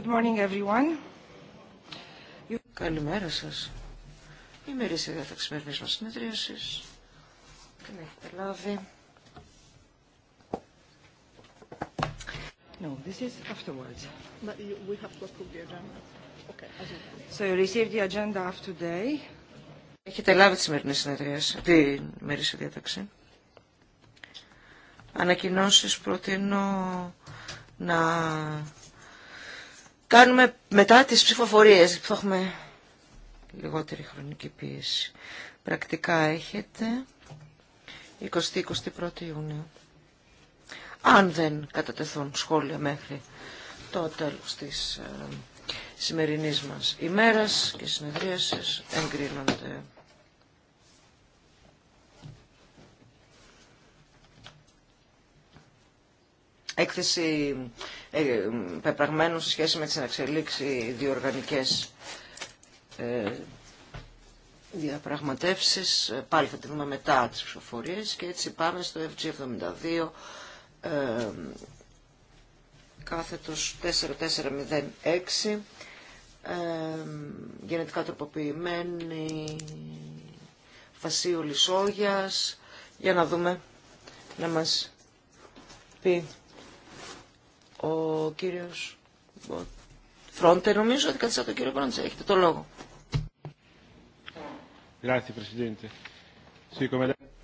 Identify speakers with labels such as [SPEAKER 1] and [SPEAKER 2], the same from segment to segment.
[SPEAKER 1] Good morning everyone. Καλημέρα σας. Η μερίσια διάταξη μερικής μας συνεδρίασης την έχετε λάβει. No, this is afterwards.
[SPEAKER 2] But you, we have to approve the agenda.
[SPEAKER 1] Okay, so you received the agenda of today. Έχετε λάβει τη σημερινή συνεδρίαση, τη μερίσια διάταξη. Ανακοινώσεις προτείνω να κάνουμε μετά τις ψηφοφορίες που έχουμε λιγότερη χρονική πίεση. Πρακτικά έχετε 20-21 Ιουνίου. Αν δεν κατατεθούν σχόλια μέχρι το τέλος της ε, σημερινής μας ημέρας και συνεδρίασης εγκρίνονται. έκθεση ε, πεπραγμένου σε σχέση με τις αναξελίξει διοργανικές ε, διαπραγματεύσεις. Πάλι θα τη δούμε μετά τις ψηφοφορίες και έτσι πάμε στο FG72 ε, κάθετος 4406 ε, γενετικά τροποποιημένη φασίου λισόγιας για να δούμε να μας πει ο κύριος Φρόντε, νομίζω ότι σαν τον κύριο Πρόντσε. Έχετε το λόγο.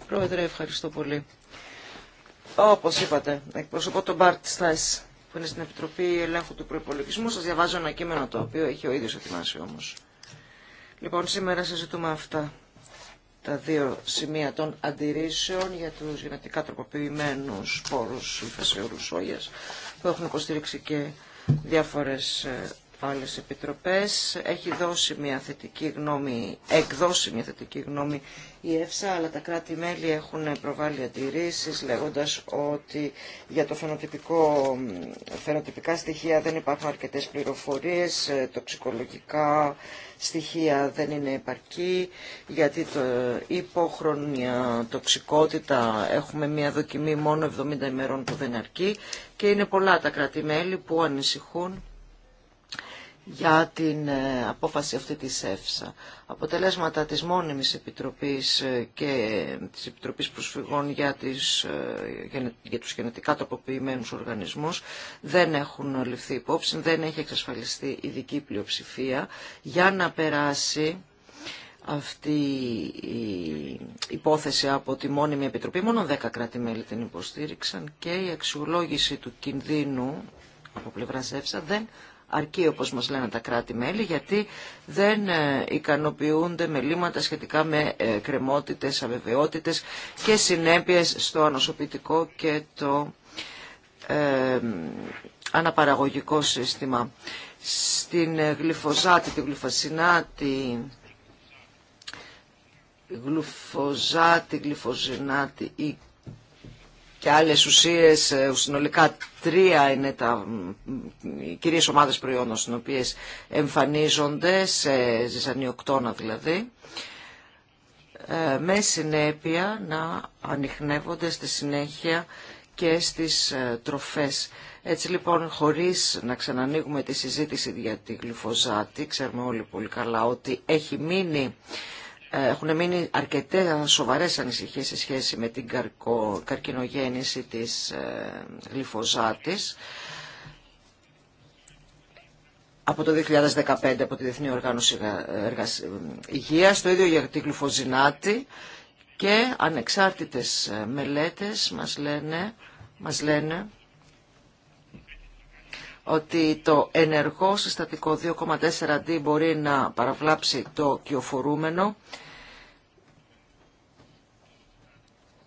[SPEAKER 1] Πρόεδρε, ευχαριστώ πολύ. Όπως είπατε, εκπροσωπώ τον Μπάρτ Στάις, που είναι στην Επιτροπή Ελέγχου του Προϋπολογισμού. Σας διαβάζω ένα κείμενο το οποίο έχει ο ίδιος ετοιμάσει όμως. Λοιπόν, σήμερα συζητούμε αυτά τα δύο σημεία των αντιρρήσεων για τους γενετικά τροποποιημένους σπόρους υφασιορούς σόγιας που έχουν υποστηρίξει και διάφορες ε, άλλε επιτροπέ. Έχει δώσει μια θετική γνώμη, εκδώσει μια θετική γνώμη η ΕΦΣΑ, αλλά τα κράτη-μέλη έχουν προβάλει αντιρρήσεις λέγοντας ότι για το φαινοτυπικό, φαινοτυπικά στοιχεία δεν υπάρχουν αρκετές πληροφορίες, ε, τοξικολογικά στοιχεία δεν είναι επαρκή, γιατί το υποχρονία τοξικότητα έχουμε μια δοκιμή μόνο 70 ημερών που δεν αρκεί και είναι πολλά τα κράτη-μέλη που ανησυχούν για την ε, απόφαση αυτή της ΕΦΣΑ. Αποτελέσματα της μόνιμης επιτροπής ε, και της Επιτροπής Προσφυγών για, τις, ε, για τους γενετικά τροποποιημένους οργανισμούς δεν έχουν ληφθεί υπόψη, δεν έχει εξασφαλιστεί ειδική πλειοψηφία για να περάσει αυτή η υπόθεση από τη μόνιμη επιτροπή. Μόνο 10 κράτη-μέλη την υποστήριξαν και η αξιολόγηση του κινδύνου από πλευρά ΕΦΣΑ δεν αρκεί όπως μας λένε τα κράτη-μέλη γιατί δεν ε, ικανοποιούνται με λύματα σχετικά με ε, κρεμότητες, αβεβαιότητες και συνέπειες στο ανοσοποιητικό και το ε, αναπαραγωγικό σύστημα. Στην γλυφοζάτη, τη γλυφασινάτη, γλυφοζάτη, γλυφοζινάτη ή και άλλες ουσίες, ε, συνολικά τρία είναι τα, οι κυρίες ομάδες προϊόντων στις οποίες εμφανίζονται, σε ζυζανιοκτώνα δηλαδή, ε, με συνέπεια να ανοιχνεύονται στη συνέχεια και στις ε, τροφές. Έτσι λοιπόν, χωρίς να ξανανοίγουμε τη συζήτηση για τη γλυφοζάτη, ξέρουμε όλοι πολύ καλά ότι έχει μείνει έχουν μείνει αρκετέ σοβαρέ ανησυχίε σε σχέση με την καρκο, καρκινογέννηση της ε, γλυφοζάτης. Από το 2015 από τη Διεθνή Οργάνωση Υγείας, το ίδιο για τη γλυφοζινάτη και ανεξάρτητες ε, μελέτες μας λένε, μας λένε ότι το ενεργό συστατικό 2,4D μπορεί να παραβλάψει το κυοφορούμενο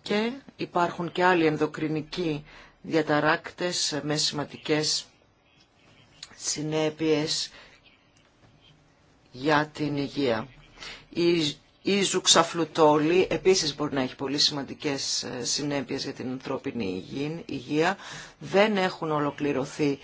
[SPEAKER 1] και υπάρχουν και άλλοι ενδοκρινικοί διαταράκτες με σημαντικές συνέπειες για την υγεία. Η, η ζουξαφλουτόλη επίσης μπορεί να έχει πολύ σημαντικές ε, συνέπειες για την ανθρώπινη υγεία. Δεν έχουν ολοκληρωθεί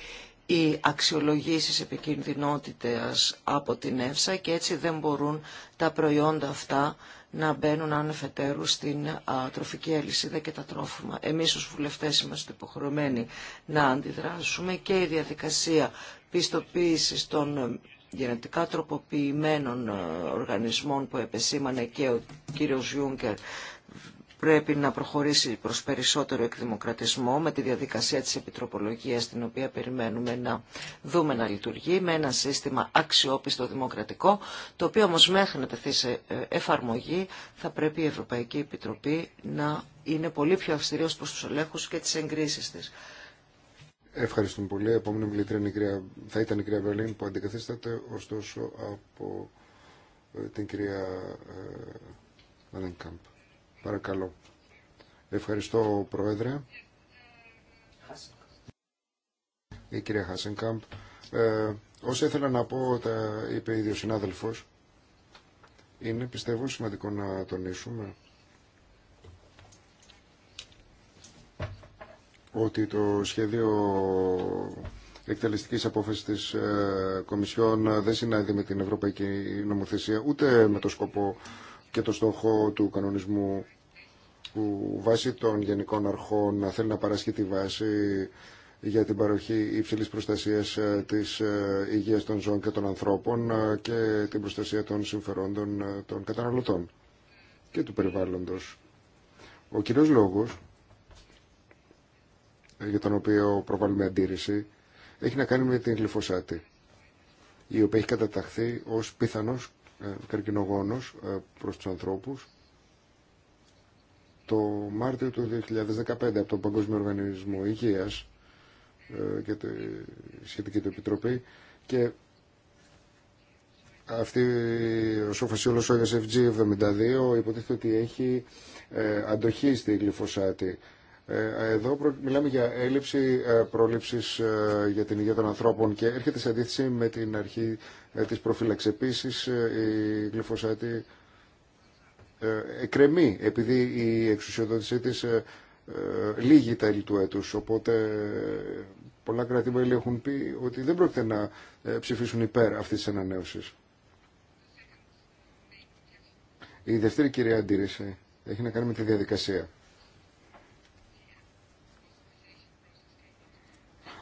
[SPEAKER 1] οι αξιολογήσεις επικινδυνότητας από την ΕΦΣΑ και έτσι δεν μπορούν τα προϊόντα αυτά να μπαίνουν ανεφετέρου στην τροφική αλυσίδα και τα τρόφιμα. Εμείς ως βουλευτές είμαστε υποχρεωμένοι να αντιδράσουμε και η διαδικασία πιστοποίησης των ε, γενετικά τροποποιημένων ε, οργανισμών που επεσήμανε και ο κύριος Γιούγκερ πρέπει να προχωρήσει προς περισσότερο εκδημοκρατισμό με τη διαδικασία της επιτροπολογίας την οποία περιμένουμε να δούμε να λειτουργεί με ένα σύστημα αξιόπιστο δημοκρατικό το οποίο όμως μέχρι να τεθεί σε ε, εφαρμογή θα πρέπει η Ευρωπαϊκή Επιτροπή να είναι πολύ πιο αυστηρή ως προς τους ελέγχους και τις εγκρίσεις της.
[SPEAKER 3] Ευχαριστούμε πολύ. Επόμενη μιλήτρια θα ήταν η κυρία Βερλίν που αντικαθίσταται ωστόσο από ε, την κυρία ε, Παρακαλώ. Ευχαριστώ, Πρόεδρε. Η ε, κυρία Χάσενκαμπ. Ε, όσα ήθελα να πω, τα είπε ήδη ο συνάδελφος, είναι πιστεύω σημαντικό να τονίσουμε ότι το σχέδιο εκτελεστικής απόφασης της ε, Κομισιόν δεν συνάδει με την Ευρωπαϊκή Νομοθεσία ούτε με το σκοπό και το στόχο του κανονισμού που βάσει των γενικών αρχών θέλει να παράσχει τη βάση για την παροχή υψηλής προστασίας ε, της ε, υγείας των ζώων και των ανθρώπων ε, και την προστασία των συμφερόντων των καταναλωτών και του περιβάλλοντος. Ο κύριος λόγος για τον οποίο προβάλλουμε αντίρρηση έχει να κάνει με την γλυφοσάτη η οποία έχει καταταχθεί ως πιθανός καρκινογόνος προς τους ανθρώπους το Μάρτιο του 2015 από τον Παγκόσμιο Οργανισμό Υγείας ε, και τη σχετική του επιτροπή και αυτή ο σοφασιόλος ο FG72 υποτίθεται ότι έχει ε, αντοχή στη γλυφοσάτη. Ε, εδώ μιλάμε για έλλειψη πρόληψης για την υγεία των ανθρώπων και έρχεται σε αντίθεση με την αρχή της προφύλαξης. Επίσης η γλυφωσάτη εκκρεμεί επειδή η εξουσιοδότησή της ε, ε, λίγη τα του έτους. Οπότε πολλά έχουν πει ότι δεν πρόκειται να ε, ψηφίσουν υπέρ αυτής της ανανέωσης. Η δεύτερη κυρία αντίρρηση έχει να κάνει με τη διαδικασία.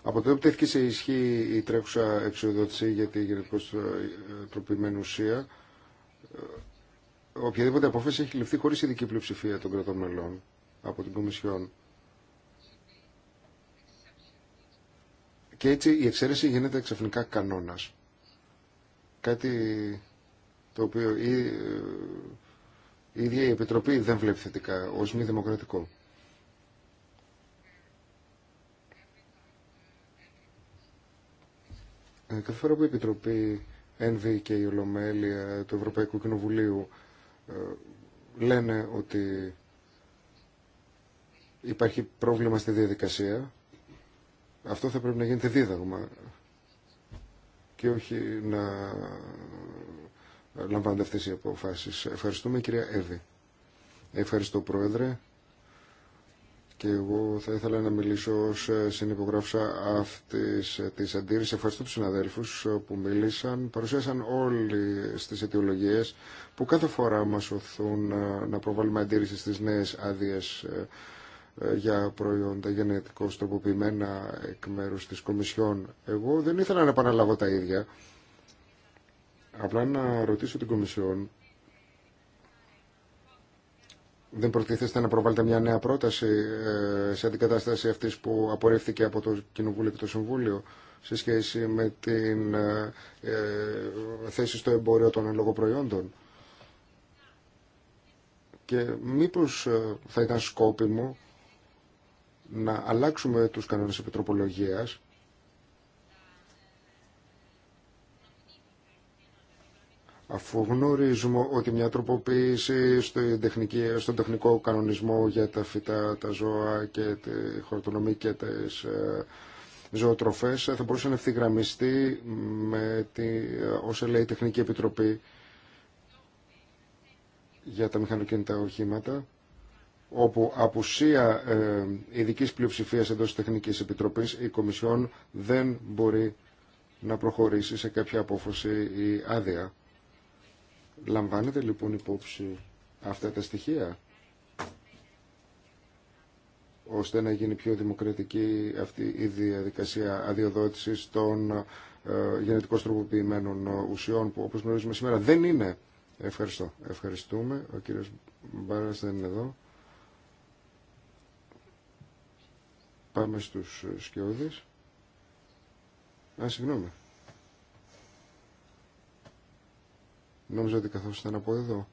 [SPEAKER 3] Από τότε που τέθηκε σε ισχύ η τρέχουσα εξουσιοδότηση, για τη γενικώς τροπημένη ουσία, οποιαδήποτε απόφαση έχει ληφθεί χωρίς ειδική πλειοψηφία των κρατών μελών από την Κομισιόν. Και έτσι η εξαίρεση γίνεται ξαφνικά κανόνας. Κάτι το οποίο η, ε, η ίδια η Επιτροπή δεν βλέπει θετικά ως μη δημοκρατικό. Ε, κάθε φορά η Επιτροπή ΕΝΒΗ και η Ολομέλεια του Ευρωπαϊκού Κοινοβουλίου ε, λένε ότι υπάρχει πρόβλημα στη διαδικασία. Αυτό θα πρέπει να γίνεται δίδαγμα και όχι να λαμβάνονται αυτές οι αποφάσεις. Ευχαριστούμε κυρία Εύη. Ευχαριστώ Πρόεδρε. Και εγώ θα ήθελα να μιλήσω ως ε, συνυπογράφουσα αυτής ε, της αντίρρησης. Ευχαριστώ τους συναδέλφους ε, που μίλησαν, παρουσίασαν όλοι στις αιτιολογίες που κάθε φορά μας οθούν να προβάλλουμε αντίρρηση στις νέες άδειε για προϊόντα γενετικώς τροποποιημένα εκ μέρου της Κομισιόν. Εγώ δεν ήθελα να επαναλάβω τα ίδια. Απλά να ρωτήσω την Κομισιόν δεν προτίθεστε να προβάλλετε μια νέα πρόταση ε, σε αντικατάσταση αυτής που απορρίφθηκε από το Κοινοβούλιο και το Συμβούλιο σε σχέση με την ε, ε, θέση στο εμπόριο των προϊόντων. Και μήπως θα ήταν σκόπιμο να αλλάξουμε τους κανόνες επιτροπολογίας Αφού γνωρίζουμε ότι μια τροποποίηση στον τεχνικό, τεχνικό κανονισμό για τα φυτά, τα ζώα και τη χορτονομή και τις ε, ζωοτροφές ε, θα μπορούσε να ευθυγραμμιστεί με τη, ε, όσα λέει η Τεχνική Επιτροπή για τα μηχανοκίνητα οχήματα όπου απουσία ειδική πλειοψηφία εντό της Τεχνικής Επιτροπής η Κομισιόν δεν μπορεί να προχωρήσει σε κάποια απόφαση ή άδεια Λαμβάνετε λοιπόν υπόψη αυτά τα στοιχεία ώστε να γίνει πιο δημοκρατική αυτή η διαδικασία αδειοδότησης των ε, γενετικώς τροποποιημένων ουσιών που όπως γνωρίζουμε σήμερα δεν είναι. Ευχαριστώ. Ευχαριστούμε. Ο κύριος Μπάρας δεν είναι εδώ. Πάμε στους σκιώδεις. Α, συγγνώμη. Νόμιζα ότι καθόσασταν από εδώ.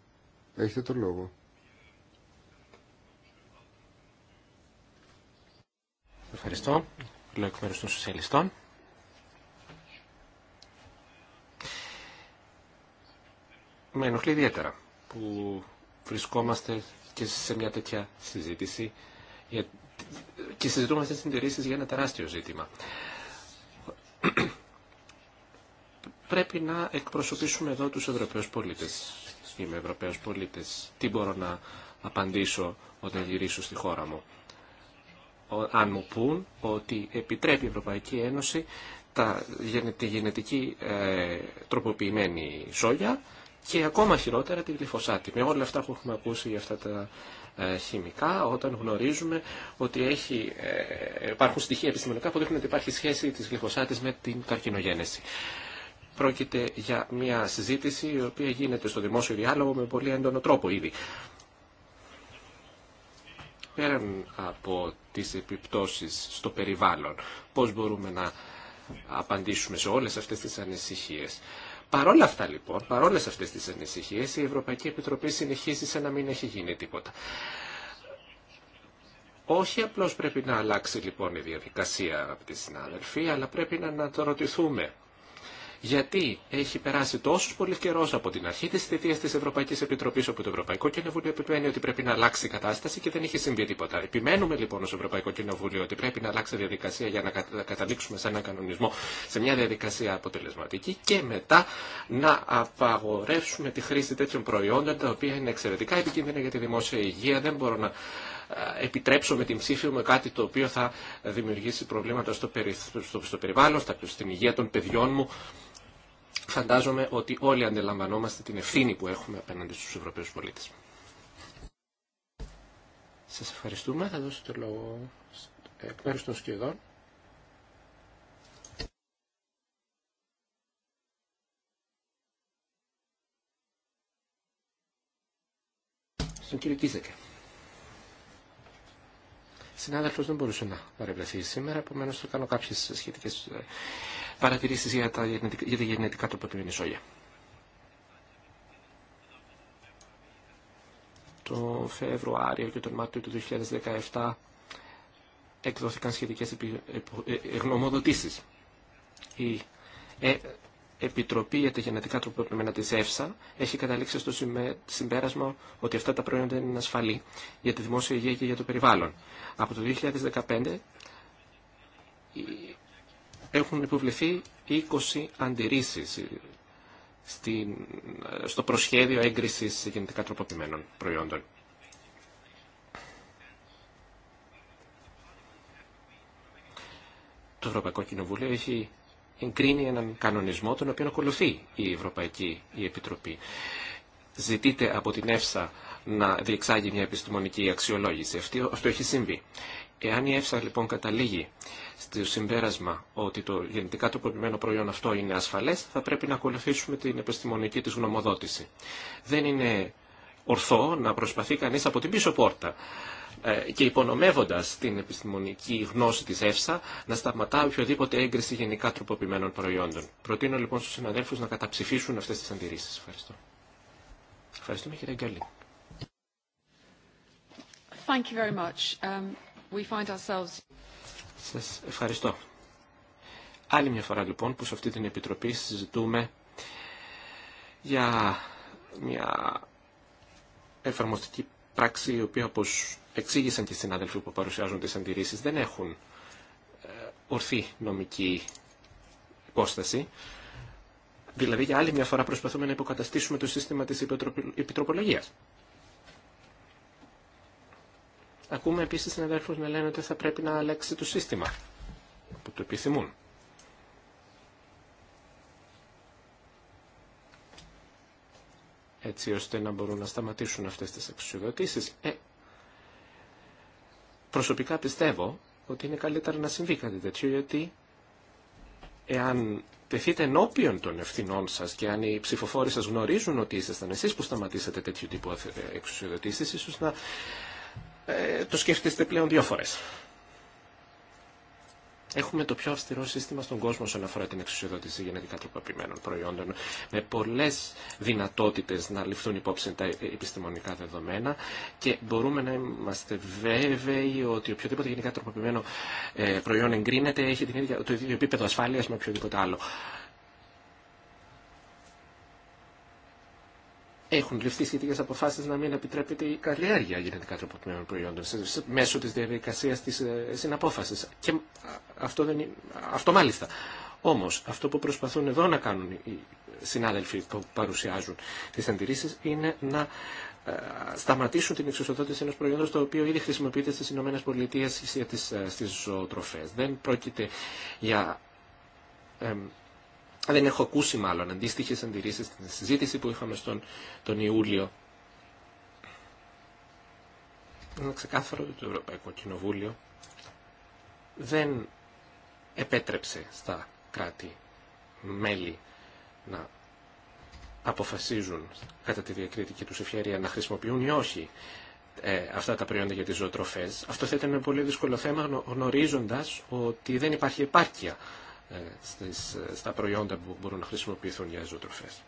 [SPEAKER 3] Έχετε το λόγο. Ευχαριστώ.
[SPEAKER 2] Λέω εκ μέρους των σοσιαλιστών. Με ενοχλεί ιδιαίτερα που βρισκόμαστε και σε μια τέτοια συζήτηση και συζητούμαστε συντηρήσεις για ένα τεράστιο ζήτημα πρέπει να εκπροσωπήσουμε εδώ τους Ευρωπαίους πολίτες. Είμαι Ευρωπαίος πολίτης. Τι μπορώ να απαντήσω όταν γυρίσω στη χώρα μου. Αν μου πούν ότι επιτρέπει η Ευρωπαϊκή Ένωση τα, τη γενετική ε, τροποποιημένη σόγια και ακόμα χειρότερα τη γλυφοσάτη. Με όλα αυτά που έχουμε ακούσει για αυτά τα ε, χημικά, όταν γνωρίζουμε ότι έχει, ε, υπάρχουν στοιχεία επιστημονικά που δείχνουν ότι υπάρχει σχέση της γλυφοσάτης με την καρκινογένεση. Πρόκειται για μια συζήτηση η οποία γίνεται στο δημόσιο διάλογο με πολύ έντονο τρόπο ήδη. Πέραν από τις επιπτώσεις στο περιβάλλον, πώς μπορούμε να απαντήσουμε σε όλες αυτές τις ανησυχίες. Παρόλα αυτά λοιπόν, παρόλες αυτές τις ανησυχίες, η Ευρωπαϊκή Επιτροπή συνεχίζει σαν να μην έχει γίνει τίποτα. Όχι απλώς πρέπει να αλλάξει λοιπόν η διαδικασία από τη συνάδελφη, αλλά πρέπει να ρωτηθούμε γιατί έχει περάσει τόσο πολύ καιρό από την αρχή τη θητεία τη Ευρωπαϊκή Επιτροπή, όπου το Ευρωπαϊκό Κοινοβούλιο επιμένει ότι πρέπει να αλλάξει η κατάσταση και δεν έχει συμβεί τίποτα. Επιμένουμε λοιπόν ω Ευρωπαϊκό Κοινοβούλιο ότι πρέπει να αλλάξει η διαδικασία για να καταλήξουμε σε έναν κανονισμό, σε μια διαδικασία αποτελεσματική και μετά να απαγορεύσουμε τη χρήση τέτοιων προϊόντων τα οποία είναι εξαιρετικά επικίνδυνα για τη δημόσια υγεία. Δεν μπορώ να ε, επιτρέψω με την ψήφη μου κάτι το οποίο θα δημιουργήσει προβλήματα στο, στο περιβάλλον, στην υγεία των παιδιών μου φαντάζομαι ότι όλοι αντιλαμβανόμαστε την ευθύνη που έχουμε απέναντι στους Ευρωπαίους πολίτες. Σας ευχαριστούμε. Θα δώσω το λόγο εκ μέρους των σκιωδών. Στον κύριο Κίζεκα. Συνάδελφος δεν μπορούσε να παρευρεθεί σήμερα, επομένως θα κάνω κάποιες σχετικές ε, παρατηρήσεις για τα, για τα γενετικά τροποποιημένη σόγια. Το Φεβρουάριο και τον Μάρτιο του 2017 εκδόθηκαν σχετικές ε, ε, γνωμοδοτήσεις. Η ε, Επιτροπή για τα Γενετικά Τροποποιημένα της ΕΦΣΑ έχει καταλήξει στο συμπέρασμα ότι αυτά τα προϊόντα είναι ασφαλή για τη δημόσια υγεία και για το περιβάλλον. Από το 2015 έχουν υποβληθεί 20 αντιρρήσει στο προσχέδιο έγκριση γενετικά τροποποιημένων προϊόντων. Το Ευρωπαϊκό Κοινοβούλιο έχει εγκρίνει έναν κανονισμό τον οποίο ακολουθεί η Ευρωπαϊκή Επιτροπή. Ζητείται από την ΕΦΣΑ να διεξάγει μια επιστημονική αξιολόγηση. αυτό έχει συμβεί. Εάν η ΕΦΣΑ λοιπόν καταλήγει στο συμπέρασμα ότι το γενετικά τροποποιημένο προϊόν αυτό είναι ασφαλές, θα πρέπει να ακολουθήσουμε την επιστημονική της γνωμοδότηση. Δεν είναι ορθό να προσπαθεί κανείς από την πίσω πόρτα ε, και υπονομεύοντας την επιστημονική γνώση της ΕΦΣΑ να σταματά οποιοδήποτε έγκριση γενικά τροποποιημένων προϊόντων. Προτείνω λοιπόν στους συναδέλφους να καταψηφίσουν αυτές τις αντιρρήσεις. Ευχαριστώ. Ευχαριστούμε κύριε Γκιολή. Thank you very much. Um, σας ευχαριστώ. Άλλη μια φορά λοιπόν που σε αυτή την Επιτροπή συζητούμε για μια εφαρμοστική πράξη η οποία όπως εξήγησαν και οι συνάδελφοι που παρουσιάζουν τις αντιρρήσεις δεν έχουν ε, ορθή νομική υπόσταση. Δηλαδή για άλλη μια φορά προσπαθούμε να υποκαταστήσουμε το σύστημα της επιτροπολογίας. Ακούμε επίση συναδέλφους να λένε ότι θα πρέπει να αλλάξει το σύστημα που το επιθυμούν. έτσι ώστε να μπορούν να σταματήσουν αυτές τις εξουσιοδοτήσεις. Ε, προσωπικά πιστεύω ότι είναι καλύτερα να συμβεί κάτι τέτοιο, γιατί εάν τεθείτε ενώπιον των ευθυνών σας και αν οι ψηφοφόροι σας γνωρίζουν ότι ήσασταν εσεί που σταματήσατε τέτοιου τύπου εξουσιοδοτήσει, ίσω να ε, το σκέφτεστε πλέον δύο φορέ. Έχουμε το πιο αυστηρό σύστημα στον κόσμο όσον αφορά την εξουσιοδότηση γενετικά τροποποιημένων προϊόντων, με πολλέ δυνατότητε να ληφθούν υπόψη τα επιστημονικά δεδομένα και μπορούμε να είμαστε βέβαιοι ότι οποιοδήποτε γενικά τροποποιημένο ε, προϊόν εγκρίνεται έχει το ίδιο επίπεδο ασφάλεια με οποιοδήποτε άλλο έχουν ληφθεί σχετικέ αποφάσει να μην επιτρέπεται η καλλιέργεια γενετικά τροποποιημένων προϊόντων μέσω τη διαδικασία τη ε, συναπόφαση. Και αυτό, δεν είναι... αυτό μάλιστα. Όμω, αυτό που προσπαθούν εδώ να κάνουν οι συνάδελφοι που παρουσιάζουν τι αντιρρήσει είναι να ε, σταματήσουν την εξουσιοδότηση ενό προϊόντο το οποίο ήδη χρησιμοποιείται στι ΗΠΑ ε, στι ζωοτροφέ. Δεν πρόκειται για δεν έχω ακούσει μάλλον αντίστοιχε αντιρρήσει στην συζήτηση που είχαμε στον τον Ιούλιο. Είναι ξεκάθαρο ότι το Ευρωπαϊκό Κοινοβούλιο δεν επέτρεψε στα κράτη-μέλη να αποφασίζουν κατά τη διακριτική τους ευχαίρεια να χρησιμοποιούν ή όχι ε, αυτά τα προϊόντα για τις ζωοτροφές. Αυτό θα ήταν ένα πολύ δύσκολο θέμα γνωρίζοντας ότι δεν υπάρχει επάρκεια ε, στις, ε, στα προϊόντα που μπορούν να χρησιμοποιηθούν για ζωοτροφές.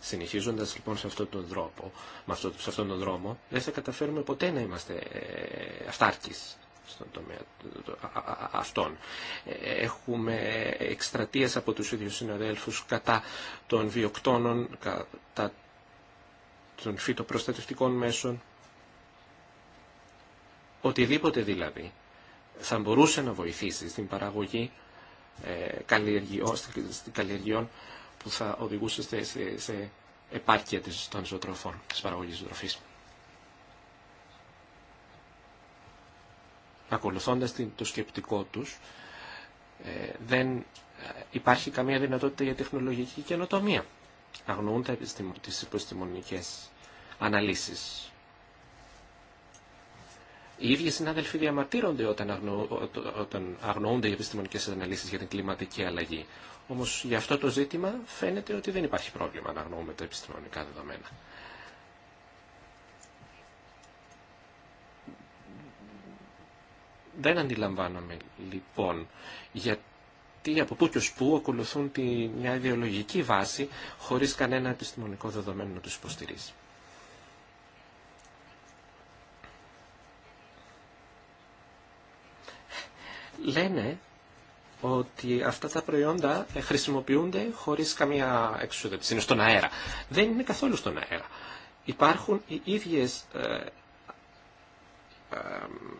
[SPEAKER 2] Συνεχίζοντας λοιπόν σε αυτόν τον δρόμο, με αυτό, σε αυτόν τον δρόμο, δεν θα καταφέρουμε ποτέ να είμαστε ε, αυτάρκης στον τομέα αυτών. Έχουμε εκστρατείες από τους ίδιους συναδέλφους κατά των βιοκτώνων, κατά των φυτοπροστατευτικών μέσων, οτιδήποτε δηλαδή θα μπορούσε να βοηθήσει στην παραγωγή ε, καλλιεργιών που θα οδηγούσε σε, σε, σε επάρκεια της, των ζωοτροφών, της παραγωγής ζωοτροφής. Ακολουθώντας το σκεπτικό τους, ε, δεν ε, υπάρχει καμία δυνατότητα για τεχνολογική καινοτομία. Αγνοούν τις επιστημονικές αναλύσεις οι ίδιοι συνάδελφοι διαμαρτύρονται όταν, αγνο, όταν αγνοούνται οι επιστημονικέ αναλύσει για την κλιματική αλλαγή. Όμω για αυτό το ζήτημα φαίνεται ότι δεν υπάρχει πρόβλημα να αγνοούμε τα επιστημονικά δεδομένα. Δεν αντιλαμβάνομαι λοιπόν γιατί από πού και ως πού ακολουθούν τη, μια ιδεολογική βάση χωρίς κανένα επιστημονικό δεδομένο να τους υποστηρίζει. λένε ότι αυτά τα προϊόντα ε, χρησιμοποιούνται χωρίς καμία εξουσιοδότηση. Είναι στον αέρα. Δεν είναι καθόλου στον αέρα. Υπάρχουν οι ίδιες ε, ε,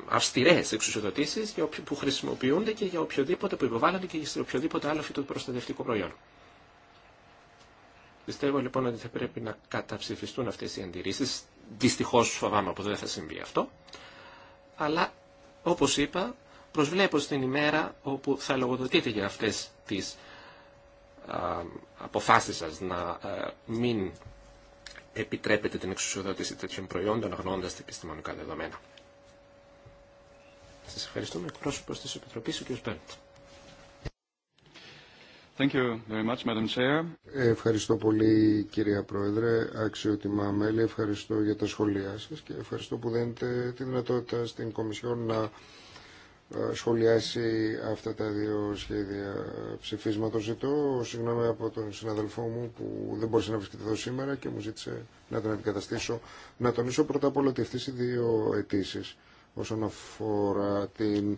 [SPEAKER 2] αυστηρές εξουσιοδοτήσεις που χρησιμοποιούνται και για οποιοδήποτε που υποβάλλονται και για οποιοδήποτε άλλο φυτοπροστατευτικό προϊόν. Πιστεύω λοιπόν ότι θα πρέπει να καταψηφιστούν αυτές οι αντιρρήσεις. Δυστυχώς φοβάμαι που δεν θα συμβεί αυτό. Αλλά όπως είπα Προσβλέπω στην ημέρα όπου θα λογοδοτείτε για αυτές τις αποφάσεις σας να μην επιτρέπετε την εξουσιοδότηση τέτοιων προϊόντων αγνοώντας τα επιστημονικά δεδομένα. Σας ευχαριστούμε. Εκπρόσωπος της Επιτροπής, ο κ. Μπέρντ.
[SPEAKER 3] Thank you very much, Madam Chair. Ευχαριστώ πολύ κυρία Πρόεδρε, αξιότιμα μέλη, ευχαριστώ για τα σχολεία σας και ευχαριστώ που δένετε τη δυνατότητα στην Κομισιόν να ε, σχολιάσει αυτά τα δύο σχέδια ψηφίσματος. Ζητώ συγγνώμη από τον συναδελφό μου που δεν μπορούσε να βρίσκεται εδώ σήμερα και μου ζήτησε να τον αντικαταστήσω. Να τονίσω πρώτα απ' όλα ότι αυτές οι δύο αιτήσει όσον αφορά την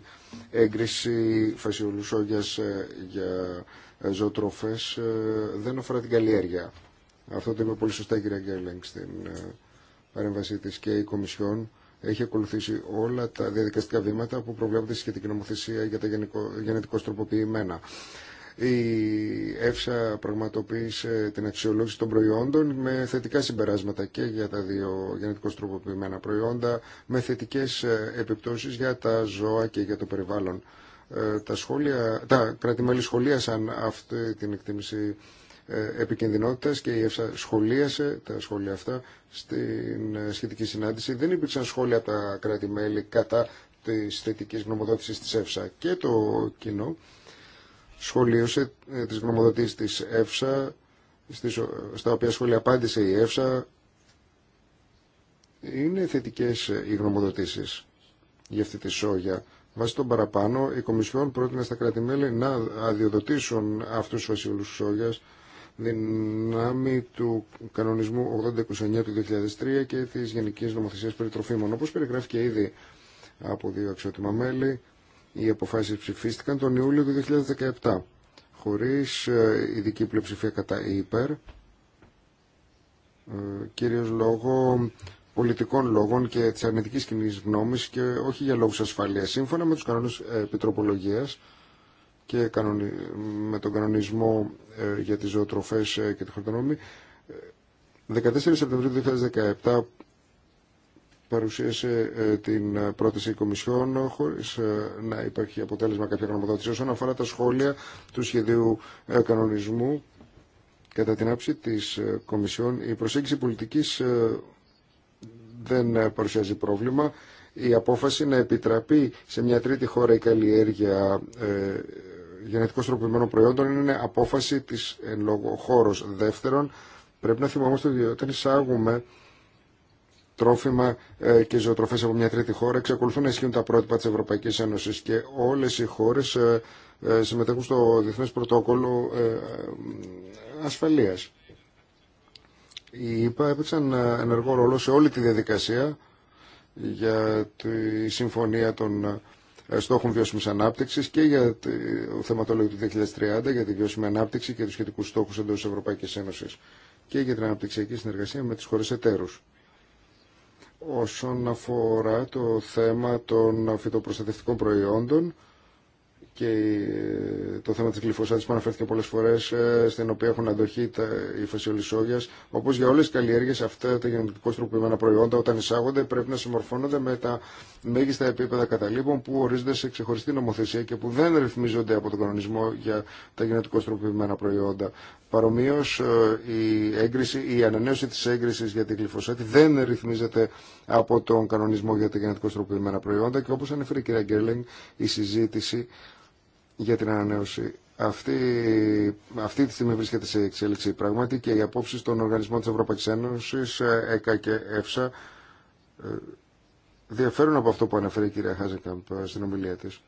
[SPEAKER 3] έγκριση φασιολουσόγιας ε, για ε, ζωοτροφές δεν αφορά την καλλιέργεια. Αυτό το είπε πολύ σωστά η κυρία Γκέρλεγκ στην παρέμβασή της και η Κομισιόν έχει ακολουθήσει όλα τα διαδικαστικά βήματα που προβλέπονται στη σχετική νομοθεσία για τα γενετικώ τροποποιημένα. Η ΕΦΣΑ πραγματοποίησε την αξιολόγηση των προϊόντων με θετικά συμπεράσματα και για τα δύο γενετικώ τροποποιημένα προϊόντα, με θετικέ ε, επιπτώσεις για τα ζώα και για το περιβάλλον. Ε, τα, σχόλια, τα κρατημέλη σχολίασαν αυτή την εκτίμηση ε, επικινδυνότητας και η ΕΦΣΑ σχολίασε τα σχόλια αυτά στην ε, σχετική συνάντηση. Δεν υπήρξαν σχόλια από τα κράτη-μέλη κατά της θετικής γνωμοδότησης της ΕΦΣΑ και το κοινό σχολίωσε ε, τις γνωμοδοτήσεις της ΕΦΣΑ στα οποία σχόλια απάντησε η ΕΦΣΑ είναι θετικές οι γνωμοδοτήσεις για αυτή τη σόγια. Βάσει των παραπάνω, η Κομισιόν πρότεινε στα κράτη-μέλη να αδειοδοτήσουν αυτούς τους βασιλούς σόγιας δυνάμει του κανονισμού 8029 του 2003 και της Γενικής Νομοθεσίας Περιτροφίμων. Όπως περιγράφει και ήδη από δύο αξιότιμα μέλη, οι αποφάσεις ψηφίστηκαν τον Ιούλιο του 2017, χωρίς ε, ειδική πλειοψηφία κατά υπέρ, ε, κυρίως λόγω πολιτικών λόγων και της αρνητικής κοινή γνώμης και όχι για λόγους ασφαλείας. Σύμφωνα με τους κανόνες ε, επιτροπολογίας, και με τον κανονισμό ε, για τις ζωοτροφές ε, και τη χορτονομή. 14 ε, Σεπτεμβρίου 2017 παρουσίασε την πρόταση Κομισιόν χωρίς να υπάρχει αποτέλεσμα κάποια γνωμοδότηση όσον αφορά τα σχόλια του σχεδίου κανονισμού κατά την άψη της Κομισιόν η προσέγγιση πολιτικής δεν παρουσιάζει πρόβλημα η απόφαση να επιτραπεί σε μια τρίτη χώρα η καλλιέργεια γενετικώ τροποποιημένων προϊόντων είναι απόφαση της εν λόγω χώρο. Δεύτερον, πρέπει να θυμόμαστε ότι όταν εισάγουμε τρόφιμα ε, και ζωοτροφές από μια τρίτη χώρα εξακολουθούν να ισχύουν τα πρότυπα τη Ευρωπαϊκή Ένωση. και όλες οι χώρες ε, ε, συμμετέχουν στο Διεθνέ Πρωτόκολλο Ασφαλείας. Οι ΙΠΑ έπαιξαν ενεργό ρόλο σε όλη τη διαδικασία για τη συμφωνία των ε, στόχων βιώσιμη ανάπτυξη και για το θεματολόγιο του 2030 για τη βιώσιμη ανάπτυξη και του σχετικού στόχου εντό Ευρωπαϊκή Ευρωπαϊκής Ένωσης και για την αναπτυξιακή συνεργασία με τι χώρε εταίρου. Όσον αφορά το θέμα των φυτοπροστατευτικών προϊόντων, και το θέμα της γλυφοσάτης που αναφέρθηκε πολλές φορές ε, στην οποία έχουν αντοχή τα, οι φασιολισόγειας όπως για όλες τις καλλιέργειες αυτά τα γενετικώς τροποποιημένα προϊόντα όταν εισάγονται πρέπει να συμμορφώνονται με τα μέγιστα επίπεδα καταλήπων που ορίζονται σε ξεχωριστή νομοθεσία και που δεν ρυθμίζονται από τον κανονισμό για τα γενετικώς τροποποιημένα προϊόντα. Παρομοίω, ε, η, έγκριση, η ανανέωση τη έγκριση για τη γλυφοσάτη δεν ρυθμίζεται από τον κανονισμό για τα γενετικώς προϊόντα και όπω ανέφερε η κυρία Γκέρλινγκ η συζήτηση για την ανανέωση. Αυτή, αυτή τη στιγμή βρίσκεται σε εξέλιξη πράγματι και οι απόψει των οργανισμών της Ευρωπαϊκής Ένωσης, ε, ΕΚΑ και ΕΦΣΑ, ε, διαφέρουν από αυτό που αναφέρει η κυρία Χάζεκαμπ ε, στην ομιλία της.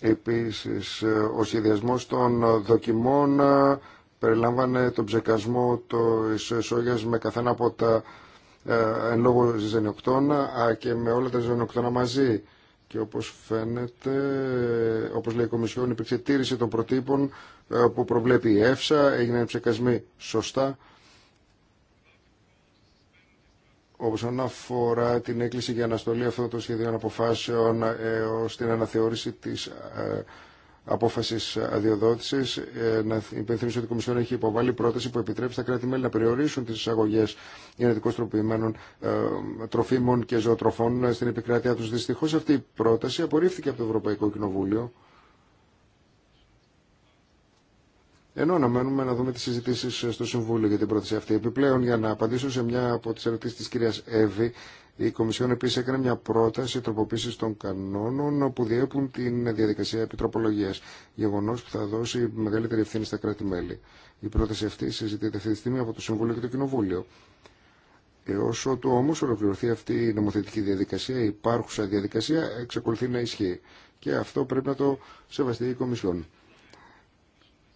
[SPEAKER 3] Επίσης, ο σχεδιασμός των δοκιμών περιλάμβανε τον ψεκασμό της σόγιας με καθένα από τα εν λόγω και με όλα τα ζενοκτώνα μαζί και όπως φαίνεται, όπως λέει η Κομισιόν, υπήρξε τήρηση των προτύπων ε, που προβλέπει η ΕΦΣΑ, έγιναν ψεκασμοί σωστά. Όσον αφορά την έκκληση για αναστολή αυτών των σχεδίων αποφάσεων ε, ως την αναθεώρηση της ε, απόφαση αδειοδότηση. Ε, να υπενθυμίσω ότι η Κομισιόν έχει υποβάλει πρόταση που επιτρέπει στα κράτη-μέλη να περιορίσουν τι εισαγωγέ γενετικώ τροποποιημένων ε, τροφίμων και ζωοτροφών στην επικράτειά του. Δυστυχώ αυτή η πρόταση απορρίφθηκε από το Ευρωπαϊκό Κοινοβούλιο. Ενώ αναμένουμε να δούμε τι συζητήσει στο Συμβούλιο για την πρόταση αυτή. Επιπλέον, για να απαντήσω σε μια από τι ερωτήσει τη κυρία Εύη η Κομισιόν επίση έκανε μια πρόταση τροποποίηση των κανόνων που διέπουν την διαδικασία επιτροπολογία. γεγονός που θα δώσει μεγαλύτερη ευθύνη στα κράτη-μέλη. Η πρόταση αυτή συζητείται αυτή τη στιγμή από το Συμβούλιο και το Κοινοβούλιο. Εώσο ότου όμως ολοκληρωθεί αυτή η νομοθετική διαδικασία, η υπάρχουσα διαδικασία εξακολουθεί να ισχύει. Και αυτό πρέπει να το σεβαστεί η Κομισιόν.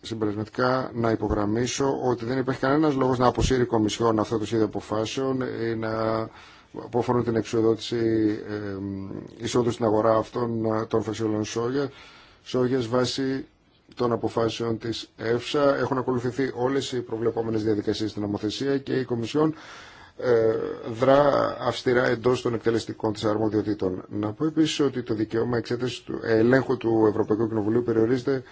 [SPEAKER 3] Συμπερασματικά να υπογραμμίσω ότι δεν υπάρχει κανένα λόγο να αποσύρει η Κομισιόν αυτό το σχέδιο αποφάσεων να που αφορούν την εξοδότηση εισόδου στην αγορά αυτών ε, των φασιολών σόγια. σόγια βάσει των αποφάσεων τη ΕΦΣΑ έχουν ακολουθηθεί όλε οι προβλεπόμενε διαδικασίε στην νομοθεσία και η Κομισιόν ε, δρά αυστηρά εντό των εκτελεστικών τη αρμοδιοτήτων. Να πω επίση ότι το δικαίωμα εξέταση του ε, ελέγχου του Ευρωπαϊκού Κοινοβουλίου περιορίζεται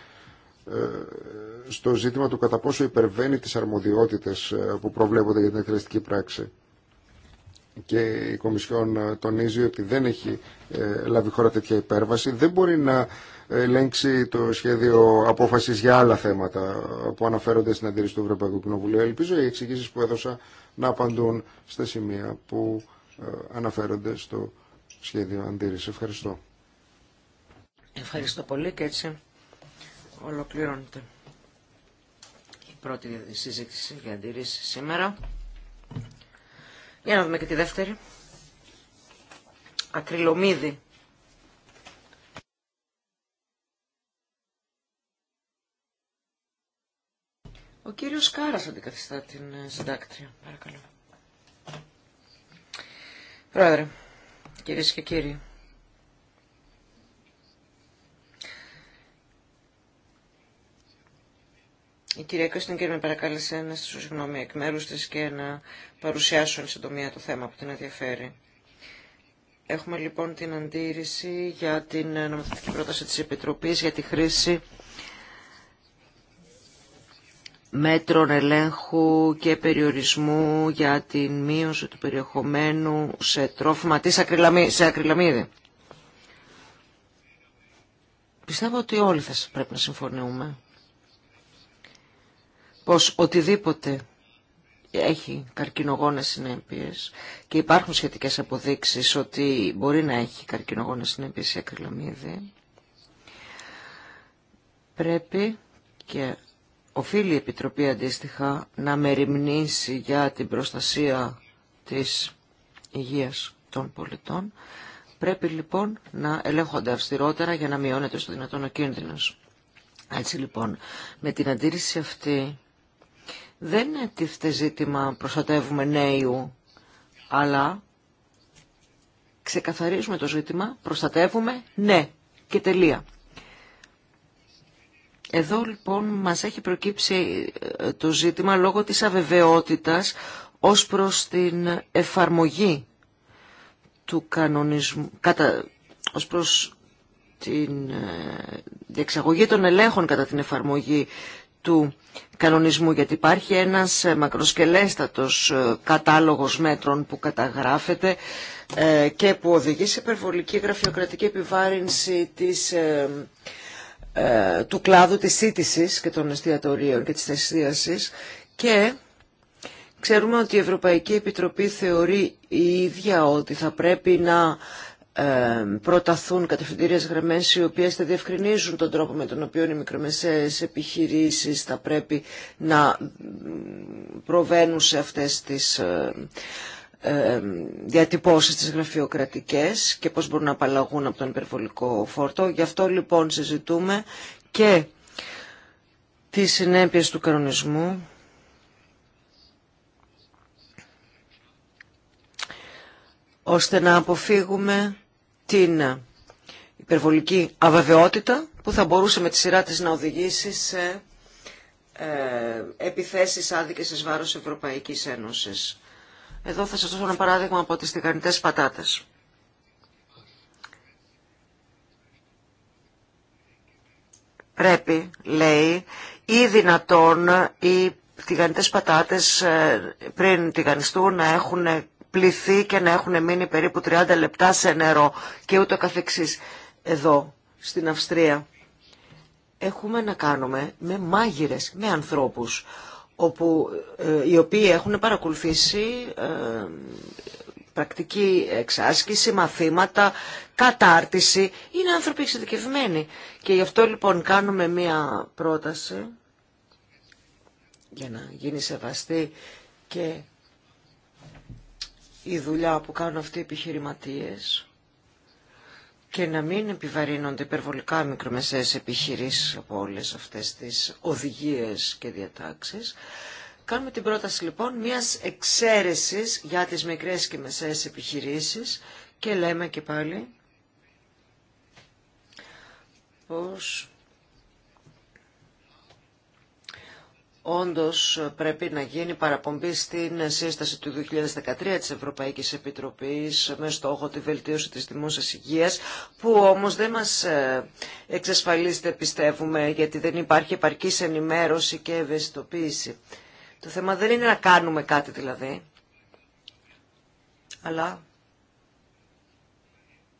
[SPEAKER 3] στο ζήτημα του κατά πόσο υπερβαίνει τις αρμοδιότητες που προβλέπονται για την εκτελεστική πράξη και η Κομισιόν ε, τονίζει ότι δεν έχει ε, λάβει χώρα τέτοια υπέρβαση, δεν μπορεί να ελέγξει το σχέδιο απόφαση για άλλα θέματα που αναφέρονται στην αντίρρηση του Ευρωπαϊκού Κοινοβουλίου. Ελπίζω οι εξηγήσει που έδωσα να απαντούν στα σημεία που ε, αναφέρονται στο σχέδιο αντίρρηση. Ευχαριστώ.
[SPEAKER 1] Ευχαριστώ πολύ και έτσι ολοκληρώνεται η πρώτη συζήτηση για αντίρρηση σήμερα. Για να δούμε και τη δεύτερη. Ακριλομίδη. Ο κύριος Κάρας αντικαθιστά την ε, συντάκτρια. Παρακαλώ. Πρόεδρε, κυρίες και κύριοι. Η κυρία Κωστινγκέρ με παρακάλεσε να σας συγγνώμη εκ μέρου τη και να παρουσιάσω εν συντομία το θέμα που την ενδιαφέρει. Έχουμε λοιπόν την αντίρρηση για την νομοθετική πρόταση της Επιτροπής για τη χρήση μέτρων ελέγχου και περιορισμού για την μείωση του περιεχομένου σε τρόφιμα της σε ακριλαμίδη. Πιστεύω ότι όλοι θα πρέπει να συμφωνούμε πως οτιδήποτε έχει καρκινογόνες συνέπειες και υπάρχουν σχετικές αποδείξεις ότι μπορεί να έχει καρκινογόνες συνέπειες η ακριλαμίδη, πρέπει και οφείλει η Επιτροπή αντίστοιχα να μεριμνήσει για την προστασία της υγείας των πολιτών. Πρέπει λοιπόν να ελέγχονται αυστηρότερα για να μειώνεται στο δυνατόν ο κίνδυνος. Έτσι λοιπόν, με την αντίρρηση αυτή δεν είναι τίφτε ζήτημα προστατεύουμε νέου, αλλά ξεκαθαρίζουμε το ζήτημα, προστατεύουμε ναι και τελεία. Εδώ λοιπόν μας έχει προκύψει ε, το ζήτημα λόγω της αβεβαιότητας ως προς την εφαρμογή του κανονισμού, κατά, ως προς την ε, διεξαγωγή των ελέγχων κατά την εφαρμογή του κανονισμού, γιατί υπάρχει ένας ε, μακροσκελέστατος ε, κατάλογος μέτρων που καταγράφεται ε, και που οδηγεί σε υπερβολική γραφειοκρατική επιβάρυνση της, του κλάδου της σύντησης και των εστιατορίων και της εστίασης και ξέρουμε ότι η Ευρωπαϊκή Επιτροπή θεωρεί η ίδια ότι θα πρέπει να προταθούν κατευθυντήριες γραμμές οι οποίες θα διευκρινίζουν τον τρόπο με τον οποίο οι μικρομεσαίες επιχειρήσεις θα πρέπει να προβαίνουν σε αυτές τις ε, διατυπώσεις τις γραφειοκρατικές και πώς μπορούν να απαλλαγούν από τον υπερβολικό φόρτο. Γι' αυτό λοιπόν συζητούμε και τις συνέπειες του κανονισμού ώστε να αποφύγουμε την υπερβολική αβεβαιότητα που θα μπορούσε με τη σειρά της να οδηγήσει σε ε, επιθέσεις άδικες εις βάρος Ευρωπαϊκής Ένωσης. Εδώ θα σας δώσω ένα παράδειγμα από τις τηγανιτές πατάτες. Πρέπει, λέει, ή δυνατόν οι τηγανιτές πατάτες ε, πριν τηγανιστούν να έχουν πληθεί και να έχουν μείνει περίπου 30 λεπτά σε νερό και ούτω καθεξής εδώ στην Αυστρία. Έχουμε να κάνουμε με μάγειρες, με ανθρώπους όπου, ε, οι οποίοι έχουν παρακολουθήσει ε, πρακτική εξάσκηση, μαθήματα, κατάρτιση. Είναι άνθρωποι εξειδικευμένοι. Και γι' αυτό λοιπόν κάνουμε μία πρόταση για να γίνει σεβαστή και η δουλειά που κάνουν αυτοί οι επιχειρηματίες και να μην επιβαρύνονται υπερβολικά μικρομεσαίες επιχειρήσεις από όλες αυτές τις οδηγίες και διατάξεις. Κάνουμε την πρόταση λοιπόν μιας εξαίρεσης για τις μικρές και μεσαίες επιχειρήσεις και λέμε και πάλι πως όντως πρέπει να γίνει παραπομπή στην σύσταση του 2013 της Ευρωπαϊκής Επιτροπής με στόχο τη βελτίωση της δημόσιας υγείας που όμως δεν μας ε, εξασφαλίζεται πιστεύουμε γιατί δεν υπάρχει επαρκής ενημέρωση και ευαισθητοποίηση. Το θέμα δεν είναι να κάνουμε κάτι δηλαδή αλλά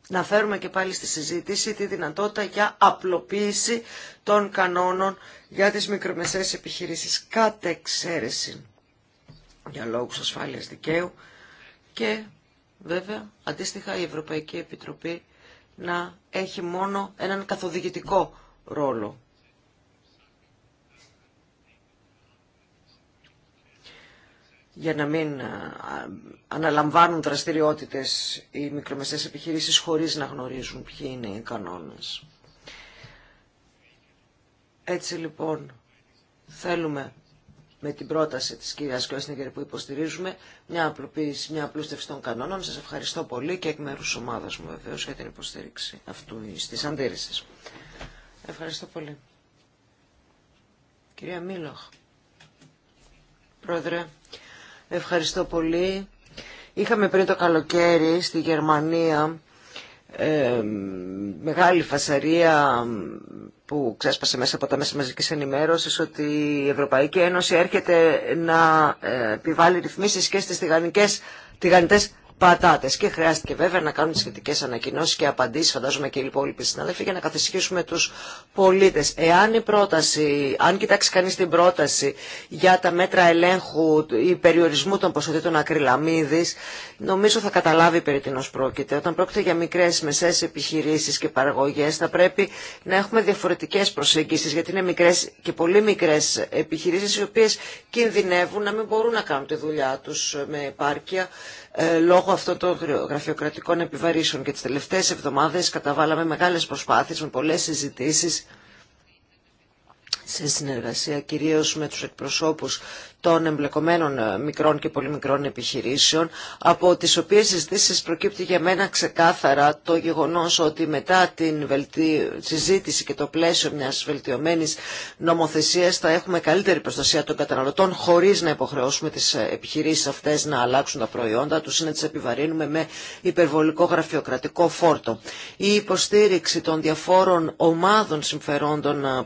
[SPEAKER 1] να φέρουμε και πάλι στη συζήτηση τη δυνατότητα για απλοποίηση των κανόνων για τις μικρομεσαίες επιχειρήσεις κατ' εξαίρεση για λόγους ασφάλειας δικαίου και βέβαια αντίστοιχα η Ευρωπαϊκή Επιτροπή να έχει μόνο έναν καθοδηγητικό ρόλο. για να μην αναλαμβάνουν δραστηριότητες οι μικρομεσαίες επιχειρήσεις χωρίς να γνωρίζουν ποιοι είναι οι κανόνες. Έτσι λοιπόν θέλουμε με την πρόταση της κυρίας Κιόσνιγκερ που υποστηρίζουμε μια απλοποίηση, μια απλούστευση των κανόνων. Σας ευχαριστώ πολύ και εκ μέρους ομάδας μου βεβαίως για την υποστήριξη αυτού της αντίρρησης. Ευχαριστώ πολύ. Κυρία Μίλοχ. Πρόεδρε, ευχαριστώ πολύ. Είχαμε πριν το καλοκαίρι στη Γερμανία ε, μεγάλη φασαρία που ξέσπασε μέσα από τα μέσα μαζικής ενημέρωσης ότι η Ευρωπαϊκή Ένωση έρχεται να ε, επιβάλλει ρυθμίσεις και στις τηγανικές, τηγανιτές πατάτες. Και χρειάστηκε βέβαια να κάνουν τι σχετικέ ανακοινώσει και απαντήσει φαντάζομαι και οι υπόλοιποι συνάδελφοι, για να καθισχύσουμε του πολίτε. Εάν η πρόταση, αν κοιτάξει κανεί την πρόταση για τα μέτρα ελέγχου ή περιορισμού των ποσοτήτων ακριλαμίδη, νομίζω θα καταλάβει περί τίνο πρόκειται. Όταν πρόκειται για μικρέ μεσές επιχειρήσει και παραγωγέ, θα πρέπει να έχουμε διαφορετικέ προσεγγίσει, γιατί είναι μικρέ και πολύ μικρέ επιχειρήσει, οι οποίε κινδυνεύουν να μην μπορούν να κάνουν τη δουλειά του με επάρκεια ε, λόγω αυτών των γραφειοκρατικών επιβαρύσεων. Και τις τελευταίες εβδομάδες καταβάλαμε μεγάλες προσπάθειες με πολλές συζητήσεις σε συνεργασία κυρίως με τους εκπροσώπους των εμπλεκομένων ε, μικρών και πολύ μικρών επιχειρήσεων, από τις οποίες συζητήσει προκύπτει για μένα ξεκάθαρα το γεγονός ότι μετά την συζήτηση και το πλαίσιο μιας βελτιωμένης νομοθεσίας θα έχουμε καλύτερη προστασία των καταναλωτών χωρίς να υποχρεώσουμε τις ε, επιχειρήσεις αυτές να αλλάξουν τα προϊόντα τους ή να τις επιβαρύνουμε με υπερβολικό γραφειοκρατικό φόρτο. Η υποστήριξη των διαφόρων ομάδων συμφερόντων ε,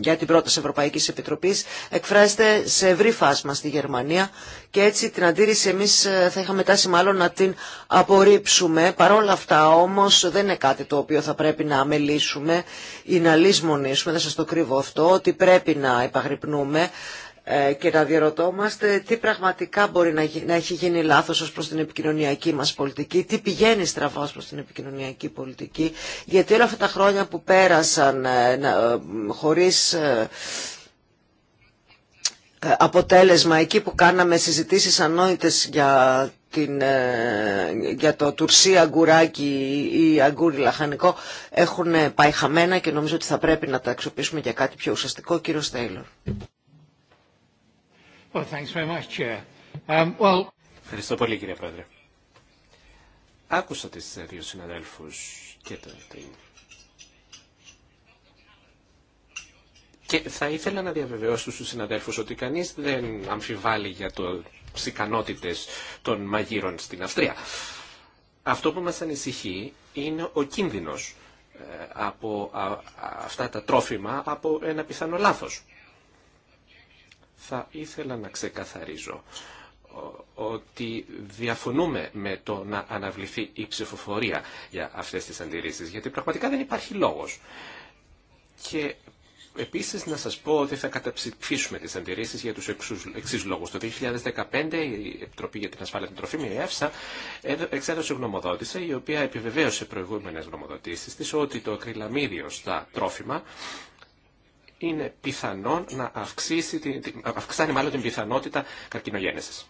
[SPEAKER 1] για την πρόταση Ευρωπαϊκής Επιτροπής εκφράζεται σε ευρύ φάσμα στη Γερμανία και έτσι την αντίρρηση εμείς ε, θα είχαμε τάση μάλλον να την απορρίψουμε. Παρ' όλα αυτά όμως δεν είναι κάτι το οποίο θα πρέπει να αμελήσουμε ή να λησμονήσουμε, δεν σας το κρύβω αυτό, ότι πρέπει να υπαγρυπνούμε ε, και να διαρωτόμαστε τι πραγματικά μπορεί να έχει γίνει λάθος ως προς την επικοινωνιακή μας πολιτική, τι πηγαίνει στραβά ως προς την επικοινωνιακή πολιτική, γιατί όλα αυτά τα χρόνια που πέρασαν ε, χωρίς ε, αποτέλεσμα εκεί που κάναμε συζητήσεις ανόητες για, την, ε, για το τουρσί αγκουράκι ή αγκούρι λαχανικό έχουν πάει χαμένα και νομίζω ότι θα πρέπει να τα αξιοποιήσουμε για κάτι πιο ουσιαστικό. Κύριο Στέιλορ.
[SPEAKER 2] Well, thanks very much, Chair. Um, well...
[SPEAKER 1] Ευχαριστώ πολύ κύριε Πρόεδρε. Άκουσα τις δύο
[SPEAKER 2] συναδέλφους και την Και θα ήθελα να διαβεβαιώσω στους συναδέλφους ότι κανείς δεν αμφιβάλλει για το, τις των μαγείρων στην Αυστρία. Αυτό που μας ανησυχεί είναι ο κίνδυνος ε, από αυτά τα τρόφιμα από ένα πιθανό λάθος. Θα ήθελα να ξεκαθαρίζω ότι διαφωνούμε με το να αναβληθεί η ψηφοφορία για αυτές τις αντιρρήσεις, γιατί πραγματικά δεν υπάρχει λόγος. Επίσης να σας πω ότι θα καταψηφίσουμε τις αντιρρήσεις για τους εξή λόγου. Το 2015 η Επιτροπή για την Ασφάλεια των Τροφίμων, η ΕΦΣΑ, εξέδωσε γνωμοδότηση η οποία επιβεβαίωσε προηγούμενες γνωμοδοτήσει τη ότι το ακριλαμίδιο στα τρόφιμα είναι πιθανόν να αυξήσει, αυξάνει μάλλον την πιθανότητα καρκινογένεσης.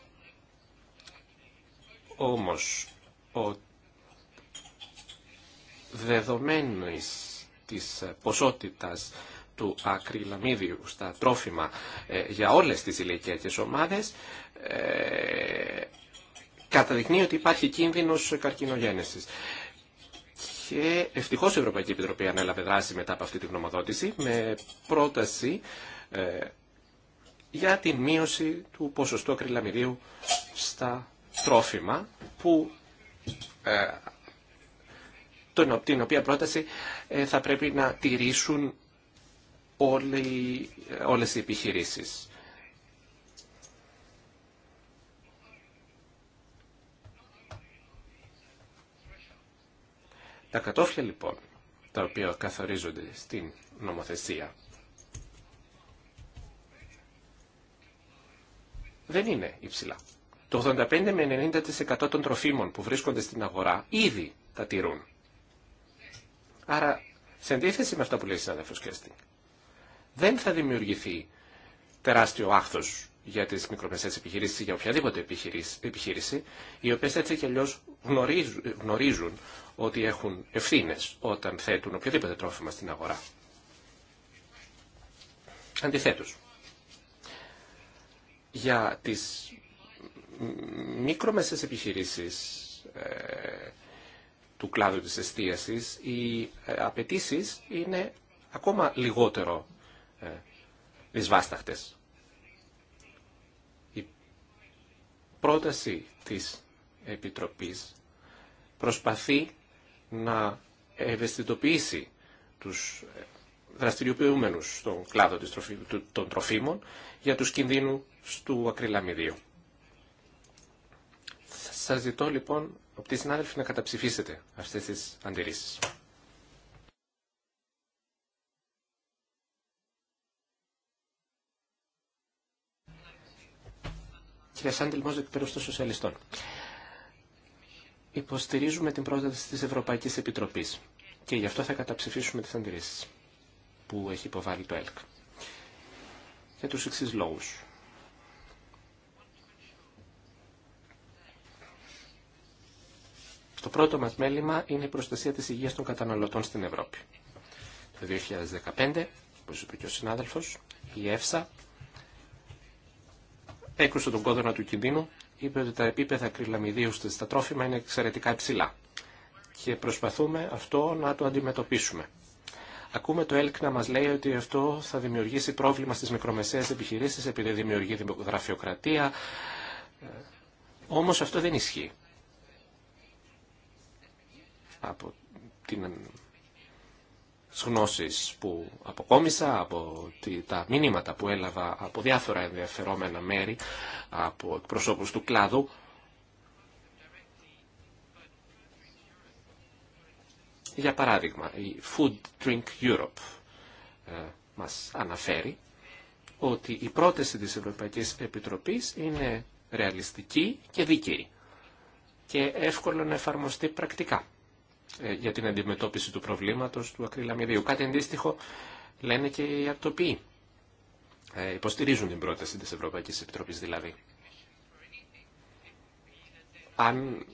[SPEAKER 2] Όμως, ο της ποσότητας του ακριλαμίδιου στα τρόφιμα ε, για όλες τις ηλικιακές ομάδες ε, καταδεικνύει ότι υπάρχει κίνδυνος καρκινογένεσης. Και ευτυχώς η Ευρωπαϊκή Επιτροπή ανέλαβε δράση μετά από αυτή τη γνωμοδότηση με πρόταση ε, για την μείωση του ποσοστού ακριλαμιδίου στα τρόφιμα που την οποία πρόταση θα πρέπει να τηρήσουν όλοι, όλες οι επιχειρήσεις. Τα κατόφλια λοιπόν, τα οποία καθορίζονται στην νομοθεσία, δεν είναι υψηλά. Το 85 με 90% των τροφίμων που βρίσκονται στην αγορά ήδη τα τηρούν. Άρα, σε αντίθεση με αυτά που λέει η συνάδελφος Κέστινγκ, δεν θα δημιουργηθεί τεράστιο άχθος για τις μικρομεσαίες επιχειρήσεις ή για οποιαδήποτε επιχείρηση, οι οποίες έτσι και αλλιώ γνωρίζουν, ότι έχουν ευθύνε όταν θέτουν οποιοδήποτε τρόφιμα στην αγορά. Αντιθέτω, για τις μικρομεσαίες επιχειρήσεις ε, του κλάδου της εστίασης, οι ε, απαιτήσει είναι ακόμα λιγότερο δυσβάσταχτες. Ε, Η πρόταση της Επιτροπής προσπαθεί να ευαισθητοποιήσει τους δραστηριοποιούμενους στον κλάδο των τροφίμων για τους κινδύνους του ακριλαμιδίου. Σας ζητώ λοιπόν, τη συνάδελφοι, να καταψηφίσετε αυτές τις αντιρρήσεις. Κυρία Σάντελ, λοιπόν, των Σοσιαλιστών. Υποστηρίζουμε την πρόταση τη Ευρωπαϊκή Επιτροπή και γι' αυτό θα καταψηφίσουμε τι αντιρρήσει που έχει υποβάλει το ΕΛΚ. Για του εξή λόγου. Το πρώτο μα μέλημα είναι η προστασία τη υγεία των καταναλωτών στην Ευρώπη. Το 2015, όπω είπε και ο συνάδελφο, η ΕΦΣΑ έκρουσε τον κόδωνα του κινδύνου, είπε ότι τα επίπεδα κρυλαμιδίου στα τρόφιμα είναι εξαιρετικά υψηλά. Και προσπαθούμε αυτό να το αντιμετωπίσουμε. Ακούμε το ΕΛΚ να μας λέει ότι αυτό θα δημιουργήσει πρόβλημα στις μικρομεσαίες επιχειρήσεις επειδή δημιουργεί γραφειοκρατία. Ε, όμως αυτό δεν ισχύει. Από την τις γνώσεις που αποκόμισα, από τα μήνυματα που έλαβα από διάφορα ενδιαφερόμενα μέρη, από εκπροσώπους του κλάδου, Για παράδειγμα, η Food Drink Europe ε, μας αναφέρει ότι η πρόταση της Ευρωπαϊκής Επιτροπής είναι ρεαλιστική και δίκαιη και εύκολο να εφαρμοστεί πρακτικά. Ε, για την αντιμετώπιση του προβλήματος του ακριλαμιδίου. Κάτι αντίστοιχο λένε και οι Αρτοποιοί. Ε, υποστηρίζουν την πρόταση της Ευρωπαϊκής Επιτροπής δηλαδή. Αν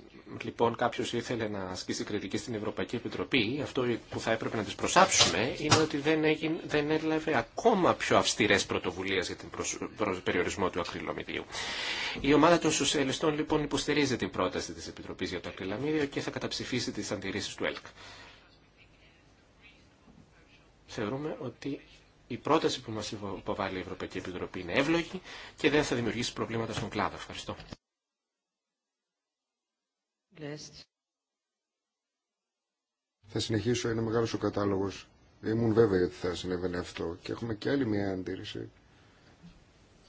[SPEAKER 2] λοιπόν κάποιο ήθελε να ασκήσει κριτική στην Ευρωπαϊκή Επιτροπή, αυτό που θα έπρεπε να τις προσάψουμε είναι ότι δεν, έγινε, δεν έλαβε ακόμα πιο αυστηρές πρωτοβουλίες για τον περιορισμό του ακριλαμιδίου. Η ομάδα των σοσιαλιστών λοιπόν υποστηρίζει την πρόταση της Επιτροπής για το ακριλαμίδιο και θα καταψηφίσει τις αντιρρήσεις του ΕΛΚ. Θεωρούμε ότι η πρόταση που μας υποβάλλει η Ευρωπαϊκή Επιτροπή είναι εύλογη και δεν θα δημιουργήσει προβλήματα στον κλάδο. Ευχαριστώ.
[SPEAKER 3] Θα συνεχίσω, είναι μεγάλος ο κατάλογος. Ήμουν βέβαια ότι θα συνέβαινε αυτό και έχουμε και άλλη μια αντίρρηση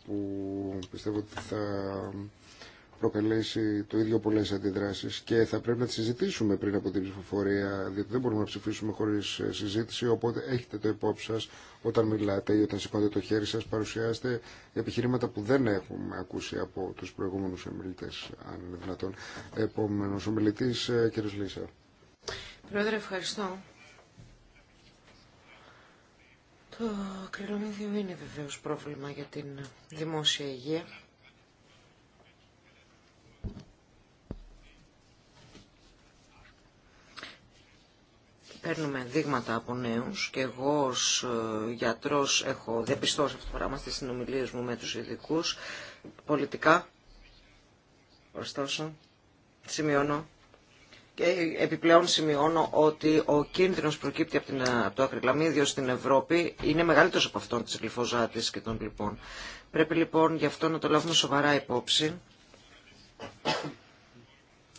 [SPEAKER 3] που πιστεύω ότι θα προκαλέσει το ίδιο πολλέ αντιδράσει και θα πρέπει να τι συζητήσουμε πριν από την ψηφοφορία, διότι δεν μπορούμε να ψηφίσουμε χωρί ε, συζήτηση. Οπότε έχετε το υπόψη σα όταν μιλάτε ή όταν σηκώνετε το χέρι σα, παρουσιάστε επιχειρήματα που δεν έχουμε ακούσει από του προηγούμενου ομιλητέ, αν είναι δυνατόν. Επόμενο ομιλητή, ε, κύριο Λίσα.
[SPEAKER 1] Πρόεδρε, ευχαριστώ. Το κρυλομίδιο είναι βεβαίως πρόβλημα για την δημόσια υγεία. παίρνουμε δείγματα από νέους και εγώ ως ε, γιατρός έχω διαπιστώσει αυτό το πράγμα στις συνομιλίες μου με τους ειδικού. πολιτικά. Ωστόσο, σημειώνω και επιπλέον σημειώνω ότι ο κίνδυνος προκύπτει από, την, από το ακριλαμίδιο στην Ευρώπη είναι μεγαλύτερος από αυτόν της γλυφοζάτης και των λοιπών. Πρέπει λοιπόν γι' αυτό να το λάβουμε σοβαρά υπόψη.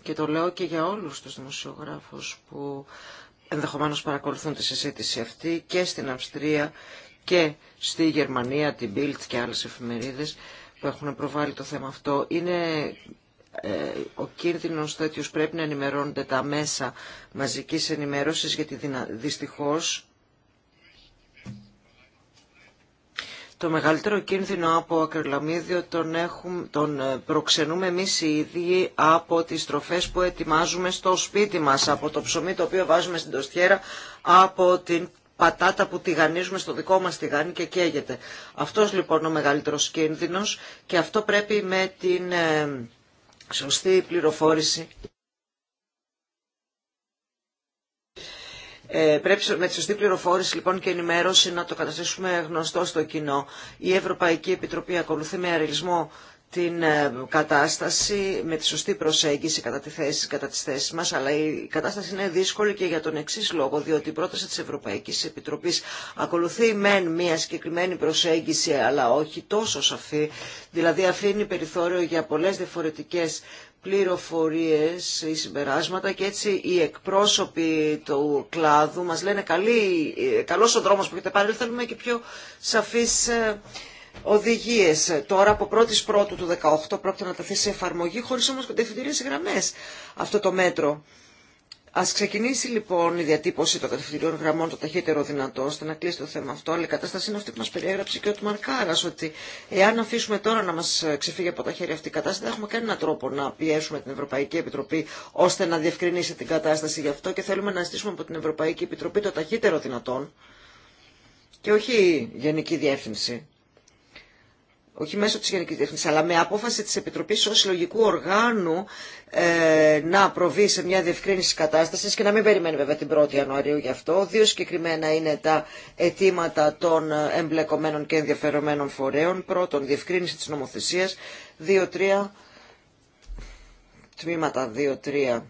[SPEAKER 1] Και το λέω και για όλους τους δημοσιογράφους που ενδεχομένως παρακολουθούν τη συζήτηση αυτή και στην Αυστρία και στη Γερμανία, την Bild και άλλες εφημερίδες που έχουν προβάλει το θέμα αυτό. Είναι ε, ο κίνδυνος τέτοιο πρέπει να ενημερώνονται τα μέσα μαζικής ενημέρωσης γιατί δυστυχώς Το μεγαλύτερο κίνδυνο από ακριλαμίδιο τον, τον ε, προξενούμε εμείς οι ίδιοι από τις τροφές που ετοιμάζουμε στο σπίτι μας, από το ψωμί το οποίο βάζουμε στην τοστιέρα, από την πατάτα που τηγανίζουμε στο δικό μας τηγάνι και καίγεται. Αυτός λοιπόν ο μεγαλύτερος κίνδυνος και αυτό πρέπει με την ε, σωστή πληροφόρηση Ε, πρέπει με τη σωστή πληροφόρηση λοιπόν και ενημέρωση να το καταστήσουμε γνωστό στο κοινό. Η Ευρωπαϊκή Επιτροπή ακολουθεί με αρελισμό την ε, κατάσταση με τη σωστή προσέγγιση κατά, τη θέση, κατά τις θέσεις μας, αλλά η κατάσταση είναι δύσκολη και για τον εξή λόγο, διότι η πρόταση της Ευρωπαϊκής Επιτροπής ακολουθεί μεν μια συγκεκριμένη προσέγγιση, αλλά όχι τόσο σαφή, δηλαδή αφήνει περιθώριο για πολλές διαφορετικές πληροφορίες ή συμπεράσματα και έτσι οι εκπρόσωποι του κλάδου μας λένε καλή, καλός ο δρόμος που έχετε πάρει, θέλουμε και πιο σαφείς ε, οδηγίες. Τώρα από πρώτου του 2018 πρόκειται να θέσει σε εφαρμογή χωρίς όμως σε γραμμές αυτό το μέτρο. Α ξεκινήσει λοιπόν η διατύπωση των κατευθυντικών γραμμών το ταχύτερο δυνατό, ώστε να κλείσει το θέμα αυτό, αλλά η κατάσταση είναι αυτή που μα περιέγραψε και ο Τμαρκάρας, ότι εάν αφήσουμε τώρα να μα ξεφύγει από τα χέρια αυτή η κατάσταση, δεν έχουμε κανένα τρόπο να πιέσουμε την Ευρωπαϊκή Επιτροπή ώστε να διευκρινίσει την κατάσταση γι' αυτό και θέλουμε να ζητήσουμε από την Ευρωπαϊκή Επιτροπή το ταχύτερο δυνατόν και όχι γενική διεύθυνση όχι μέσω της Γενικής Διεθνής, αλλά με απόφαση της Επιτροπής ως συλλογικού οργάνου ε, να προβεί σε μια διευκρίνηση κατάστασης και να μην περιμένει βέβαια την 1η Ιανουαρίου γι' αυτό. Δύο συγκεκριμένα είναι τα αιτήματα των εμπλεκομένων και ενδιαφερομένων φορέων. Πρώτον, διευκρίνηση της νομοθεσίας. Δύο-τρία, τμήματα δύο-τρία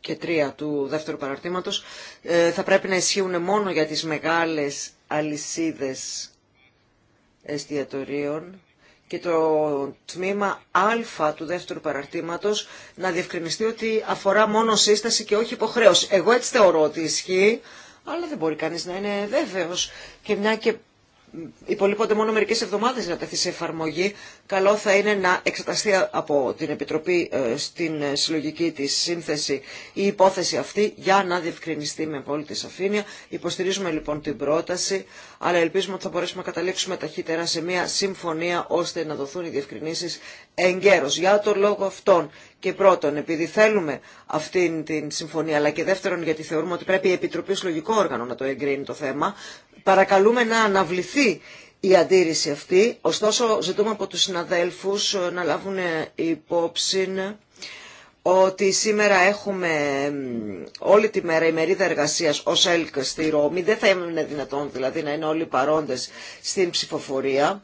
[SPEAKER 1] και τρία του δεύτερου παραρτήματος, ε, θα πρέπει να ισχύουν μόνο για τις μεγάλες αλυσίδες εστιατορίων και το τμήμα Α του δεύτερου παραρτήματος να διευκρινιστεί ότι αφορά μόνο σύσταση και όχι υποχρέωση. Εγώ έτσι θεωρώ ότι ισχύει, αλλά δεν μπορεί κανείς να είναι βέβαιος. Και μια και υπολείπονται μόνο μερικές εβδομάδες να τεθεί σε εφαρμογή. Καλό θα είναι να εξεταστεί από την Επιτροπή ε, στην συλλογική της σύνθεση η υπόθεση αυτή για να διευκρινιστεί με απόλυτη σαφήνεια. Υποστηρίζουμε λοιπόν την πρόταση, αλλά ελπίζουμε ότι θα μπορέσουμε να καταλήξουμε ταχύτερα σε μια συμφωνία ώστε να δοθούν οι διευκρινήσεις εγκαίρως. Για τον λόγο αυτόν και πρώτον επειδή θέλουμε αυτήν την συμφωνία αλλά και δεύτερον γιατί θεωρούμε ότι πρέπει η Επιτροπή ως λογικό όργανο να το εγκρίνει το θέμα παρακαλούμε να αναβληθεί η αντίρρηση αυτή ωστόσο ζητούμε από τους συναδέλφους ε, να λάβουν ε, υπόψη ε, ότι σήμερα έχουμε όλη τη μέρα η μερίδα εργασία ω ΕΛΚ στη Ρώμη. Δεν θα είναι δυνατόν δηλαδή να είναι όλοι παρόντε στην ψηφοφορία.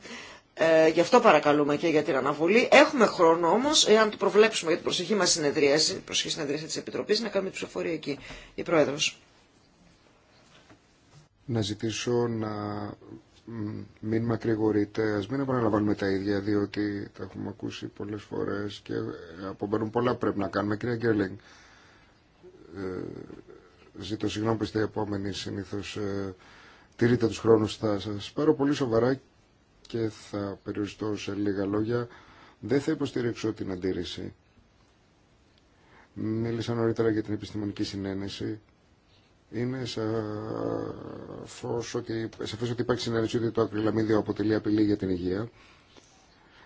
[SPEAKER 1] Ε, γι' αυτό παρακαλούμε και για την αναβολή. Έχουμε χρόνο όμω, εάν το προβλέψουμε για την προσεχή μα συνεδρίαση, προσεχή συνεδρίαση τη Επιτροπή, να κάνουμε ψηφοφορία εκεί. Η Πρόεδρο.
[SPEAKER 3] Να ζητήσω να μην μακρηγορείτε, α μην επαναλαμβάνουμε τα ίδια, διότι τα έχουμε ακούσει πολλέ φορέ και απομπαίνουν πολλά πρέπει να κάνουμε. Κυρία Γκέρλινγκ, ε, ζητώ συγγνώμη που είστε επόμενοι συνήθω. Ε, τηρείτε του χρόνου θα σας πάρω πολύ σοβαρά και θα περιοριστώ σε λίγα λόγια. Δεν θα υποστηρίξω την αντίρρηση. Μίλησα νωρίτερα για την επιστημονική συνένεση. Είναι σαφώς ότι, σαφώς ότι υπάρχει συνένεση ότι το ακριλαμίδιο αποτελεί απειλή για την υγεία.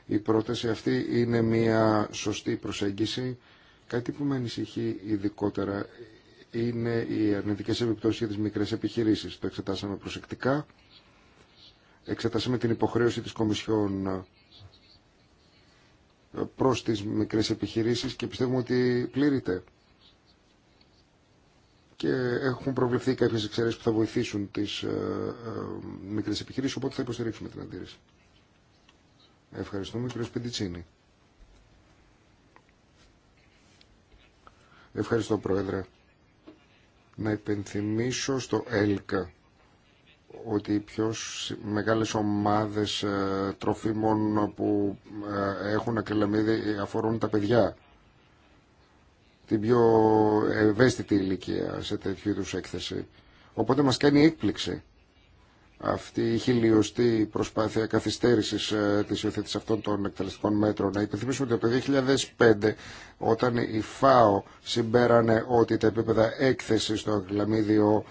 [SPEAKER 3] Η πρόταση αυτή είναι μια σωστή προσέγγιση. Κάτι που με ανησυχεί ειδικότερα είναι οι αρνητικές επιπτώσεις για τις μικρές επιχειρήσεις. Το εξετάσαμε προσεκτικά εξετάσαμε την υποχρέωση της Κομισιόν ε, προς τις μικρές επιχειρήσεις και πιστεύουμε ότι πλήρηται. Και έχουν προβλεφθεί κάποιες εξαιρέσεις που θα βοηθήσουν τις ε, ε, μικρές επιχειρήσεις, οπότε θα υποστηρίξουμε την αντίρρηση. Ευχαριστούμε, κύριε Σπεντιτσίνη. Ευχαριστώ, Πρόεδρε. Να υπενθυμίσω στο ΕΛΚΑ ότι οι πιο μεγάλες ομάδες ε, τροφίμων που ε, έχουν ακριλαμίδι αφορούν τα παιδιά. Την πιο ευαίσθητη ηλικία σε τέτοιου είδους έκθεση. Οπότε μας κάνει έκπληξη αυτή η χιλιοστή προσπάθεια καθυστέρησης ε, της υιοθέτησης αυτών των εκτελεστικών μέτρων. Να υπενθυμίσουμε ότι από το 2005 όταν η ΦΑΟ συμπέρανε ότι τα επίπεδα έκθεση στο ακριλαμίδιο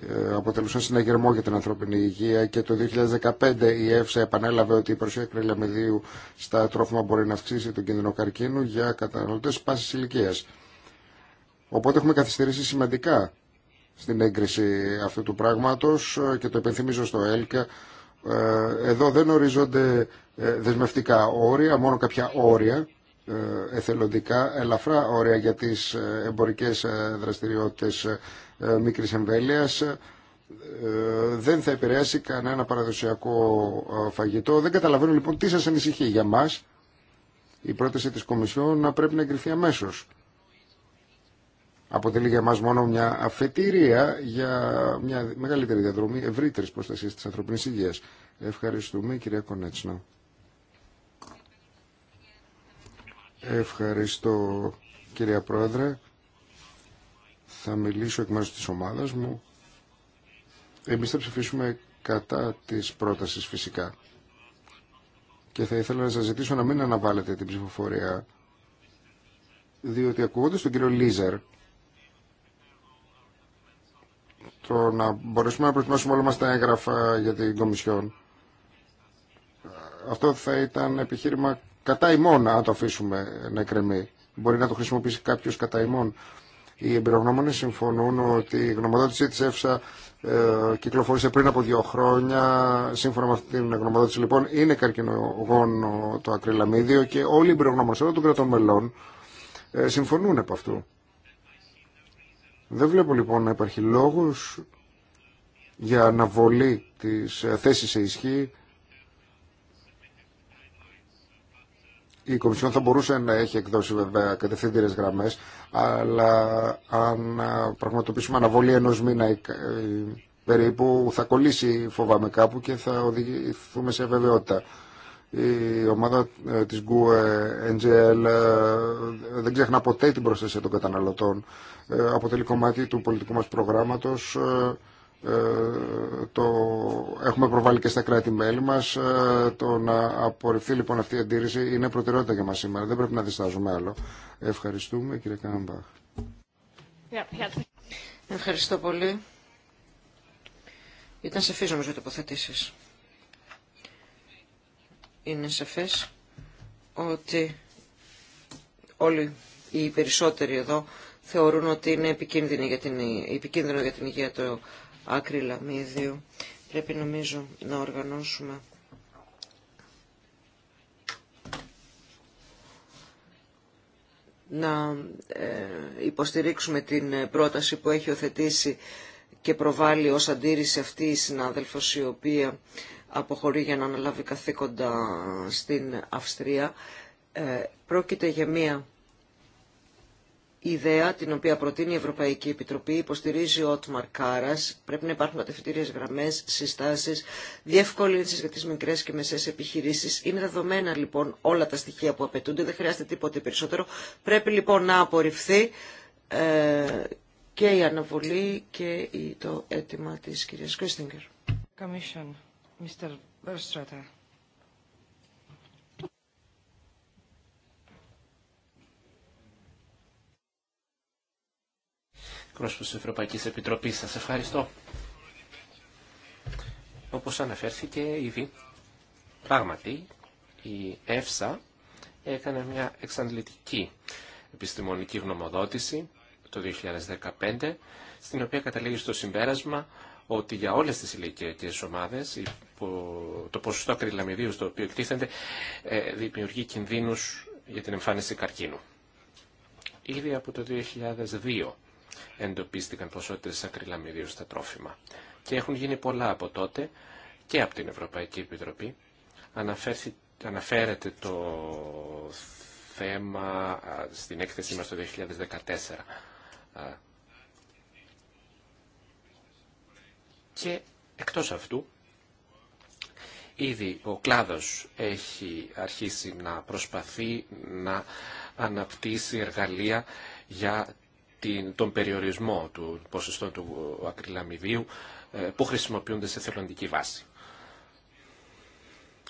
[SPEAKER 3] ε, αποτελούσαν συναγερμό για την ανθρώπινη υγεία και το 2015 η ΕΦΣΑ επανέλαβε ότι η παρουσία κρυλαμιδίου στα τρόφιμα μπορεί να αυξήσει τον κίνδυνο καρκίνου για καταναλωτές πάσης ηλικία. Οπότε έχουμε καθυστερήσει σημαντικά στην έγκριση αυτού του πράγματος ε, και το επενθυμίζω στο ΕΛΚΑ. Ε, εδώ δεν ορίζονται δεσμευτικά όρια, μόνο κάποια όρια εθελοντικά, ελαφρά όρια για τις εμπορικές δραστηριότητες ε, μικρής εμβέλειας ε, δεν θα επηρεάσει κανένα παραδοσιακό ε, φαγητό. Δεν καταλαβαίνω λοιπόν τι σας ανησυχεί για μας. Η πρόταση της Κομισιόν να πρέπει να εγκριθεί αμέσω. Αποτελεί για μας μόνο μια αφετηρία για μια μεγαλύτερη διαδρομή ευρύτερης προστασίας της ανθρωπινής υγείας. Ευχαριστούμε κυρία Κονέτσνα. Ευχαριστώ κυρία Πρόεδρε. Θα μιλήσω εκ μέρους της ομάδας μου. Εμείς θα ψηφίσουμε κατά της πρότασης φυσικά. Και θα ήθελα να σας ζητήσω να μην αναβάλλετε την ψηφοφορία, διότι ακούγοντας τον κύριο Λίζερ το να μπορέσουμε να προετοιμάσουμε όλα μας τα έγγραφα για την Κομισιόν, αυτό θα ήταν επιχείρημα κατά ημών, αν το αφήσουμε να εκκρεμεί. Μπορεί να το χρησιμοποιήσει κάποιο κατά ημών. Οι εμπειρογνώμονες συμφωνούν ότι η γνωμοδότησή τη ΕΦΣΑ ε, κυκλοφόρησε πριν από δύο χρόνια. Σύμφωνα με αυτή την γνωμοδότηση λοιπόν είναι καρκινογόνο το ακριλαμίδιο και όλοι οι εμπειρογνώμονες όλων των κρατών μελών ε, συμφωνούν από αυτού. Δεν βλέπω λοιπόν να υπάρχει λόγος για αναβολή τη ε, θέση σε ισχύ Η Κομισιόν θα μπορούσε να έχει εκδώσει βέβαια κατευθύντηρε γραμμέ, αλλά αν ε, πραγματοποιήσουμε αναβολή ενό μήνα ε, περίπου, θα κολλήσει φοβάμαι κάπου και θα οδηγηθούμε σε βεβαιότητα. Η ομάδα ε, της GUE-NGL δεν ξεχνά ποτέ την προστασία των καταναλωτών. Αποτελεί κομμάτι του πολιτικού μας προγράμματος ε, το έχουμε προβάλει και στα κράτη-μέλη μας. Ε, το να απορριφθεί λοιπόν αυτή η αντίρρηση είναι προτεραιότητα για μας σήμερα. Δεν πρέπει να διστάζουμε άλλο. Ευχαριστούμε κύριε Κάμπαχ.
[SPEAKER 1] Ευχαριστώ πολύ. Ήταν σαφή νομίζω οι τοποθετήσεις. Είναι σαφέ ότι όλοι οι περισσότεροι εδώ θεωρούν ότι είναι επικίνδυνο για την, επικίνδυνο για την υγεία το άκρη λαμίδιου. Πρέπει νομίζω να οργανώσουμε να ε, υποστηρίξουμε την ε, πρόταση που έχει οθετήσει και προβάλλει ως αντίρρηση αυτή η συνάδελφος η οποία αποχωρεί για να αναλάβει καθήκοντα στην Αυστρία. Ε, πρόκειται για μία ιδέα την οποία προτείνει η Ευρωπαϊκή Επιτροπή, υποστηρίζει ο Ότμαρ Κάρα. Πρέπει να υπάρχουν κατευθυντήριε γραμμέ, συστάσει, διευκολύνσει για τι μικρέ και μεσαίε επιχειρήσει. Είναι δεδομένα λοιπόν όλα τα στοιχεία που απαιτούνται, δεν χρειάζεται τίποτε περισσότερο. Πρέπει λοιπόν να απορριφθεί ε, και η αναβολή και το αίτημα τη κυρία Κρίστιγκερ. Commission, Mr.
[SPEAKER 2] εκπρόσωπος της Ευρωπαϊκής Επιτροπής. Σας ευχαριστώ. Όπως αναφέρθηκε ήδη, πράγματι η ΕΦΣΑ έκανε μια εξαντλητική επιστημονική γνωμοδότηση το 2015, στην οποία καταλήγει στο συμπέρασμα ότι για όλες τις ηλικιακές ομάδες το ποσοστό ακριλαμιδίου στο οποίο εκτίθενται ε, δημιουργεί κινδύνους για την εμφάνιση καρκίνου. Ήδη από το 2002 εντοπίστηκαν ποσότητες ακριλαμιδίου στα τρόφιμα. Και έχουν γίνει πολλά από τότε και από την Ευρωπαϊκή Επιτροπή. αναφέρεται το θέμα στην έκθεσή μας το 2014. Και εκτός αυτού, ήδη ο κλάδος έχει αρχίσει να προσπαθεί να αναπτύσσει εργαλεία για τον περιορισμό του ποσοστό του ακριλαμιδίου ε, που χρησιμοποιούνται σε θελοντική βάση.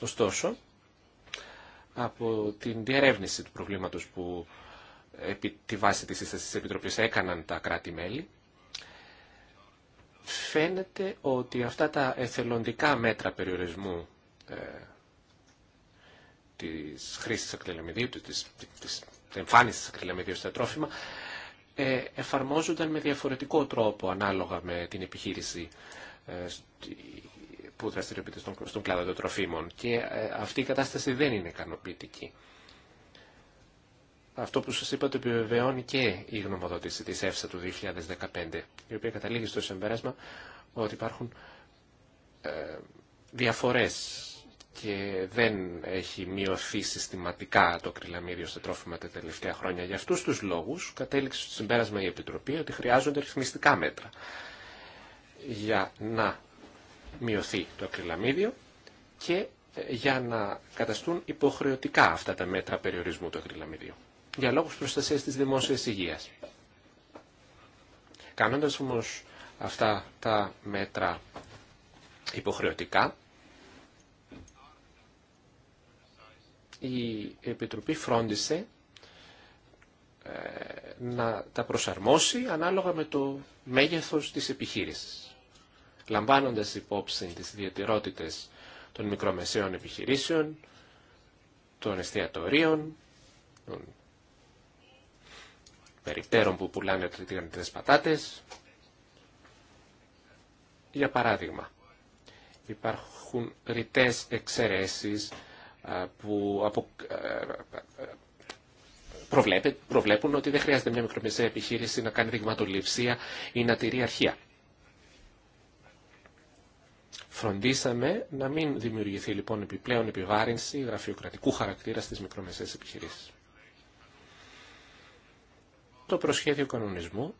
[SPEAKER 2] Ωστόσο, από την διερεύνηση του προβλήματος που επί τη βάση της ίστασης Επιτροπής έκαναν τα κράτη-μέλη, φαίνεται ότι αυτά τα εθελοντικά μέτρα περιορισμού ε, της χρήσης ακριλαμιδίου, της, της, της εμφάνισης ακριλαμιδίου στα τρόφιμα, ε, εφαρμόζονταν με διαφορετικό τρόπο ανάλογα με την επιχείρηση ε, που δραστηριοποιείται στον κλάδο των τροφίμων και ε, αυτή η κατάσταση δεν είναι ικανοποιητική. Αυτό που σας είπα το επιβεβαιώνει και η γνωμοδότηση της ΕΦΣΑ του 2015, η οποία καταλήγει στο συμπέρασμα ότι υπάρχουν διαφορές και δεν έχει μειωθεί συστηματικά το κρυλαμίδιο στα τρόφιμα τα τελευταία χρόνια. Για αυτούς τους λόγους κατέληξε στο συμπέρασμα η Επιτροπή ότι χρειάζονται ρυθμιστικά μέτρα για να μειωθεί το ακριλαμίδιο και ε, για να καταστούν υποχρεωτικά αυτά τα μέτρα περιορισμού του ακριλαμίδιου για λόγους προστασίας της δημόσιας υγείας. Κάνοντας όμως αυτά τα μέτρα υποχρεωτικά, η Επιτροπή φρόντισε ε, να τα προσαρμόσει ανάλογα με το μέγεθος της επιχείρησης, λαμβάνοντας υπόψη τις ιδιαιτερότητες των μικρομεσαίων επιχειρήσεων, των εστιατορίων, των περιπτέρων που πουλάνε τριτηγανιτές πατάτες. Για παράδειγμα, υπάρχουν ρητές εξαιρέσεις ε, που απο... Ε, προβλέπουν ότι δεν χρειάζεται μια μικρομεσαία επιχείρηση να κάνει δειγματοληψία ή να τηρεί αρχεία. Φροντίσαμε να μην δημιουργηθεί λοιπόν επιπλέον επιβάρυνση γραφειοκρατικού χαρακτήρα στις μικρομεσαίες επιχειρήσεις. Το προσχέδιο κανονισμού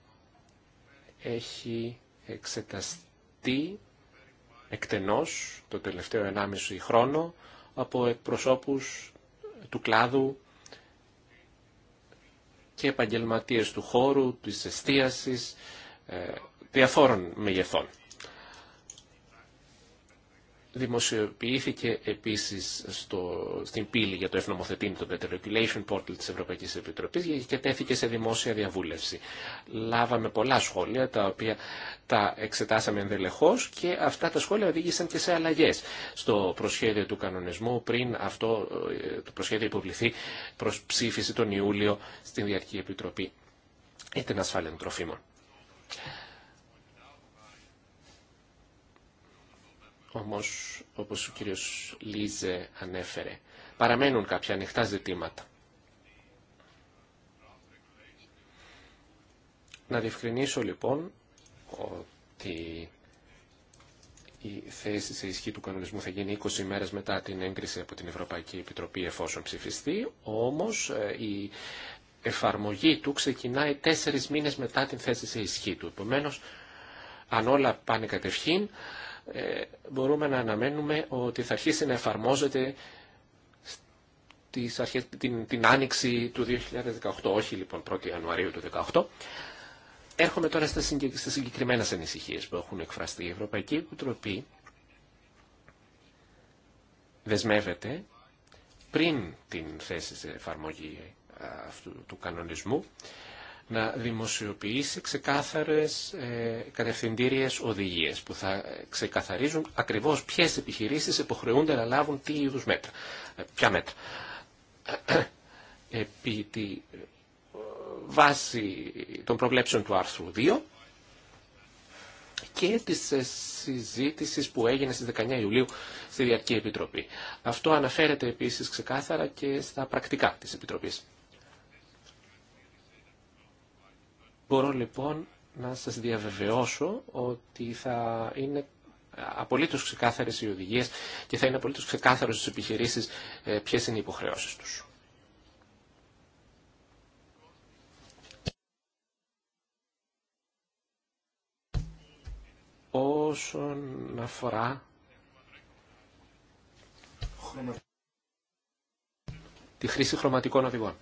[SPEAKER 2] έχει εξεταστεί εκτενώς το τελευταίο 1,5 χρόνο από εκπροσώπους του κλάδου και επαγγελματίες του χώρου, της εστίασης, ε, διαφόρων μεγεθών. Δημοσιοποιήθηκε επίσης στο, στην πύλη για το ευνομοθετήν το Better Regulation Portal της Ευρωπαϊκής Επιτροπής και τέθηκε σε δημόσια διαβούλευση. Λάβαμε πολλά σχόλια τα οποία τα εξετάσαμε ενδελεχώς και αυτά τα σχόλια οδήγησαν και σε αλλαγές στο προσχέδιο του κανονισμού πριν αυτό ε, το προσχέδιο υποβληθεί προς ψήφιση τον Ιούλιο στην Διαρκή Επιτροπή για την ασφάλεια των τροφίμων. Όμως, όπως ο κύριος Λίζε ανέφερε, παραμένουν κάποια ανοιχτά ζητήματα. Να διευκρινίσω λοιπόν ότι η θέση σε ισχύ του κανονισμού θα γίνει 20 ημέρες μετά την έγκριση από την Ευρωπαϊκή Επιτροπή εφόσον ψηφιστεί, όμως ε, η εφαρμογή του ξεκινάει τέσσερις μήνες μετά την θέση σε ισχύ του. Επομένως, αν όλα πάνε κατευχήν, ε, μπορούμε να αναμένουμε ότι θα αρχίσει να εφαρμόζεται την, άνοιξη του 2018, όχι λοιπόν 1η Ιανουαρίου του 2018. Έρχομαι τώρα στις συγκεκριμένες ανησυχίες που έχουν εκφραστεί. Η Ευρωπαϊκή Επιτροπή δεσμεύεται πριν την θέση σε εφαρμογή ε, αυτού του κανονισμού να δημοσιοποιήσει ξεκάθαρες ε, κατευθυντήριες οδηγίες που θα ξεκαθαρίζουν ακριβώς ποιες επιχειρήσεις υποχρεούνται να λάβουν τι είδους μέτρα. Ε, ποια μέτρα. Επί τη ε, βάση των προβλέψεων του άρθρου 2 και της συζήτησης που έγινε στις 19 Ιουλίου στη Διαρκή Επιτροπή. Αυτό αναφέρεται επίσης ξεκάθαρα και στα πρακτικά της Επιτροπής. Μπορώ λοιπόν να σας διαβεβαιώσω ότι θα είναι απολύτως ξεκάθαρες οι οδηγίες και θα είναι απολύτως ξεκάθαρες στις επιχειρήσεις ε, ποιες είναι οι υποχρεώσεις τους. Όσον αφορά τη χρήση χρωματικών οδηγών.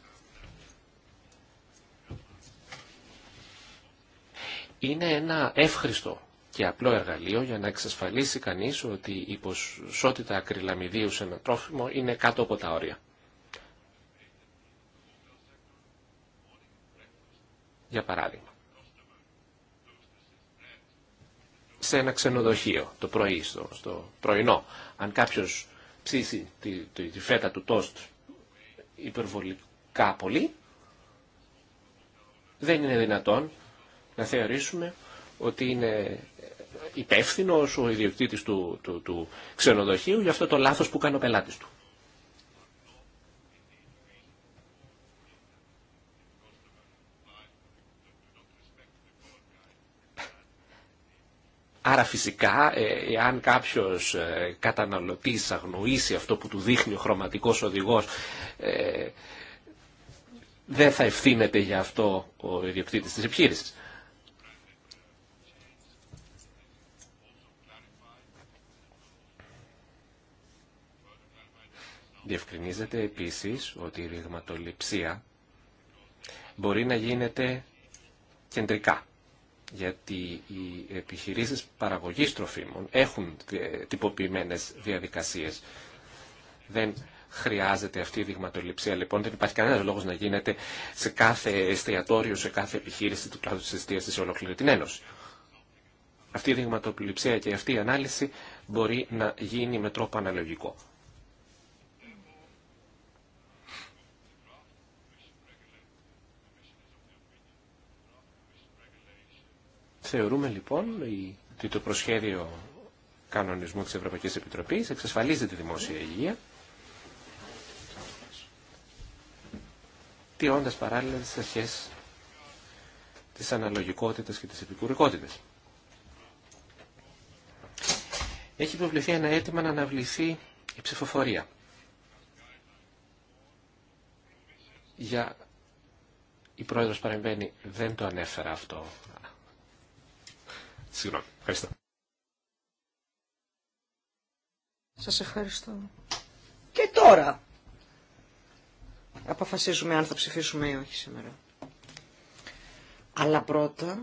[SPEAKER 2] είναι ένα εύχριστο και απλό εργαλείο για να εξασφαλίσει κανείς ότι η ποσότητα ακριλαμιδίου σε ένα τρόφιμο είναι κάτω από τα όρια. Για παράδειγμα, σε ένα ξενοδοχείο το πρωί, στο, πρωινό, αν κάποιος ψήσει τη, τη, τη φέτα του τόστ υπερβολικά πολύ, δεν είναι δυνατόν να θεωρήσουμε ότι είναι υπεύθυνο ο ιδιοκτήτης του, ξενοδοχείου για αυτό το λάθος που κάνει ο πελάτης του. Άρα φυσικά, ε, εάν κάποιος ε, καταναλωτής αγνοήσει αυτό που του δείχνει ο χρωματικός οδηγός, ε, δεν θα ευθύνεται για αυτό ο ιδιοκτήτης της επιχείρησης. Διευκρινίζεται επίσης ότι η ρηγματοληψία μπορεί να γίνεται κεντρικά, γιατί οι επιχειρήσεις παραγωγής τροφίμων έχουν τυποποιημένες διαδικασίες. Δεν χρειάζεται αυτή η δειγματοληψία. Λοιπόν, δεν υπάρχει κανένα λόγος να γίνεται σε κάθε εστιατόριο, σε κάθε επιχείρηση του κλάδου της εστίασης σε ολόκληρη την Ένωση. Αυτή η δειγματοληψία και αυτή η ανάλυση μπορεί να γίνει με τρόπο αναλογικό. Θεωρούμε λοιπόν ότι το προσχέδιο κανονισμού της Ευρωπαϊκής Επιτροπής εξασφαλίζει τη δημόσια υγεία, τηρώντας παράλληλα τις αρχές της αναλογικότητας και της επικουρικότητας. Έχει υποβληθεί ένα αίτημα να αναβληθεί η ψηφοφορία για η πρόεδρος παρεμβαίνει, δεν το ανέφερα αυτό Συγγνώμη. Ευχαριστώ.
[SPEAKER 1] Σας ευχαριστώ. Και τώρα αποφασίζουμε αν θα ψηφίσουμε ή όχι σήμερα. Αλλά πρώτα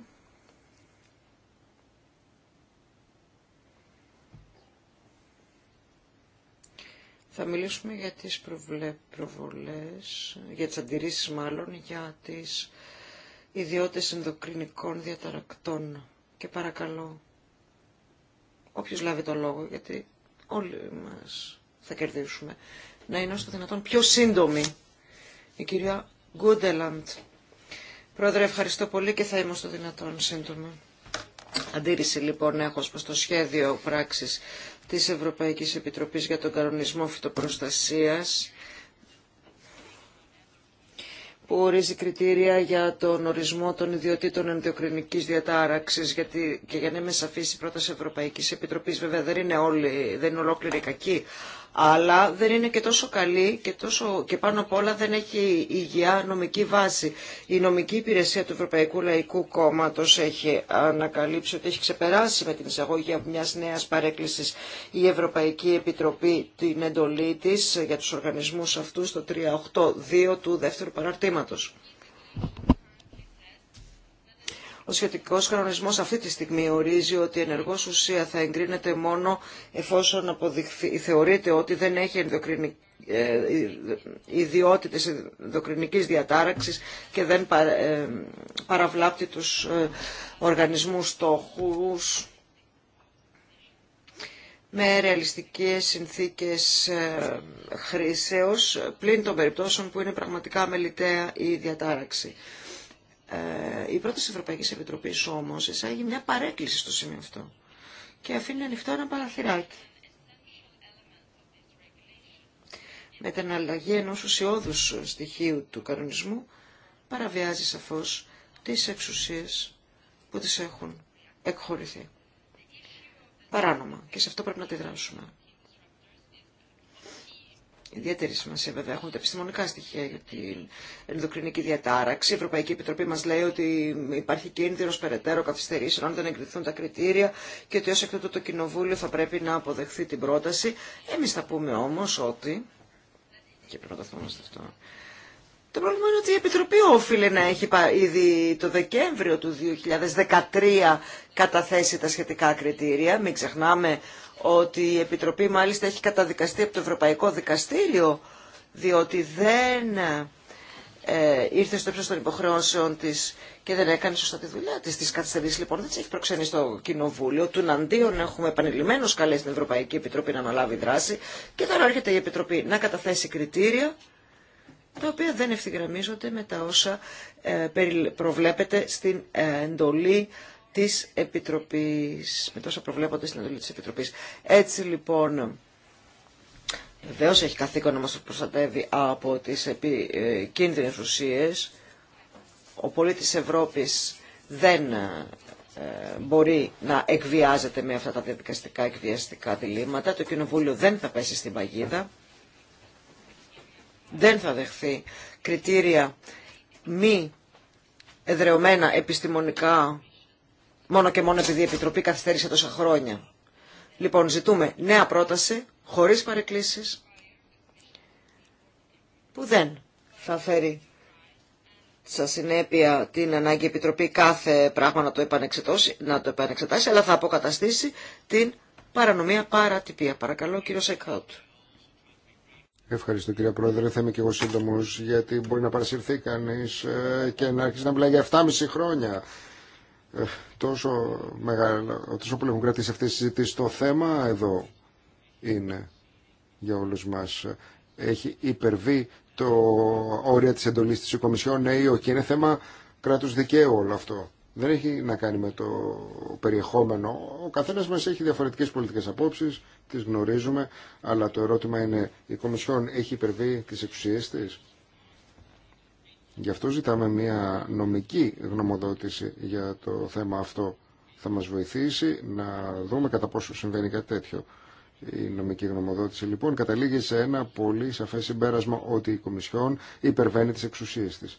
[SPEAKER 1] θα μιλήσουμε για τις προβλε... προβολές, για τις αντιρρήσεις μάλλον, για τις ιδιότητες ενδοκρινικών διαταρακτών. Και παρακαλώ, όποιος λάβει το λόγο, γιατί όλοι μας θα κερδίσουμε, να είναι όσο δυνατόν πιο σύντομη η κυρία Γκούντελαντ. Πρόεδρε, ευχαριστώ πολύ και θα είμαι όσο δυνατόν σύντομα. Αντίρρηση λοιπόν έχω προς το σχέδιο πράξης της Ευρωπαϊκής Επιτροπής για τον Κανονισμό Φυτοπροστασίας που ορίζει κριτήρια για τον ορισμό των ιδιωτήτων ενδοκρινικής διατάραξης γιατί, και για να είμαι σαφής η πρόταση Ευρωπαϊκής Επιτροπής βέβαια δεν δεν είναι ολόκληρη κακή αλλά δεν είναι και τόσο καλή και, τόσο, και πάνω απ' όλα δεν έχει υγεία νομική βάση. Η νομική υπηρεσία του Ευρωπαϊκού Λαϊκού Κόμματος έχει ανακαλύψει ότι έχει ξεπεράσει με την εισαγωγή από μιας νέας παρέκκλησης η Ευρωπαϊκή Επιτροπή την εντολή τη για τους οργανισμούς αυτούς το 382 του δεύτερου παραρτήματος. Ο σχετικό κανονισμός αυτή τη στιγμή ορίζει ότι η ενεργό ουσία θα εγκρίνεται μόνο εφόσον αποδειχθεί, θεωρείται ότι δεν έχει ενδοκρινική ε, ιδιότητες ενδοκρινικής διατάραξης και δεν ε, παραβλάπτει τους ε, οργανισμούς στόχους με ρεαλιστικές συνθήκες χρήσεως πλην των περιπτώσεων που είναι πραγματικά μελιτέα η διατάραξη. Ε, η πρώτη Ευρωπαϊκή Επιτροπή όμως εισάγει μια παρέκκληση στο σημείο αυτό και αφήνει ανοιχτό ένα παραθυράκι. Με την αλλαγή ενό ουσιώδου στοιχείου του κανονισμού παραβιάζει σαφώ τις εξουσίες που τις έχουν εκχωρηθεί. Παράνομα. Και σε αυτό πρέπει να τη δράσουμε. Ιδιαίτερη σημασία βέβαια έχουν τα επιστημονικά στοιχεία για την ενδοκρινική διατάραξη. Η Ευρωπαϊκή Επιτροπή μα λέει ότι υπάρχει κίνδυνο περαιτέρω καθυστερήσεων αν δεν εγκριθούν τα κριτήρια και ότι ω εκ τούτου το Κοινοβούλιο θα πρέπει να αποδεχθεί την πρόταση. Εμεί θα πούμε όμω ότι. και πρέπει να το θυμόμαστε αυτό. Το πρόβλημα είναι ότι η Επιτροπή όφιλε να έχει ήδη το Δεκέμβριο του 2013 καταθέσει τα σχετικά κριτήρια. Μην ξεχνάμε ότι η Επιτροπή μάλιστα έχει καταδικαστεί από το Ευρωπαϊκό Δικαστήριο διότι δεν ε, ήρθε στο ύψος των υποχρεώσεων της και δεν έκανε σωστά τη δουλειά της. Της καθυστερής λοιπόν δεν της έχει προξενεί στο Κοινοβούλιο. Του έχουμε επανειλημμένως καλέσει την Ευρωπαϊκή Επιτροπή να αναλάβει δράση και τώρα έρχεται η Επιτροπή να καταθέσει κριτήρια τα οποία δεν ευθυγραμμίζονται με τα όσα ε, προβλέπεται στην ε, εντολή της Επιτροπής, με τόσα προβλέπονται στην εντολή της Επιτροπής. Έτσι λοιπόν, βεβαίω έχει καθήκον να μας προστατεύει από τις κίνδυνες ουσίες. Ο πολίτης Ευρώπης δεν ε, μπορεί να εκβιάζεται με αυτά τα διαδικαστικά εκβιαστικά διλήμματα. Το Κοινοβούλιο δεν θα πέσει στην παγίδα. Δεν θα δεχθεί κριτήρια μη εδρεωμένα επιστημονικά μόνο και μόνο επειδή η Επιτροπή καθυστέρησε τόσα χρόνια. Λοιπόν, ζητούμε νέα πρόταση, χωρίς παρεκκλήσεις, που δεν θα φέρει στα συνέπεια την ανάγκη η Επιτροπή κάθε πράγμα να το, να το επανεξετάσει, αλλά θα αποκαταστήσει την παρανομία παρατυπία. Παρακαλώ, κύριο Σεκάουτ.
[SPEAKER 3] Ευχαριστώ κύριε Πρόεδρε. Θα είμαι και εγώ σύντομο γιατί μπορεί να παρασυρθεί κανεί ε, και να αρχίσει να μιλάει για 7,5 χρόνια ε, τόσο, μεγάλο, τόσο πολύ έχουν κρατήσει αυτές τις συζητήσεις. Το θέμα εδώ είναι για όλους μας. Έχει υπερβεί το όρια της εντολής της Κομισιόν, ναι ή όχι. Είναι θέμα κράτους δικαίου όλο αυτό. Δεν έχει να κάνει με το περιεχόμενο. Ο καθένας μας έχει διαφορετικές πολιτικές απόψεις, τις γνωρίζουμε, αλλά το ερώτημα είναι η Κομισιόν έχει υπερβεί τις εξουσίες της. Γι' αυτό ζητάμε μια νομική γνωμοδότηση για το θέμα αυτό. Θα μας βοηθήσει να δούμε κατά πόσο συμβαίνει κάτι τέτοιο. Η νομική γνωμοδότηση λοιπόν καταλήγει σε ένα πολύ σαφές συμπέρασμα ότι η Κομισιόν υπερβαίνει τις εξουσίες της.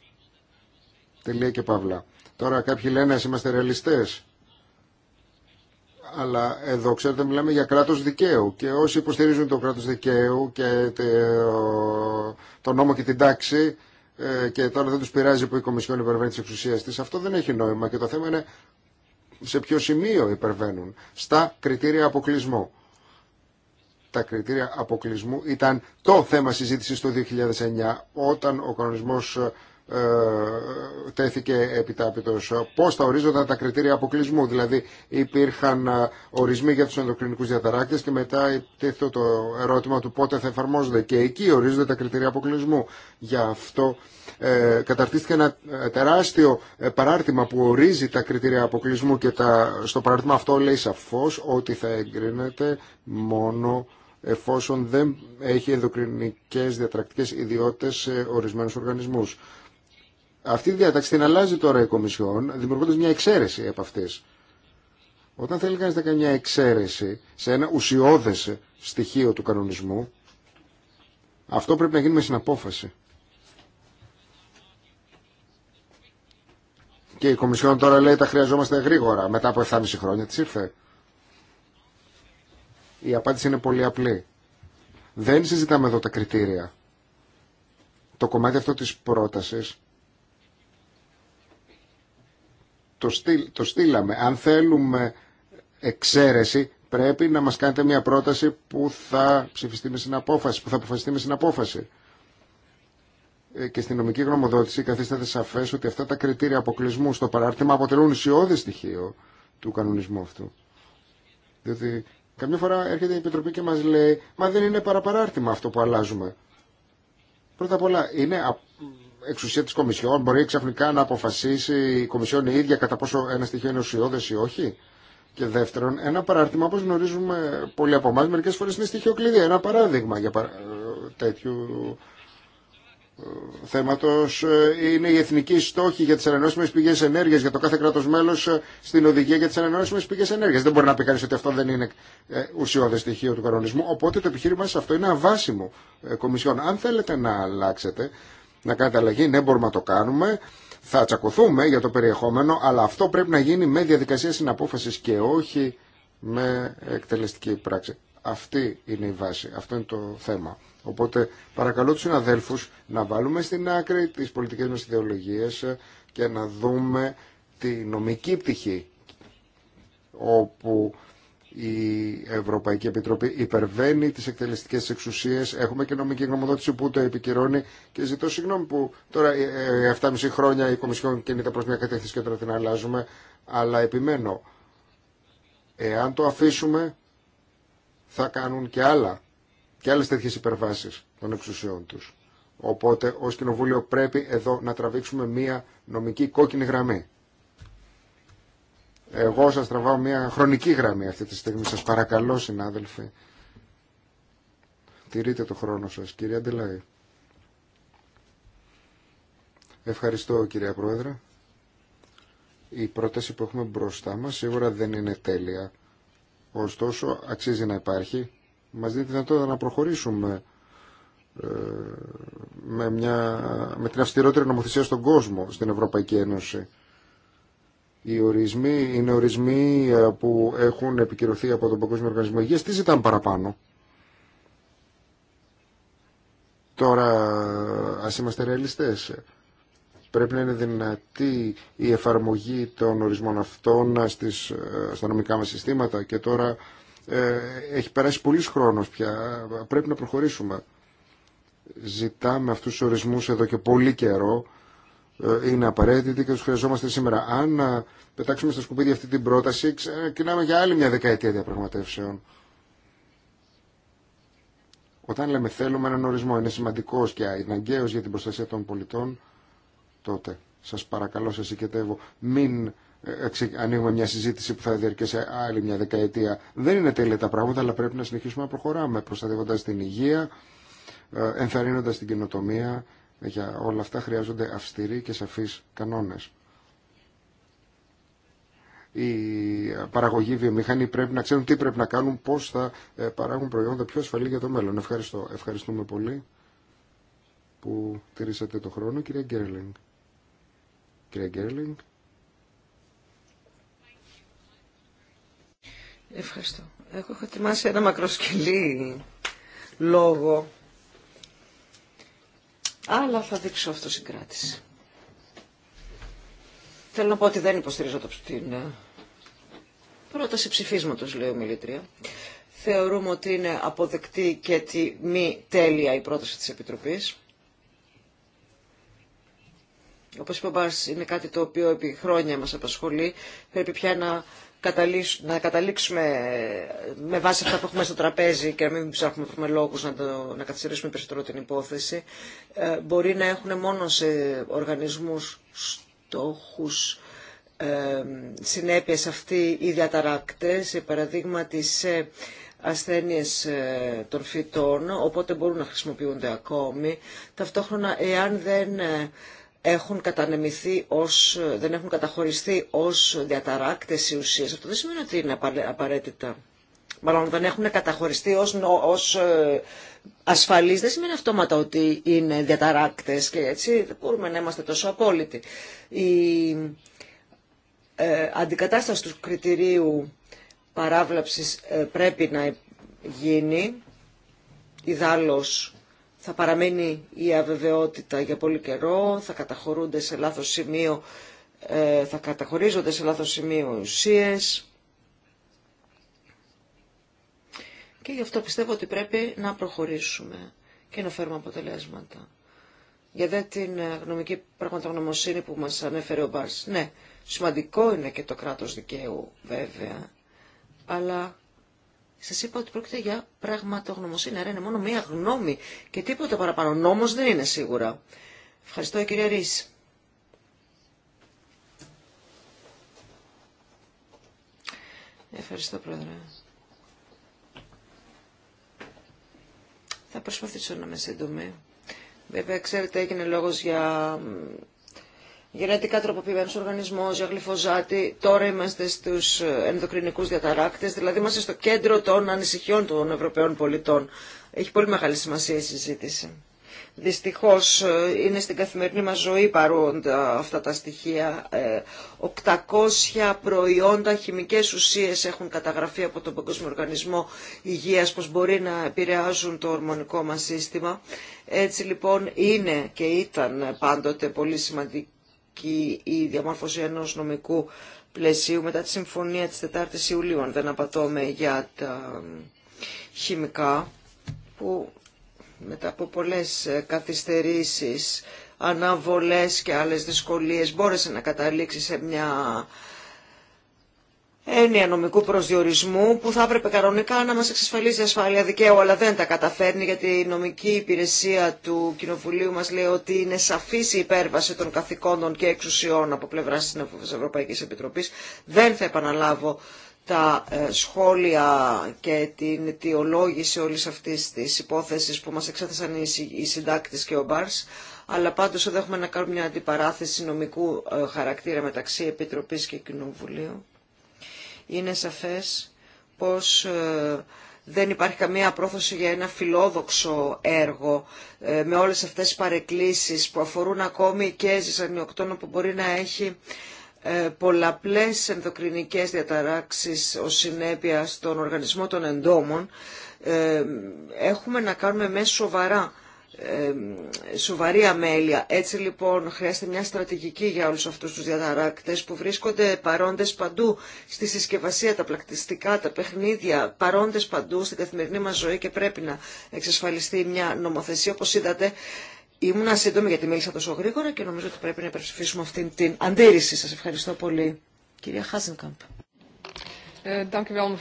[SPEAKER 3] Τελεία και παύλα. Τώρα κάποιοι λένε ας είμαστε ρεαλιστές. Αλλά εδώ ξέρετε μιλάμε για κράτος δικαίου και όσοι υποστηρίζουν το κράτος δικαίου και το νόμο και την τάξη ε, και τώρα δεν του πειράζει που η Κομισιόν υπερβαίνει τι εξουσία τη. Αυτό δεν έχει νόημα και το θέμα είναι σε ποιο σημείο υπερβαίνουν. Στα κριτήρια αποκλεισμού. Τα κριτήρια αποκλεισμού ήταν το θέμα συζήτηση το 2009 όταν ο κανονισμό ε, τέθηκε επιτάπητος. Πώς θα ορίζονταν τα κριτήρια αποκλεισμού, δηλαδή υπήρχαν ε, ορισμοί για τους ενδοκρινικούς διαταράκτες και μετά τίθεται το ερώτημα του πότε θα εφαρμόζονται και εκεί ορίζονται τα κριτήρια αποκλεισμού. Γι' αυτό ε, καταρτίστηκε ένα ε, τεράστιο παράρτημα που ορίζει τα κριτήρια αποκλεισμού και τα, στο παράρτημα αυτό λέει σαφώς ότι θα εγκρίνεται μόνο εφόσον δεν έχει ενδοκρινικές διατρακτικές ιδιότητες σε ορισμένους οργανισμούς. Αυτή η διάταξη την αλλάζει τώρα η Κομισιόν, δημιουργώντα μια εξαίρεση από αυτέ. Όταν θέλει κανεί να κάνει μια εξαίρεση σε ένα ουσιώδε στοιχείο του κανονισμού, αυτό πρέπει να γίνει με συναπόφαση. Και η Κομισιόν τώρα λέει τα χρειαζόμαστε γρήγορα, μετά από 7,5 χρόνια τη ήρθε. Η απάντηση είναι πολύ απλή. Δεν συζητάμε εδώ τα κριτήρια. Το κομμάτι αυτό της πρότασης το, στείλ, το στείλαμε. Αν θέλουμε εξαίρεση, πρέπει να μας κάνετε μια πρόταση που θα ψηφιστεί με συναπόφαση, που θα αποφασιστεί με συναπόφαση. Ε, και στην νομική γνωμοδότηση καθίσταται σαφέ ότι αυτά τα κριτήρια αποκλεισμού στο παράρτημα αποτελούν ουσιώδη στοιχείο του κανονισμού αυτού. Διότι καμιά φορά έρχεται η Επιτροπή και μα λέει Μα δεν είναι παραπαράρτημα αυτό που αλλάζουμε. Πρώτα απ' όλα είναι εξουσία της Κομισιόν. Μπορεί ξαφνικά να αποφασίσει η Κομισιόν η ίδια κατά πόσο ένα στοιχείο είναι ουσιώδες ή όχι. Και δεύτερον, ένα παράρτημα, όπως γνωρίζουμε πολλοί από εμά, μερικές φορές είναι στοιχείο κλειδί. Ένα ουσιώδε η οχι και δευτερον ενα παραρτημα οπως γνωριζουμε πολλοι απο εμα μερικε φορε στόχη για ε, ε, τι ανανεώσιμες πηγέ ενέργεια για το κάθε κράτος μέλος ε, στην οδηγία για τι ανανεώσιμες πηγέ ενέργεια. Δεν μπορεί να πει κανεί ότι αυτό δεν είναι ουσιώδε στοιχείο του κανονισμού, οπότε το επιχείρημα σε αυτό είναι αβάσιμο κομισιόν. Αν θέλετε να αλλάξετε, να κάνετε αλλαγή. Ναι, μπορούμε να το κάνουμε. Θα τσακωθούμε για το περιεχόμενο, αλλά αυτό πρέπει να γίνει με διαδικασία συναπόφασης και όχι με εκτελεστική πράξη. Αυτή είναι η βάση, αυτό είναι το θέμα. Οπότε παρακαλώ τους συναδέλφους να βάλουμε στην άκρη τις πολιτικές μας ιδεολογίες και να δούμε τη νομική πτυχή όπου η Ευρωπαϊκή Επιτροπή υπερβαίνει τις εκτελεστικές εξουσίες. Έχουμε και νομική γνωμοδότηση που το επικυρώνει και ζητώ συγγνώμη που τώρα 7,5 ε, ε, ε, χρόνια η Κομισιόν κινείται προς μια κατεύθυνση και τώρα την αλλάζουμε, αλλά επιμένω. Εάν το αφήσουμε θα κάνουν και άλλα και άλλες τέτοιες υπερβάσεις των εξουσιών τους. Οπότε ως Κοινοβούλιο πρέπει εδώ να τραβήξουμε μια νομική κόκκινη γραμμή. Εγώ σας τραβάω μια χρονική γραμμή αυτή τη στιγμή. Σας παρακαλώ συνάδελφοι. Τηρείτε το χρόνο σας. Κύριε Αντελάη. Ευχαριστώ κυρία Πρόεδρε. Η πρόταση που έχουμε μπροστά μας σίγουρα δεν είναι τέλεια. Ωστόσο αξίζει να υπάρχει. Μας δίνει τη δυνατότητα να προχωρήσουμε ε, με, μια, με την αυστηρότερη νομοθεσία στον κόσμο στην Ευρωπαϊκή Ένωση. Οι ορισμοί είναι ορισμοί ε, που έχουν επικυρωθεί από τον Παγκόσμιο Οργανισμό Υγείας. Τι ζητάμε παραπάνω. Τώρα, ας είμαστε ρεαλιστές, πρέπει να είναι δυνατή η εφαρμογή των ορισμών αυτών στις, ε, στα νομικά μας συστήματα και τώρα ε, έχει περάσει πολλής χρόνος πια, πρέπει να προχωρήσουμε. Ζητάμε αυτούς τους ορισμούς εδώ και πολύ καιρό είναι απαραίτητη και του χρειαζόμαστε σήμερα. Αν ε, πετάξουμε στα σκουπίδια αυτή την πρόταση, ξεκινάμε για άλλη μια δεκαετία διαπραγματεύσεων. Όταν λέμε θέλουμε έναν ορισμό, είναι σημαντικό και αναγκαίο για την προστασία των πολιτών, τότε σα παρακαλώ, σα συγκετεύω, μην ε, ανοίγουμε μια συζήτηση που θα διαρκέσει άλλη μια δεκαετία. Δεν είναι τέλεια τα πράγματα, αλλά πρέπει να συνεχίσουμε να προχωράμε, Προστατεύοντα την υγεία, ε, ενθαρρύνοντα την καινοτομία για όλα αυτά χρειάζονται αυστηροί και σαφείς κανόνες. Οι παραγωγοί βιομηχανοί πρέπει να ξέρουν τι πρέπει να κάνουν, πώς θα ε, παράγουν προϊόντα πιο ασφαλή για το μέλλον. Ευχαριστώ. Ευχαριστούμε πολύ που τηρήσατε το χρόνο, κυρία Γκέρλινγκ. Κυρία Γκέρλινγκ.
[SPEAKER 1] Ευχαριστώ. έχω ετοιμάσει ένα μακροσκελή λόγο αλλά θα δείξω αυτοσυγκράτηση. Θέλω να πω ότι δεν υποστηρίζω το την ε, πρόταση ψηφίσματος, λέει ο Μιλήτρια. Θεωρούμε ότι είναι αποδεκτή και τη μη τέλεια η πρόταση της Επιτροπής. Όπως είπε είναι κάτι το οποίο επί χρόνια μας απασχολεί. Πρέπει πια να να καταλήξουμε με βάση αυτά που έχουμε στο τραπέζι και να μην ψάχνουμε λόγους να, το, να καθυστερήσουμε περισσότερο την υπόθεση, ε, μπορεί να έχουν μόνο σε οργανισμούς στόχους ε, συνέπειες αυτοί οι διαταράκτες, παραδείγματι σε ασθένειες ε, των φυτών, οπότε μπορούν να χρησιμοποιούνται ακόμη. Ταυτόχρονα, εάν δεν ε, έχουν κατανεμηθεί ως, δεν έχουν καταχωριστεί ως διαταράκτες οι ουσίες. Αυτό δεν σημαίνει ότι είναι απαραίτητα. Μάλλον δεν έχουν καταχωριστεί ως, ως ε, ασφαλείς. Δεν σημαίνει αυτόματα ότι είναι διαταράκτες και έτσι δεν μπορούμε να είμαστε τόσο απόλυτοι. Η ε, αντικατάσταση του κριτηρίου παράβλαψης ε, πρέπει να γίνει. Ιδάλλως θα παραμένει η αβεβαιότητα για πολύ καιρό, θα καταχωρούνται σε λάθος σημείο, ε, θα καταχωρίζονται σε λάθος σημείο ουσίες. Και γι' αυτό πιστεύω ότι πρέπει να προχωρήσουμε και να φέρουμε αποτελέσματα. Για δε την ε, γνωμική πραγματογνωμοσύνη που μας ανέφερε ο Μπάρς. Ναι, σημαντικό είναι και το κράτος δικαίου βέβαια, αλλά Σα είπα ότι πρόκειται για πραγματογνωμοσύνη. Άρα είναι μόνο μία γνώμη και τίποτα παραπάνω. Νόμο δεν είναι σίγουρα. Ευχαριστώ, κύριε Ρή. Ευχαριστώ, πρόεδρε. Θα προσπαθήσω να είμαι σύντομη. Βέβαια, ξέρετε, έγινε λόγος για γενετικά τροποποιημένους οργανισμός για γλυφοζάτη. Τώρα είμαστε στους ενδοκρινικούς διαταράκτες, δηλαδή είμαστε στο κέντρο των ανησυχιών των Ευρωπαίων πολιτών. Έχει πολύ μεγάλη σημασία η συζήτηση. Δυστυχώς ε, είναι στην καθημερινή μας ζωή παρόντα αυτά τα στοιχεία. 800 ε, προϊόντα, χημικές ουσίες έχουν καταγραφεί από τον Παγκόσμιο Οργανισμό Υγείας πως μπορεί να επηρεάζουν το ορμονικό μας σύστημα. Έτσι λοιπόν είναι και ήταν πάντοτε πολύ σημαντική η διαμόρφωση ενός νομικού πλαισίου μετά τη συμφωνία της 4ης Ιουλίου, αν δεν απατώμε, για τα χημικά, που μετά από πολλές καθυστερήσεις, αναβολές και άλλες δυσκολίες μπόρεσε να καταλήξει σε μια έννοια νομικού προσδιορισμού που θα έπρεπε κανονικά να μας εξασφαλίζει ασφάλεια δικαίου, αλλά δεν τα καταφέρνει γιατί η νομική υπηρεσία του Κοινοβουλίου μας λέει ότι είναι σαφής η υπέρβαση των καθηκόντων και εξουσιών από πλευρά της Ευρωπαϊκής Επιτροπής. Δεν θα επαναλάβω τα ε, σχόλια και την αιτιολόγηση όλης αυτής της υπόθεσης που μας εξέθεσαν οι συντάκτες και ο Μπάρς, αλλά πάντως εδώ έχουμε να κάνουμε μια αντιπαράθεση νομικού ε, χαρακτήρα μεταξύ Επιτροπής και Κοινοβουλίου είναι σαφές πως ε, δεν υπάρχει καμία πρόθεση για ένα φιλόδοξο έργο ε, με όλες αυτές τις παρεκκλήσεις που αφορούν ακόμη και ζυζανιοκτόνο που μπορεί να έχει ε, πολλαπλές ενδοκρινικές διαταράξεις ως συνέπεια στον οργανισμό των εντόμων έχουμε να κάνουμε με σοβαρά σοβαρή αμέλεια. Έτσι λοιπόν χρειάζεται μια στρατηγική για όλους αυτούς τους διαταράκτες που βρίσκονται παρόντες παντού στη συσκευασία, τα πλακτιστικά, τα παιχνίδια, παρόντες παντού στην καθημερινή μας ζωή και πρέπει να εξασφαλιστεί μια νομοθεσία όπως είδατε. Ήμουνα σύντομη γιατί μίλησα τόσο γρήγορα και νομίζω ότι πρέπει να υπερψηφίσουμε αυτήν την αντίρρηση. Σας ευχαριστώ πολύ. Κυρία Χάζενκαμπ. Ε, dank u wel,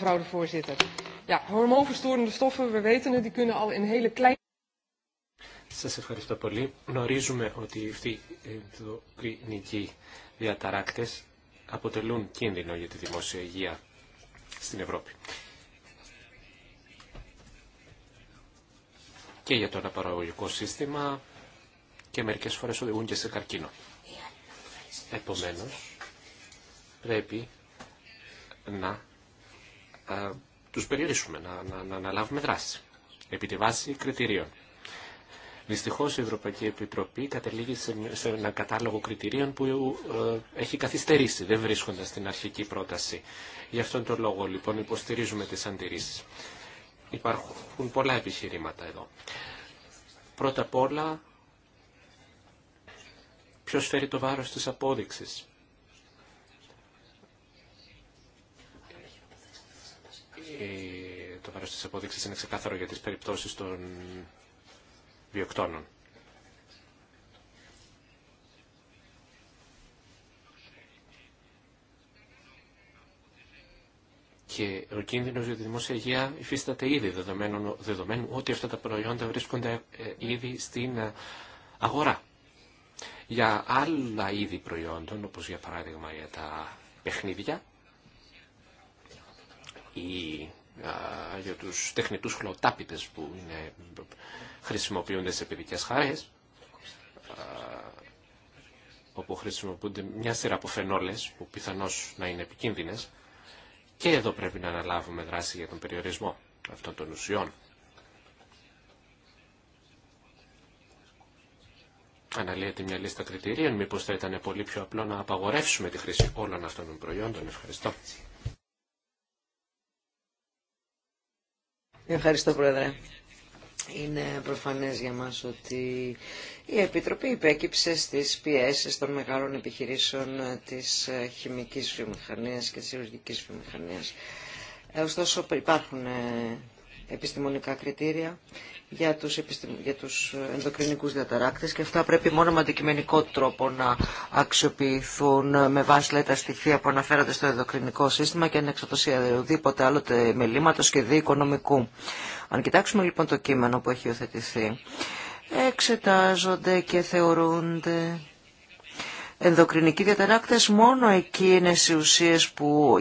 [SPEAKER 2] σας ευχαριστώ πολύ. Γνωρίζουμε ότι αυτοί ε, οι ενδοκρινικοί διαταράκτες αποτελούν κίνδυνο για τη δημόσια υγεία στην Ευρώπη. Και για το αναπαραγωγικό σύστημα και μερικές φορές οδηγούν και σε καρκίνο. Επομένως, πρέπει να ε, τους περιορίσουμε, να, να αναλάβουμε δράση επί τη βάση κριτηρίων. Δυστυχώ, η Ευρωπαϊκή Επιτροπή καταλήγει σε ένα κατάλογο κριτηρίων που ε, έχει καθυστερήσει, δεν βρίσκοντας την αρχική πρόταση. Γι' αυτόν τον λόγο λοιπόν υποστηρίζουμε τι αντιρρήσει. Υπάρχουν πολλά επιχειρήματα εδώ. Πρώτα απ' όλα, ποιος φέρει το βάρος της απόδειξης. Ε, το βάρος της απόδειξης είναι ξεκάθαρο για τις περιπτώσεις των και ο κίνδυνος για τη δημόσια υγεία υφίσταται ήδη δεδομένου, δεδομένου ότι αυτά τα προϊόντα βρίσκονται ε, ήδη στην ε, αγορά. Για άλλα είδη προϊόντων, όπως για παράδειγμα για τα παιχνίδια ή για τους τεχνητούς χλωτάπητες που είναι χρησιμοποιούνται σε παιδικές χάρες, όπου χρησιμοποιούνται μια σειρά από φαινόλες που πιθανώς να είναι επικίνδυνες και εδώ πρέπει να αναλάβουμε δράση για τον περιορισμό αυτών των ουσιών. Αναλύεται μια λίστα κριτηρίων, μήπως θα ήταν πολύ πιο απλό να απαγορεύσουμε τη χρήση όλων αυτών των προϊόντων. Ευχαριστώ.
[SPEAKER 1] Ευχαριστώ, Πρόεδρε. Είναι προφανές για μας ότι η Επιτροπή υπέκυψε στις πιέσεις των μεγάλων επιχειρήσεων της χημικής βιομηχανίας και της ιουργικής βιομηχανίας. Ε, ωστόσο υπάρχουν ε, επιστημονικά κριτήρια για τους, επιστημ... για ενδοκρινικούς διαταράκτες και αυτά πρέπει μόνο με αντικειμενικό τρόπο να αξιοποιηθούν με βάση λέει, τα στοιχεία που αναφέρονται στο ενδοκρινικό σύστημα και ανεξαρτησία οδήποτε άλλο μελήματος και δι Αν κοιτάξουμε λοιπόν το κείμενο που έχει υιοθετηθεί, εξετάζονται και θεωρούνται ενδοκρινικοί διαταράκτες μόνο εκείνες οι ουσίες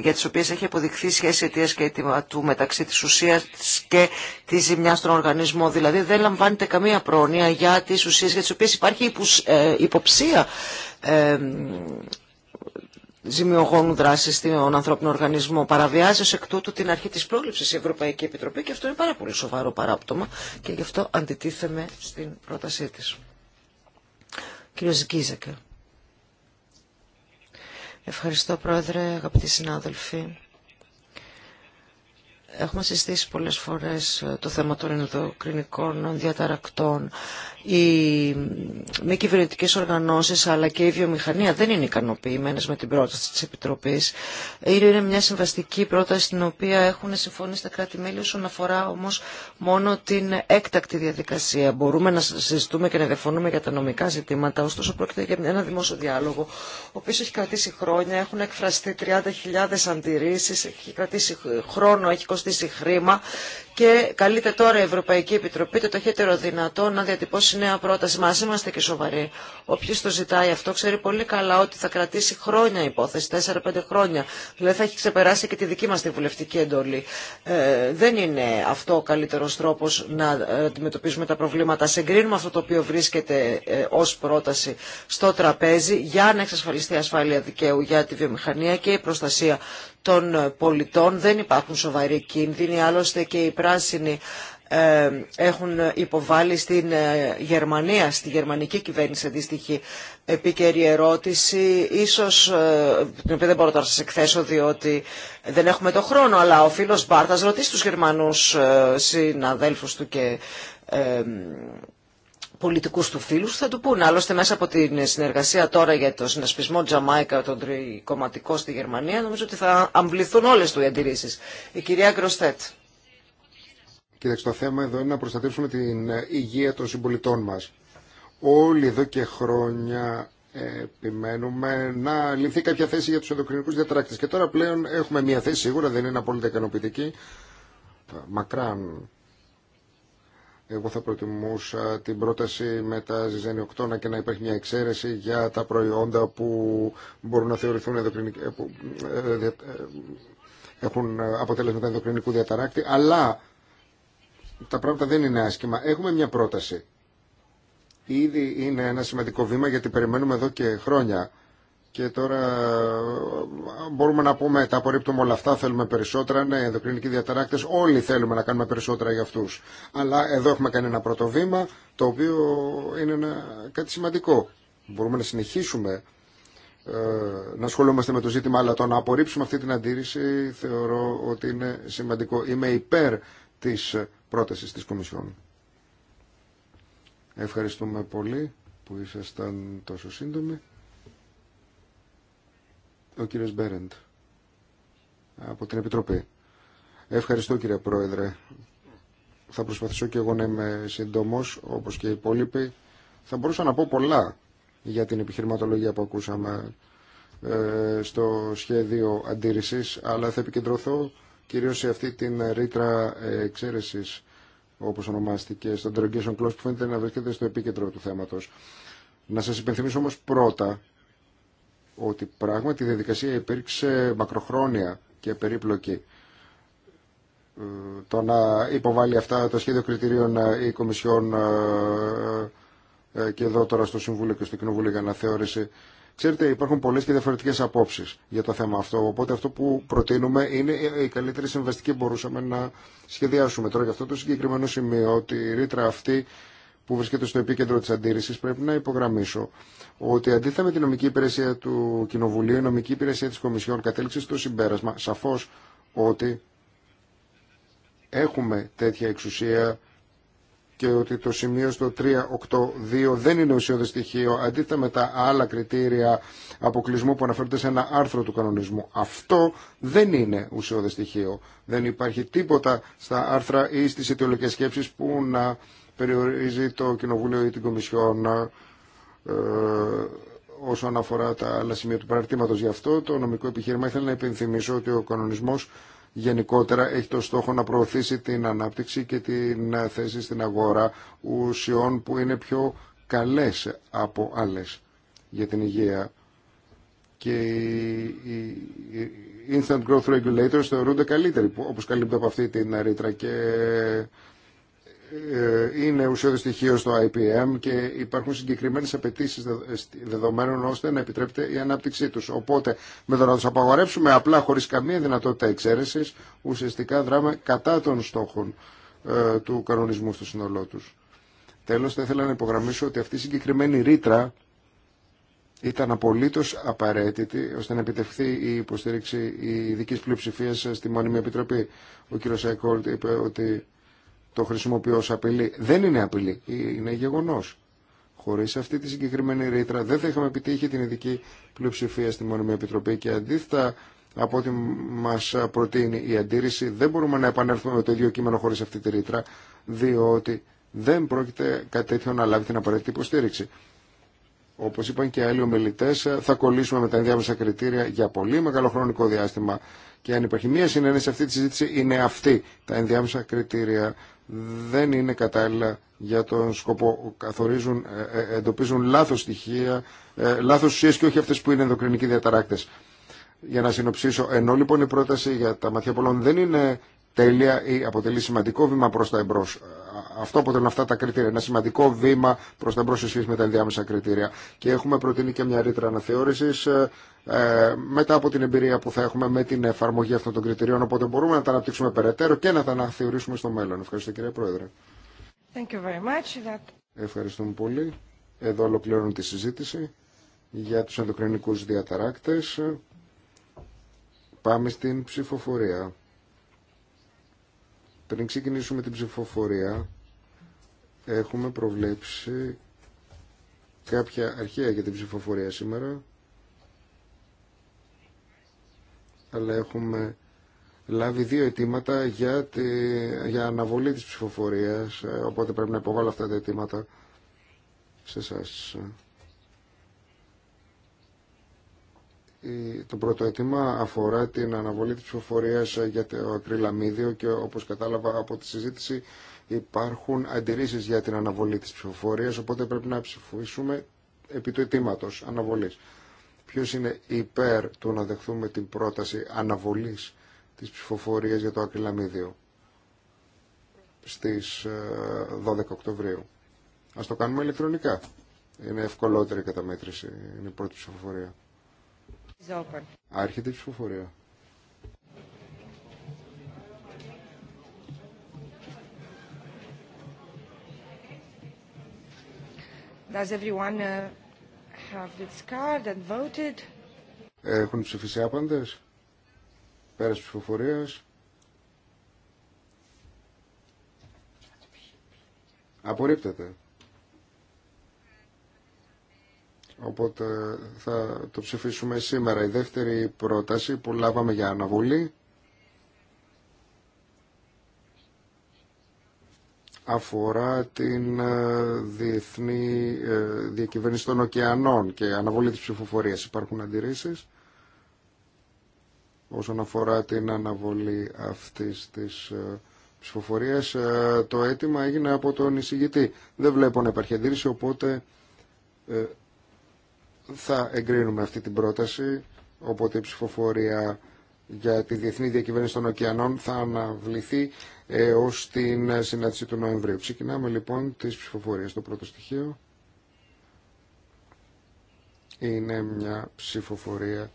[SPEAKER 1] για τις οποίες έχει αποδειχθεί σχέση αιτίας και αίτημα του μεταξύ της ουσίας και της ζημιάς στον οργανισμό. Δηλαδή δεν λαμβάνεται καμία πρόνοια για τις ουσίες για τις οποίες υπάρχει ε, υποψία ε, ζημιογόνου δράση στον ανθρώπινο οργανισμό. Παραβιάζει ω εκ τούτου την αρχή τη πρόληψη η Ευρωπαϊκή Επιτροπή και αυτό είναι πάρα πολύ σοβαρό παράπτωμα και γι' αυτό αντιτίθεμαι στην πρότασή τη. Κύριο Ευχαριστώ Πρόεδρε, αγαπητοί συνάδελφοι. Έχουμε συστήσει πολλές φορές το θέμα των ενδοκρινικών διαταρακτών οι μη κυβερνητικέ οργανώσεις αλλά και η βιομηχανία δεν είναι ικανοποιημένες με την πρόταση της Επιτροπής. Είναι μια συμβαστική πρόταση στην οποία έχουν συμφωνήσει τα κράτη-μέλη όσον αφορά όμως μόνο την έκτακτη διαδικασία. Μπορούμε να συζητούμε και να διαφωνούμε για τα νομικά ζητήματα, ωστόσο πρόκειται για ένα δημόσιο διάλογο, ο οποίο έχει κρατήσει χρόνια, έχουν εκφραστεί 30.000 αντιρρήσεις, έχει κρατήσει χρόνο, έχει κοστίσει χρήμα και καλείται τώρα η Ευρωπαϊκή Επιτροπή το ταχύτερο δυνατό να διατυπώσει νέα πρόταση. Μα είμαστε και σοβαροί. Όποιο το ζητάει αυτό ξέρει πολύ καλά ότι θα κρατήσει χρόνια υπόθεση, 4-5 χρόνια. Δηλαδή θα έχει ξεπεράσει και τη δική μα τη βουλευτική εντολή. Ε, δεν είναι αυτό ο καλύτερο τρόπο να ε, αντιμετωπίζουμε τα προβλήματα. Συγκρίνουμε αυτό το οποίο βρίσκεται ε, ω πρόταση στο τραπέζι για να εξασφαλιστεί ασφάλεια δικαίου για τη βιομηχανία και η προστασία των πολιτών. Δεν υπάρχουν σοβαροί κίνδυνοι, άλλωστε και οι πράσινοι ε, έχουν υποβάλει στην ε, Γερμανία, στη γερμανική κυβέρνηση αντίστοιχη επίκαιρη ερώτηση, ίσως, ε, την οποία δεν μπορώ τώρα να σας εκθέσω διότι δεν έχουμε το χρόνο, αλλά ο φίλος Μπάρτας ρωτήσει τους Γερμανούς συναδέλφους του και πολιτικού του φίλου θα του πούνε. Άλλωστε, μέσα από την συνεργασία τώρα για το συνασπισμό Τζαμάικα, τον τρικομματικό στη Γερμανία, νομίζω ότι θα αμβληθούν όλε του οι αντιρρήσει. Η κυρία Γκροστέτ.
[SPEAKER 3] Κοίταξε, το θέμα εδώ είναι να προστατεύσουμε την ε, υγεία των συμπολιτών μα. Όλοι εδώ και χρόνια ε, επιμένουμε να λυθεί κάποια θέση για του ενδοκρινικού διατράκτε. Και τώρα πλέον έχουμε μια θέση, σίγουρα δεν είναι απόλυτα ικανοποιητική. Μακράν εγώ θα προτιμούσα την πρόταση με τα ζυζανιοκτώνα και να υπάρχει μια εξαίρεση για τα προϊόντα που μπορούν να θεωρηθούν ε, που ε, ε, έχουν αποτέλεσμα ενδοκρινικού διαταράκτη, αλλά τα πράγματα δεν είναι άσχημα. Έχουμε μια πρόταση. Ήδη είναι ένα σημαντικό βήμα γιατί περιμένουμε εδώ και χρόνια και τώρα ε, μπορούμε να πούμε τα απορρίπτουμε όλα αυτά, θέλουμε περισσότερα. Ναι, ενδοκρινικοί διαταράκτες, όλοι θέλουμε να κάνουμε περισσότερα για αυτούς. Αλλά εδώ έχουμε κάνει ένα πρώτο βήμα, το οποίο είναι ένα, κάτι σημαντικό. Μπορούμε να συνεχίσουμε ε, να ασχολούμαστε με το ζήτημα, αλλά το να απορρίψουμε αυτή την αντίρρηση θεωρώ ότι είναι σημαντικό. Είμαι υπέρ της πρότασης της Κομισιόν. Ευχαριστούμε πολύ που ήσασταν τόσο σύντομοι. Ο κύριος Μπέρεντ από την Επιτροπή. Ευχαριστώ κύριε Πρόεδρε. Θα προσπαθήσω και εγώ να είμαι σύντομος όπως και οι υπόλοιποι. Θα μπορούσα να πω πολλά για την επιχειρηματολογία που ακούσαμε ε, στο σχέδιο αντίρρησης, αλλά θα επικεντρωθώ κυρίως σε αυτή την ρήτρα ε, εξαίρεσης, όπως ονομάστηκε, στο derogation clause που φαίνεται να βρίσκεται στο επίκεντρο του θέματος. Να σας υπενθυμίσω όμως πρώτα ότι πράγματι η διαδικασία υπήρξε μακροχρόνια και περίπλοκη. Ε, το να υποβάλει αυτά το σχέδιο κριτηρίων ε, η Κομισιόν ε, και εδώ τώρα στο Συμβούλιο και στο Κοινοβούλιο για αναθεώρηση. Ξέρετε, υπάρχουν πολλέ και διαφορετικέ απόψει για το θέμα αυτό. Οπότε αυτό που προτείνουμε είναι η καλύτερη συμβαστική που μπορούσαμε να σχεδιάσουμε. Τώρα για αυτό το συγκεκριμένο σημείο, ότι η ρήτρα αυτή που βρίσκεται στο επίκεντρο τη αντίρρηση, πρέπει να υπογραμμίσω ότι αντίθετα με την νομική υπηρεσία του Κοινοβουλίου, η νομική υπηρεσία τη Κομισιόν κατέληξε στο συμπέρασμα Σαφώ ότι έχουμε τέτοια εξουσία και ότι το σημείο στο 382 δεν είναι ουσιώδη στοιχείο, αντίθετα με τα άλλα κριτήρια αποκλεισμού που αναφέρονται σε ένα άρθρο του κανονισμού. Αυτό δεν είναι ουσιώδη στοιχείο. Δεν υπάρχει τίποτα στα άρθρα ή στι ιτεολογικέ σκέψει που να περιορίζει το Κοινοβούλιο ή την Κομισιόν ε, όσον αφορά τα άλλα σημεία του παρατήματος Γι' αυτό το νομικό επιχείρημα ήθελα να υπενθυμίσω ότι ο κανονισμός γενικότερα έχει το στόχο να προωθήσει την ανάπτυξη και την θέση στην αγορά ουσιών που είναι πιο καλές από άλλες για την υγεία. Και οι Instant Growth Regulators θεωρούνται καλύτεροι, όπως καλύπτω από αυτή την ρήτρα και ε, είναι ουσιώδη στοιχείο στο IPM και υπάρχουν συγκεκριμένε απαιτήσει ε, δεδομένων ώστε να επιτρέπεται η ανάπτυξή του. Οπότε με το να του απαγορεύσουμε απλά χωρί καμία δυνατότητα εξαίρεση, ουσιαστικά δράμε κατά των στόχων ε, του κανονισμού στο σύνολό του. Τέλο θα ήθελα να υπογραμμίσω ότι αυτή η συγκεκριμένη ρήτρα ήταν απολύτω απαραίτητη ώστε να επιτευχθεί η υποστήριξη ειδική πλειοψηφία στη Μόνιμη Επιτροπή. Ο κ. Σαϊκόλτ είπε ότι το χρησιμοποιώ ως απειλή. Δεν είναι απειλή, είναι γεγονός. Χωρίς αυτή τη συγκεκριμένη ρήτρα δεν θα είχαμε επιτύχει την ειδική πλειοψηφία στη Μόνιμη Επιτροπή και αντίθετα από ό,τι μας προτείνει η αντίρρηση δεν μπορούμε να επανέλθουμε με το ίδιο κείμενο χωρίς αυτή τη ρήτρα διότι δεν πρόκειται κάτι τέτοιο να λάβει την απαραίτητη υποστήριξη όπως είπαν και άλλοι ομιλητές, θα κολλήσουμε με τα ενδιάμεσα κριτήρια για πολύ μεγάλο χρονικό διάστημα. Και αν υπάρχει μία συνένεση σε αυτή τη συζήτηση, είναι αυτή. Τα ενδιάμεσα κριτήρια δεν είναι κατάλληλα για τον σκοπό. Καθορίζουν, ε, ε, εντοπίζουν λάθος στοιχεία, ε, λάθος ουσίες και όχι αυτές που είναι ενδοκρινικοί διαταράκτες. Για να συνοψίσω, ενώ λοιπόν η πρόταση για τα μαθιά πολλών δεν είναι τέλεια ή αποτελεί σημαντικό βήμα προς τα εμπρός. Αυτό αποτελούν αυτά τα κριτήρια. Ένα σημαντικό βήμα προ τα μπρος με τα ενδιάμεσα κριτήρια. Και έχουμε προτείνει και μια ρήτρα αναθεώρηση ε, ε, μετά από την εμπειρία που θα έχουμε με την εφαρμογή αυτών των κριτηρίων. Οπότε μπορούμε να τα αναπτύξουμε περαιτέρω και να τα αναθεωρήσουμε στο μέλλον. Ευχαριστώ κύριε Πρόεδρε.
[SPEAKER 1] Thank you very much. That...
[SPEAKER 3] Ευχαριστούμε πολύ. Εδώ ολοκληρώνω τη συζήτηση για τους ενδοκρινικούς διαταράκτες. Πάμε στην ψηφοφορία. Πριν ξεκινήσουμε την ψηφοφορία, έχουμε προβλέψει κάποια αρχαία για την ψηφοφορία σήμερα αλλά έχουμε λάβει δύο αιτήματα για, τη, για αναβολή της ψηφοφορίας ε, οπότε πρέπει να υποβάλω αυτά τα αιτήματα σε εσά. Το πρώτο αίτημα αφορά την αναβολή της ψηφοφορίας για το ακριλαμίδιο και όπως κατάλαβα από τη συζήτηση υπάρχουν αντιρρήσεις για την αναβολή της ψηφοφορίας, οπότε πρέπει να ψηφίσουμε επί του αιτήματος αναβολής. Ποιος είναι υπέρ του να δεχθούμε την πρόταση αναβολής της ψηφοφορίας για το ακριλαμίδιο στις 12 ε, Οκτωβρίου. Ας το κάνουμε ηλεκτρονικά. Είναι ευκολότερη η καταμέτρηση. Είναι η πρώτη ψηφοφορία. Άρχεται η ψηφοφορία.
[SPEAKER 1] Does everyone uh, have its card and voted?
[SPEAKER 3] Έχουν ψηφίσει άπαντες. Πέρας ψηφοφορίας. Απορρίπτεται. Οπότε θα το ψηφίσουμε σήμερα. Η δεύτερη πρόταση που λάβαμε για αναβολή αφορά την ε, διεθνή ε, διακυβέρνηση των ωκεανών και αναβολή της ψηφοφορίας. Υπάρχουν αντιρρήσεις όσον αφορά την αναβολή αυτής της ε, ψηφοφορίας. Το αίτημα έγινε από τον εισηγητή. Δεν βλέπω να υπάρχει αντίρρηση, οπότε θα εγκρίνουμε αυτή την πρόταση. Οπότε η ψηφοφορία για τη διεθνή διακυβέρνηση των ωκεανών θα αναβληθεί έω την συνάντηση του Νοεμβρίου. Ξεκινάμε λοιπόν τι ψηφοφορίες. Το πρώτο στοιχείο είναι μια ψηφοφορία.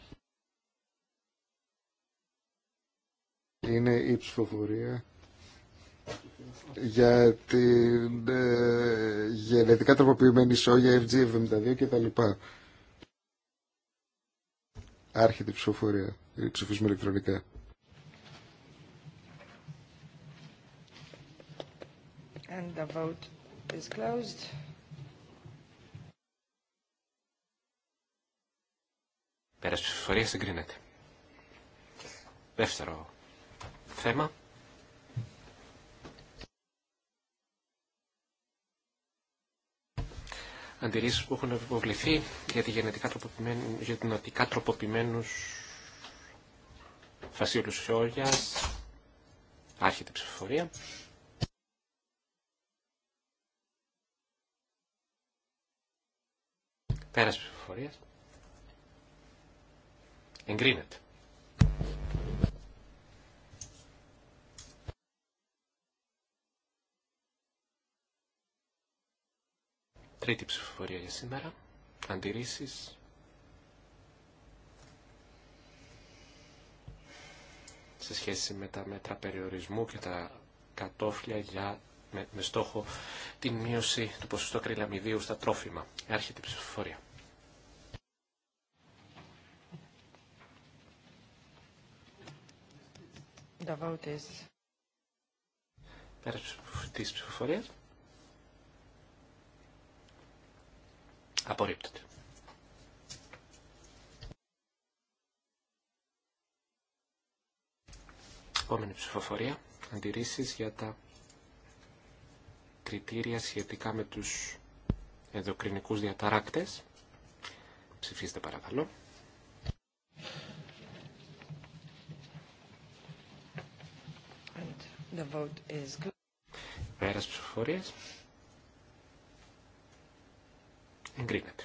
[SPEAKER 3] Είναι η ψηφοφορία για την ε, γενετικά τροποποιημένη σόγια FG72 και τα λοιπά. Άρχεται η ψηφοφορία. Ψηφίζουμε ηλεκτρονικά.
[SPEAKER 1] And the vote is closed.
[SPEAKER 2] συγκρίνεται. Δεύτερο θέμα. Αντιρρήσεις που έχουν υποβληθεί για, τη γενετικά για την οτικά τροποποιημένους φασίλους φιόγιας. Άρχεται ψηφοφορία. Πέραση ψηφοφορία. Εγκρίνεται. Τρίτη ψηφοφορία για σήμερα. Αντιρρήσεις. Σε σχέση με τα μέτρα περιορισμού και τα κατόφλια για με, στόχο την μείωση του ποσοστού ακριλαμιδίου στα τρόφιμα. Έρχεται η ψηφοφορία. Πέρα της ψηφοφορίας. Απορρίπτεται. Επόμενη ψηφοφορία. Αντιρρήσεις για τα κριτήρια σχετικά με τους ενδοκρινικούς διαταράκτες. Ψηφίστε παρακαλώ. the ψηφοφορίας. Εγκρίνεται.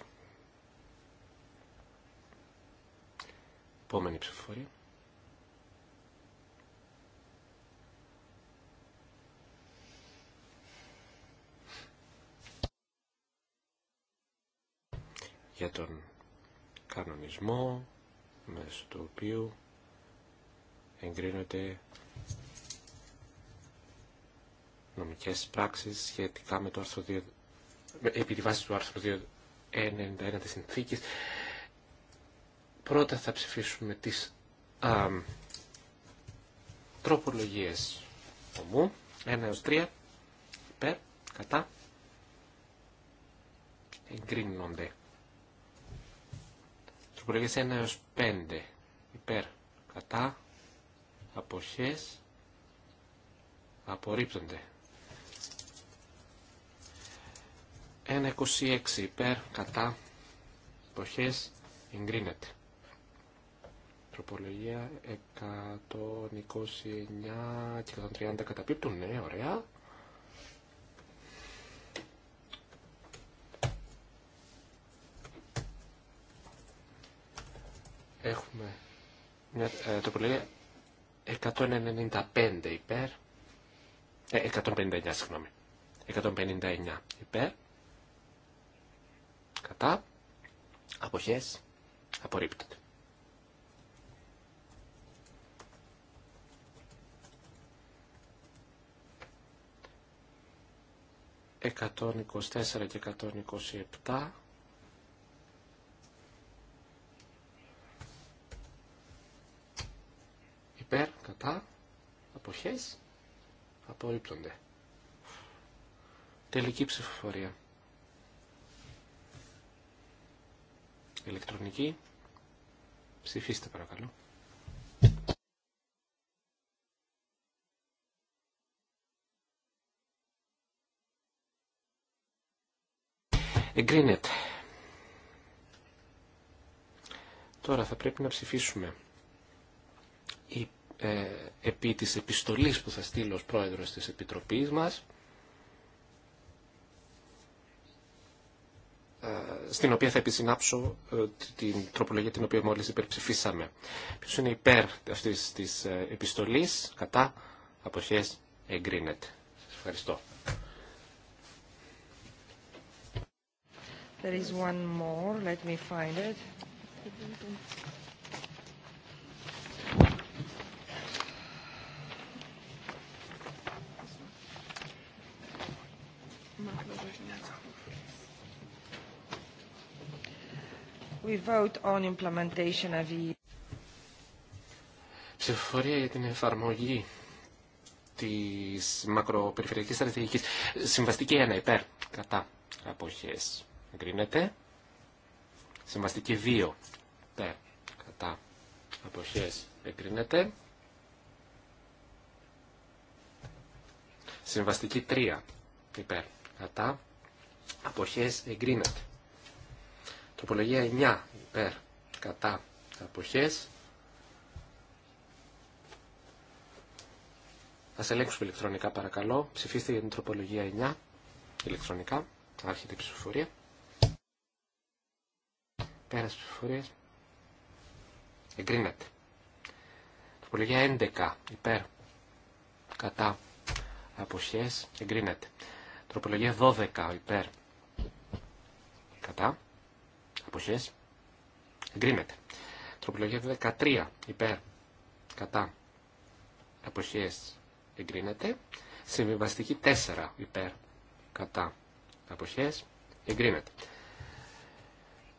[SPEAKER 2] Επόμενη ψηφοφορία. για τον κανονισμό μέσω του οποίου εγκρίνονται νομικές πράξεις σχετικά με το άρθρο 2, τη βάση του άρθρου 291 της συνθήκης. Πρώτα θα ψηφίσουμε τις α, τροπολογίες ομού, 1 έως 3, υπέρ, κατά, εγκρίνονται. Τροπολογίες 1 έως 5 υπέρ κατά αποχές απορρίπτονται. 1.26 υπέρ κατά αποχές εγκρίνεται. Τροπολογία 129 και 130 καταπίπτουν, ναι, ωραία. Μια ναι, ε, 195 υπέρ. Ε, 159, συγγνώμη. 159 υπέρ. Κατά. Αποχές. Απορρίπτεται. 124 και 127 Τα αποχές, απορρίπτονται. Τελική ψηφοφορία. Ηλεκτρονική. Ψηφίστε παρακαλώ. Εγκρίνεται. Τώρα θα πρέπει να ψηφίσουμε ε, επί της επιστολής που θα στείλω ως πρόεδρος της Επιτροπής μας, ε, στην οποία θα επισυνάψω ε, την τροπολογία την οποία μόλις υπερψηφίσαμε. Ποιος είναι υπέρ αυτής της επιστολής, κατά, αποχές, εγκρίνεται. Σας ευχαριστώ.
[SPEAKER 1] There is one more. Let me find it. We vote on implementation of e
[SPEAKER 2] Ψηφοφορία για την εφαρμογή της μακροπεριφερειακής στρατηγικής. Συμβαστική 1 υπέρ, κατά, αποχές. Εγκρίνεται. Συμβαστική 2 υπέρ, κατά, αποχές. Εγκρίνεται. Συμβαστική 3 υπέρ, κατά, αποχές. Εγκρίνεται. Τροπολογία 9 υπέρ κατά αποχές. σε ελέγξουμε ηλεκτρονικά παρακαλώ. Ψηφίστε για την τροπολογία 9 ηλεκτρονικά. Άρχεται η ψηφοφορία. Πέρας ψηφοφορία Εγκρίνεται. Τροπολογία 11 υπέρ κατά αποχές. Εγκρίνεται. Τροπολογία 12 υπέρ κατά εποχέ. Εγκρίνεται. Τροπολογία 13. Υπέρ. Κατά. Εποχέ. Εγκρίνεται. Συμβιβαστική 4. Υπέρ. Κατά. Εποχέ. Εγκρίνεται.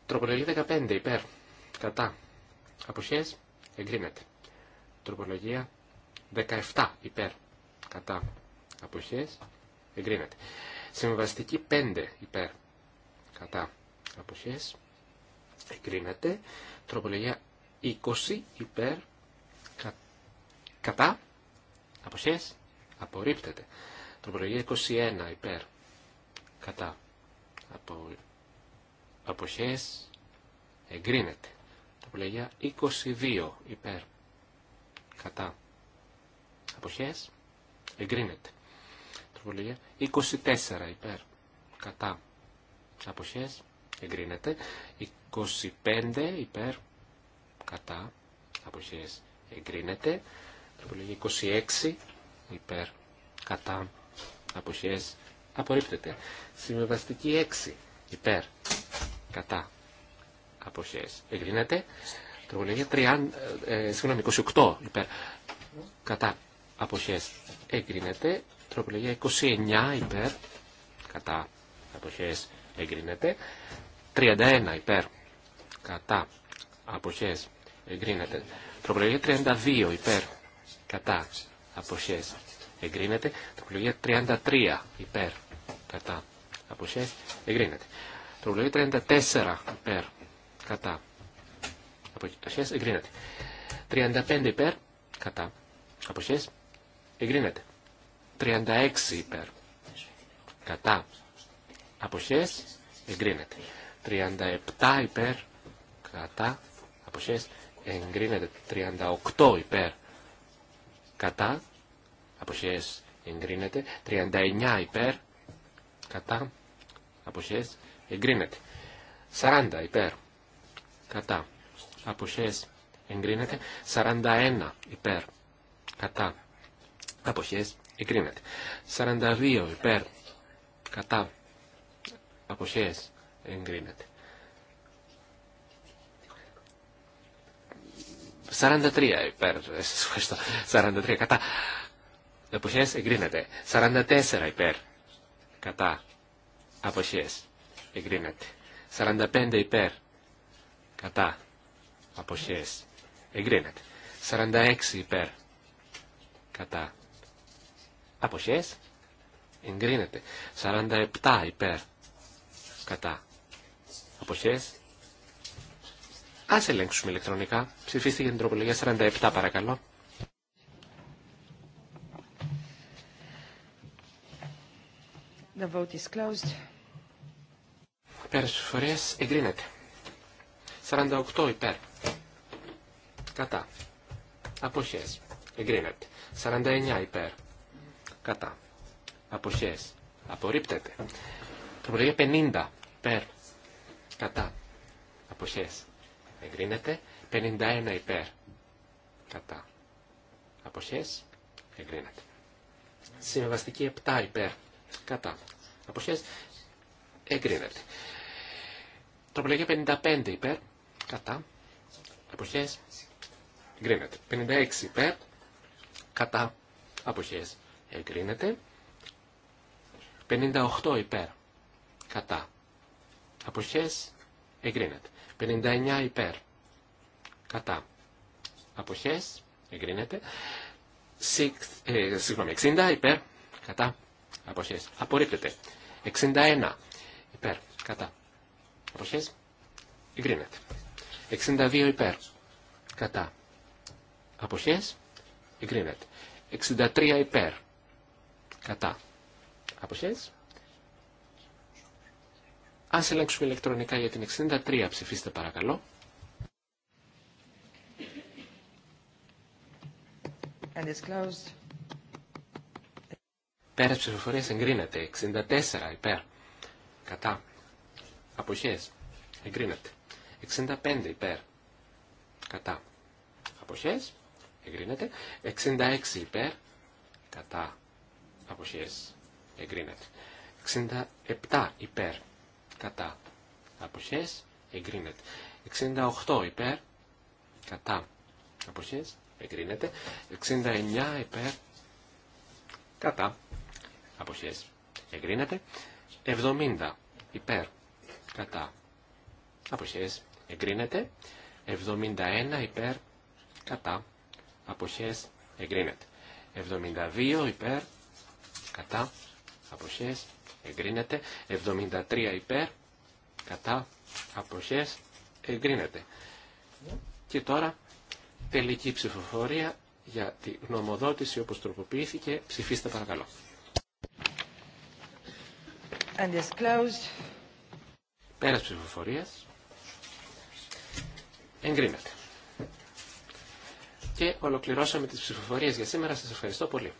[SPEAKER 2] Τροπολογία 15. Υπέρ. Κατά. Εποχέ. Εγκρίνεται. Τροπολογία 17. Υπέρ. Κατά. Εποχέ. Εγκρίνεται. Συμβαστική 5. Υπέρ. Κατά. Αποχές εγκρίνεται. Τροπολογία 20 υπέρ κατά αποχές απορρίπτεται. Τροπολογία 21 υπέρ κατά απο, αποχές εγκρίνεται. Τροπολογία 22 υπέρ κατά αποχές εγκρίνεται. Τροπολογία 24 υπέρ κατά αποχές εγκρίνεται. 25 υπέρ κατά αποχές εγκρίνεται. Τροπολογία 26 υπέρ κατά αποχές απορρίπτεται. Συμβεβαστική 6 υπέρ κατά αποχές εγκρίνεται. Τροπολογία 30, ε, ε, συγγνώμη, 28 υπέρ κατά αποχές εγκρίνεται. Τροπολογία 29 υπέρ κατά αποχές εγκρίνεται. 31 υπέρ κατά αποχές εγκρίνεται. Τροπολογία 32 υπέρ κατά αποχές εγκρίνεται. Τροπολογία 33 υπέρ κατά αποχές εγκρίνεται. Τροπολογία 34 υπέρ κατά αποχές εγκρίνεται. 35 υπέρ κατά αποχές εγκρίνεται. 36 υπέρ κατά αποχές εγκρίνεται. 37 υπέρ κατά αποχές εγκρίνεται 38 υπέρ κατά αποχές εγκρίνεται 39 υπέρ κατά αποχές εγκρίνεται 40 υπέρ κατά αποχές εγκρίνεται 41 υπέρ κατά αποχές εγκρίνεται 42 υπέρ κατά αποχές εγκρίνεται. 43 υπέρ, ε, σας ευχαριστώ, 43 κατά. Εποχές εγκρίνεται. 44 υπέρ, κατά. Αποχές εγκρίνεται. 45 υπέρ, κατά. Αποχές εγκρίνεται. 46 υπέρ, κατά. Αποχές εγκρίνεται. 47 υπέρ, κατά. Αποχέ. Α ελέγξουμε ηλεκτρονικά. Ψηφίστε για την τροπολογία 47 παρακαλώ.
[SPEAKER 1] The vote is closed.
[SPEAKER 2] Πέρασε εγκρίνεται. 48 υπέρ. Κατά. Αποχέ. Εγκρίνεται. 49 υπέρ. Κατά. Αποχέ. Απορρίπτεται. Τροπολογία 50 υπέρ Κατά. Αποχές. Εγκρίνεται. 51 υπέρ. Κατά. Αποχές. Εγκρίνεται. Συμβαστική 7 υπέρ. Κατά. Αποχές. Εγκρίνεται. Τροπολογία 55 υπέρ. Κατά. Αποχές. Εγκρίνεται. 56 υπέρ. Κατά. Αποχές. Εγκρίνεται. 58 υπέρ. Κατά. Αποχές εγκρίνεται. 59 υπέρ. Κατά. Αποχές εγκρίνεται. Ε, συγγνώμη, 60 υπέρ. Κατά. Αποχές. Απορρίπτεται. 61 υπέρ. Κατά. Αποχές εγκρίνεται. 62 υπέρ. Κατά. Αποχές εγκρίνεται. 63 υπέρ. Κατά. Αποχές Ας ελέγξουμε ηλεκτρονικά για την 63. Ψηφίστε παρακαλώ.
[SPEAKER 1] And it's closed.
[SPEAKER 2] Πέρας ψηφοφορίας εγκρίνεται. 64 υπέρ. Κατά. Αποχές. Εγκρίνεται. 65 υπέρ. Κατά. Αποχές. Εγκρίνεται. 66 υπέρ. Κατά. Αποχές. Εγκρίνεται. 67 υπέρ κατά αποχές εγκρίνεται. 68 υπέρ κατά αποχές εγκρίνεται. 69 υπέρ κατά αποχές εγκρίνεται. 70 υπέρ κατά αποχές εγκρίνεται. 71 υπέρ κατά αποχές εγκρίνεται. 72 υπέρ κατά αποχές εγκρίνεται. 73 υπέρ, κατά, αποχές, εγκρίνεται. Και τώρα τελική ψηφοφορία για τη νομοδότηση όπως τροποποιήθηκε. Ψηφίστε παρακαλώ.
[SPEAKER 1] And is closed.
[SPEAKER 2] Πέρας ψηφοφορίας. Εγκρίνεται. Και ολοκληρώσαμε τις ψηφοφορίες για σήμερα. Σας ευχαριστώ πολύ.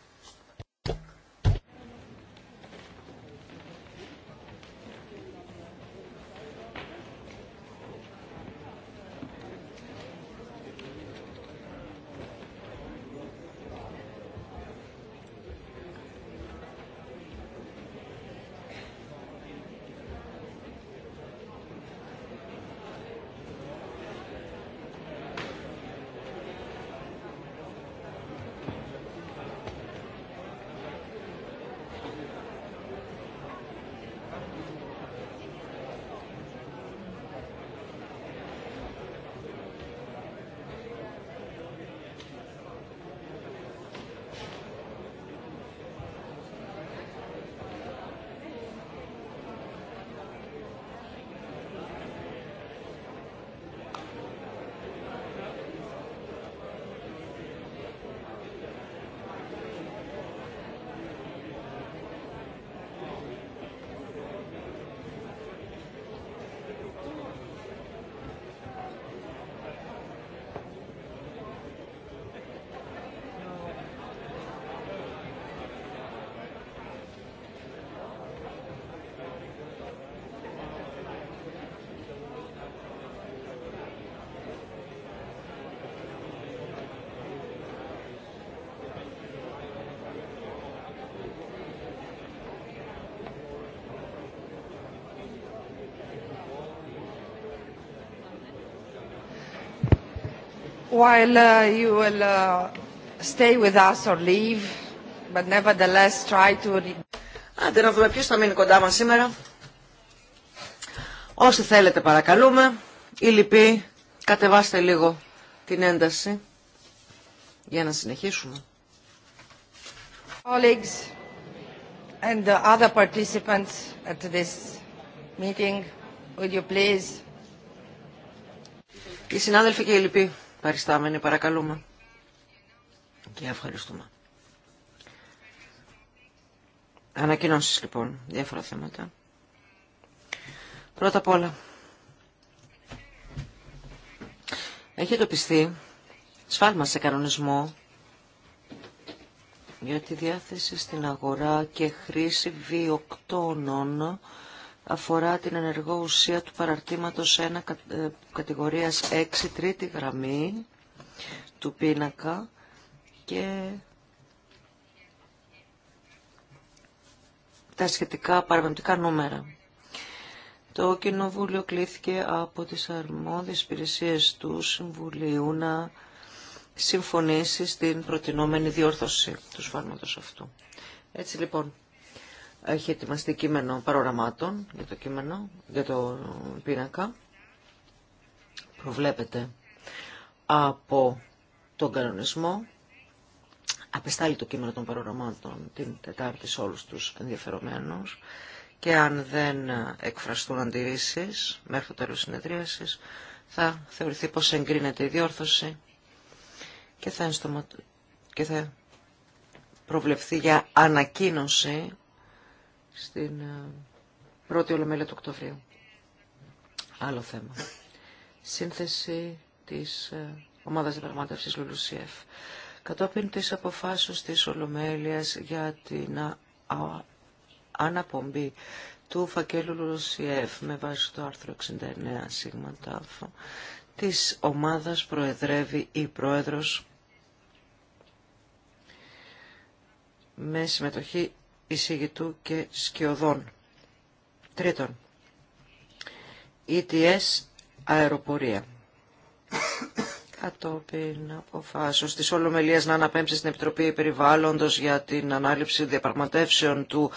[SPEAKER 1] while uh, you will uh, stay with us or leave, but nevertheless try to... Άντε να δούμε ποιος θα μείνει κοντά μας σήμερα. Όσοι θέλετε παρακαλούμε, ή λυπή, κατεβάστε λίγο την ένταση για να συνεχίσουμε. Colleagues and the other participants at this meeting, would you please... Οι συνάδελφοι και οι λοιποί. Παριστάμενοι παρακαλούμε. Και ευχαριστούμε. Ανακοινώσεις λοιπόν, διάφορα θέματα. Πρώτα απ' όλα, έχει εντοπιστεί σφάλμα σε κανονισμό για τη διάθεση στην αγορά και χρήση βιοκτώνων αφορά την ενεργό ουσία του παραρτήματος 1 ε, κατηγορίας 6, τρίτη γραμμή του πίνακα και τα σχετικά παραπεμπτικά νούμερα. Το Κοινοβούλιο κλήθηκε από τις αρμόδιες υπηρεσίε του Συμβουλίου να συμφωνήσει στην προτινόμενη διόρθωση του σφάλματος αυτού. Έτσι λοιπόν, έχει ετοιμαστεί κείμενο παροραμάτων για το κείμενο, για το πίνακα. Προβλέπεται από τον κανονισμό. Απεστάλλει το κείμενο των παροραμάτων την Τετάρτη σε όλους τους ενδιαφερομένους και αν δεν εκφραστούν αντιρρήσεις μέχρι το τέλος συνεδρίασης θα θεωρηθεί πως εγκρίνεται η διόρθωση και θα, ενστομα... και θα προβλεφθεί για ανακοίνωση στην ε, πρώτη ολομέλεια του Οκτωβρίου. Άλλο θέμα. Σύνθεση της ε, ομάδας διαπραγμάτευσης Λουλουσιεφ. Κατόπιν της αποφάσεως της Ολομέλειας για την αναπομπή του φακέλου Λουλουσιεφ με βάση το άρθρο 69 σίγμα τάφο της ομάδας προεδρεύει η πρόεδρος με συμμετοχή εισηγητού και σκιωδών. Τρίτον, ETS αεροπορία. Κατόπιν αποφάσεω τη Ολομελία να αναπέμψει στην Επιτροπή Περιβάλλοντο για την ανάληψη διαπραγματεύσεων του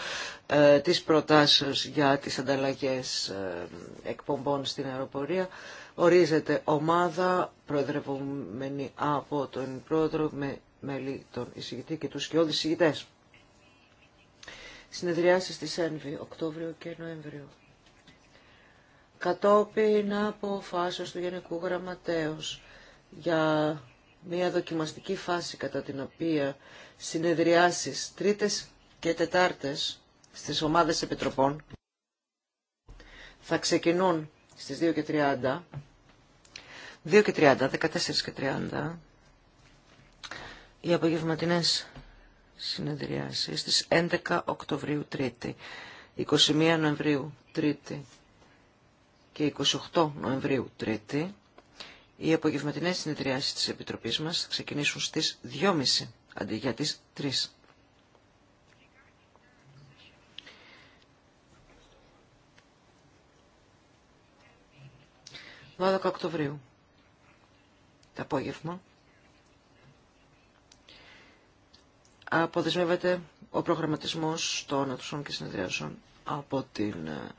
[SPEAKER 1] ε, τη προτάσεω για τι ανταλλαγέ ε, εκπομπών στην αεροπορία. Ορίζεται ομάδα προεδρευομένη από τον πρόεδρο με μέλη των εισηγητή και του σκιώδη εισηγητέ συνεδριάσεις της ΕΝΒΗ, Οκτώβριο και Νοέμβριο. Κατόπιν αποφάσεως του Γενικού Γραμματέως για μια δοκιμαστική φάση κατά την οποία συνεδριάσεις τρίτες και τετάρτες στις ομάδες επιτροπών θα ξεκινούν στις 2 και 30, 2 και 30, 14 και 30, οι απογευματινές συνεδριάσεις στις 11 Οκτωβρίου Τρίτη, 21 Νοεμβρίου Τρίτη και 28 Νοεμβρίου Τρίτη. Οι απογευματινές συνεδριάσεις της Επιτροπής μας θα ξεκινήσουν στις 2.30 αντί για τις 3. 12 Οκτωβρίου, το απόγευμα, αποδεσμεύεται ο προγραμματισμός των ατουσών και συνεδριάσεων από την ε,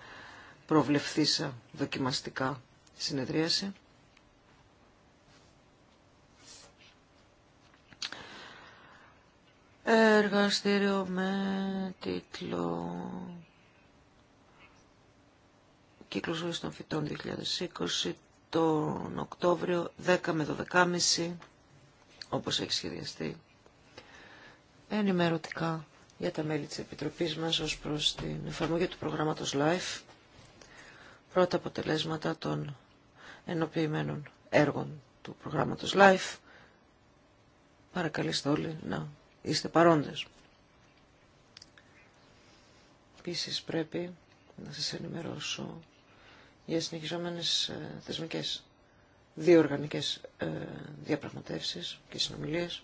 [SPEAKER 1] προβλεφθήσα δοκιμαστικά συνεδρίαση. Εργαστήριο με τίτλο «Κύκλος ζωής των φυτών 2020» τον Οκτώβριο 10 με 12.30 όπως έχει σχεδιαστεί ενημερωτικά για τα μέλη της Επιτροπής μας ως προς την εφαρμογή του προγράμματος LIFE, πρώτα αποτελέσματα των ενοποιημένων έργων του προγράμματος LIFE. Παρακαλείστε όλοι να είστε παρόντες. Επίσης πρέπει να σας ενημερώσω για συνεχιζόμενες ε, θεσμικές δύο οργανικές ε, διαπραγματεύσεις και συνομιλίες.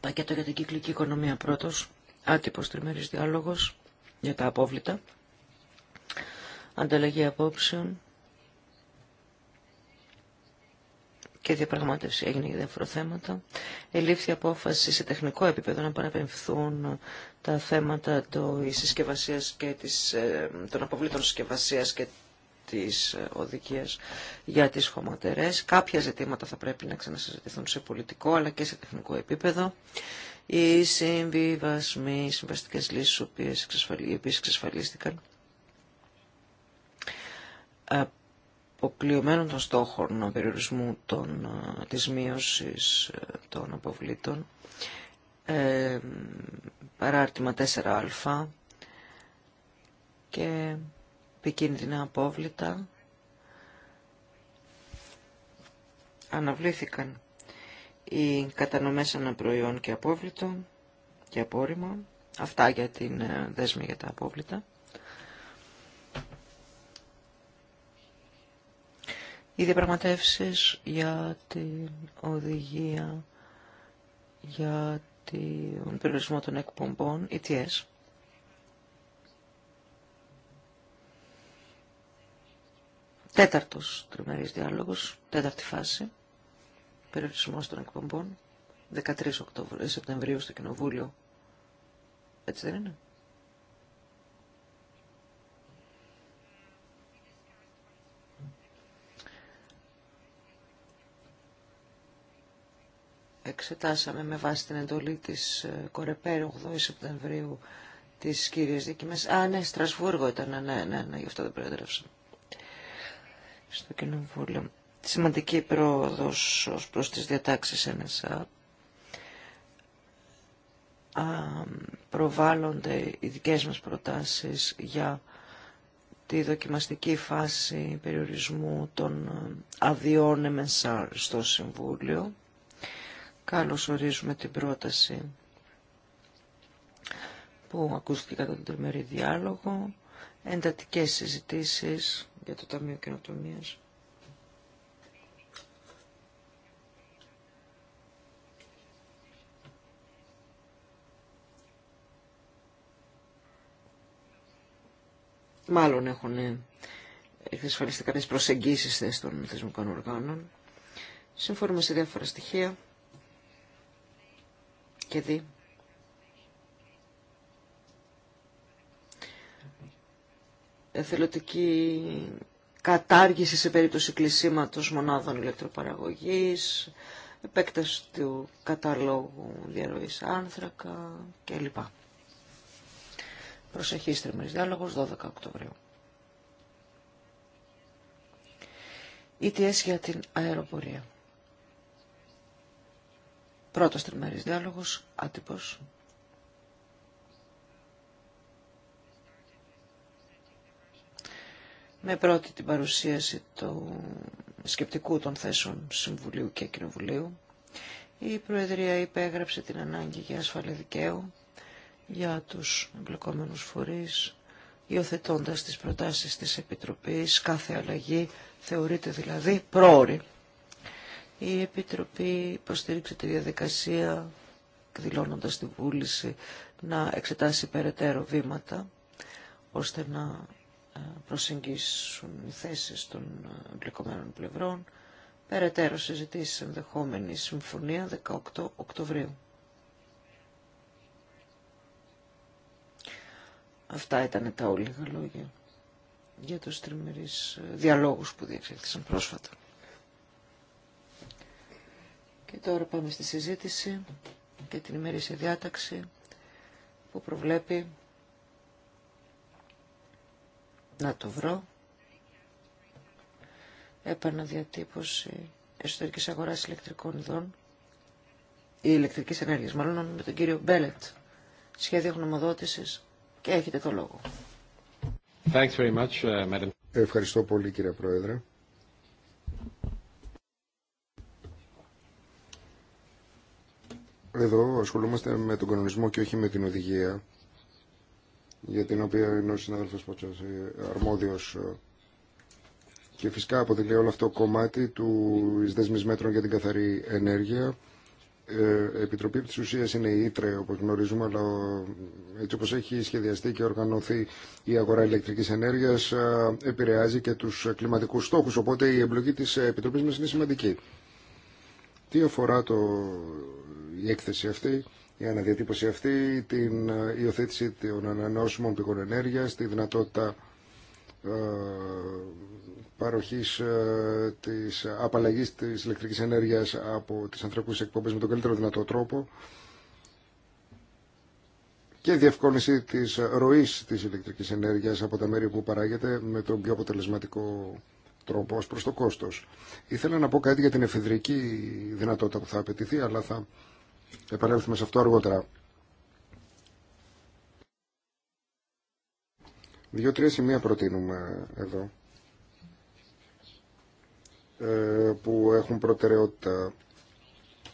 [SPEAKER 1] Πακέτο για την κυκλική οικονομία πρώτος, άτυπος τριμερής διάλογος για τα απόβλητα, ανταλλαγή απόψεων και διαπραγμάτευση έγινε για διάφορα θέματα. Ελήφθη απόφαση σε τεχνικό επίπεδο να παραπεμφθούν τα θέματα και ε, των αποβλήτων συσκευασίας και της ε, οδηγίας για τις χωματερές. Κάποια ζητήματα θα πρέπει να ξανασυζητηθούν σε πολιτικό αλλά και σε τεχνικό επίπεδο. Οι συμβιβασμοί, οι συμβαστικές λύσεις, οι οποίες, οι οποίες εξασφαλίστηκαν, ε, αποκλειωμένων των στόχων περιορισμού των, ε, της μείωσης των αποβλήτων, ε, παράρτημα 4α και επικίνδυνα απόβλητα αναβλήθηκαν οι κατανομές αναπροϊόν και απόβλητο και απόρριμα. Αυτά για την ε, δέσμη για τα απόβλητα. Οι διαπραγματεύσει για την οδηγία για τον περιορισμό των εκπομπών, ETS, Τέταρτος τριμερής διάλογος, τέταρτη φάση, περιορισμός των εκπομπών, 13 ε, Σεπτεμβρίου στο Κοινοβούλιο. Έτσι δεν είναι. Εξετάσαμε με βάση την εντολή της ε, Κορεπέρου 8 Σεπτεμβρίου τις κύριες δίκημες. Α, ναι, Στρασβούργο ήταν, ναι, ναι, ναι, γι' αυτό δεν προέδρευσαμε στο Κοινοβούλιο. Σημαντική πρόοδος ως προς τις διατάξεις ΕΝΕΣΑ προβάλλονται οι δικές μας προτάσεις για τη δοκιμαστική φάση περιορισμού των αδειών MSR στο Συμβούλιο. Καλώς ορίζουμε την πρόταση που ακούστηκε κατά τον τριμερή διάλογο, εντατικές συζητήσεις για το Ταμείο Καινοτομίας. Μάλλον έχουν εξασφαλιστεί κάποιες προσεγγίσεις θέσης των θεσμικών οργάνων. Σύμφωνα με σε διάφορα στοιχεία και δει εθελοντική κατάργηση σε περίπτωση κλεισίματος μονάδων ηλεκτροπαραγωγής, επέκταση του καταλόγου διαρροής άνθρακα κλπ. Προσεχή στριμμένης διάλογος 12 Οκτωβρίου. ETS για την αεροπορία. Πρώτος τριμερής διάλογος, άτυπος, με πρώτη την παρουσίαση του σκεπτικού των θέσεων Συμβουλίου και Κοινοβουλίου. Η Προεδρία υπέγραψε την ανάγκη για ασφαλή δικαίου για τους εμπλεκόμενους φορείς, υιοθετώντας τις προτάσεις της Επιτροπής, κάθε αλλαγή θεωρείται δηλαδή πρόορη. Η Επιτροπή υποστήριξε τη διαδικασία δηλώνοντας τη βούληση να εξετάσει περαιτέρω βήματα ώστε να ε, προσεγγίσουν οι θέσεις των ε, εμπλεκομένων πλευρών. Περαιτέρω συζητήσεις ενδεχόμενη συμφωνία 18 Οκτωβρίου. Αυτά ήταν τα όλιγα λόγια για τους τριμερείς ε, διαλόγους που διεξήχθησαν πρόσφατα. Και τώρα πάμε στη συζήτηση και την ημερήσια διάταξη που προβλέπει να το βρω. Επαναδιατύπωση εσωτερική αγοράς ηλεκτρικών ειδών ή ηλεκτρική ενέργεια. μάλλον με τον κύριο Μπέλετ. Σχέδιο γνωμοδότηση και έχετε το λόγο.
[SPEAKER 3] very much, uh, Ευχαριστώ πολύ κύριε Πρόεδρε. Εδώ ασχολούμαστε με τον κανονισμό και όχι με την οδηγία για την οποία είναι ο συνάδελφος Πότσος ε, αρμόδιος ε, και φυσικά αποτελεί όλο αυτό κομμάτι του δέσμης μέτρων για την καθαρή ενέργεια. Ε, επιτροπή της ουσίας είναι η ΙΤΡΕ όπως γνωρίζουμε αλλά ε, έτσι όπως έχει σχεδιαστεί και οργανωθεί η αγορά ηλεκτρικής ενέργειας επηρεάζει και τους κλιματικούς στόχους οπότε η εμπλοκή της Επιτροπής μας είναι σημαντική. Τι αφορά το, η έκθεση αυτή η αναδιατύπωση αυτή, την ε, υιοθέτηση των ανανεώσιμων πηγών ενέργειας, τη δυνατότητα ε, παροχής ε, της απαλλαγής της ηλεκτρικής ενέργειας από τις ανθρακούς εκπομπές με τον καλύτερο δυνατό τρόπο και διευκόλυνση της ροής της ηλεκτρικής ενέργειας από τα μέρη που παράγεται με τον πιο αποτελεσματικό τρόπο ως προς το κόστος. Ήθελα να πω κάτι για την εφεδρική δυνατότητα που θα απαιτηθεί, αλλά θα Επανέλθουμε σε αυτό αργότερα. Δύο-τρία σημεία προτείνουμε εδώ ε, που έχουν προτεραιότητα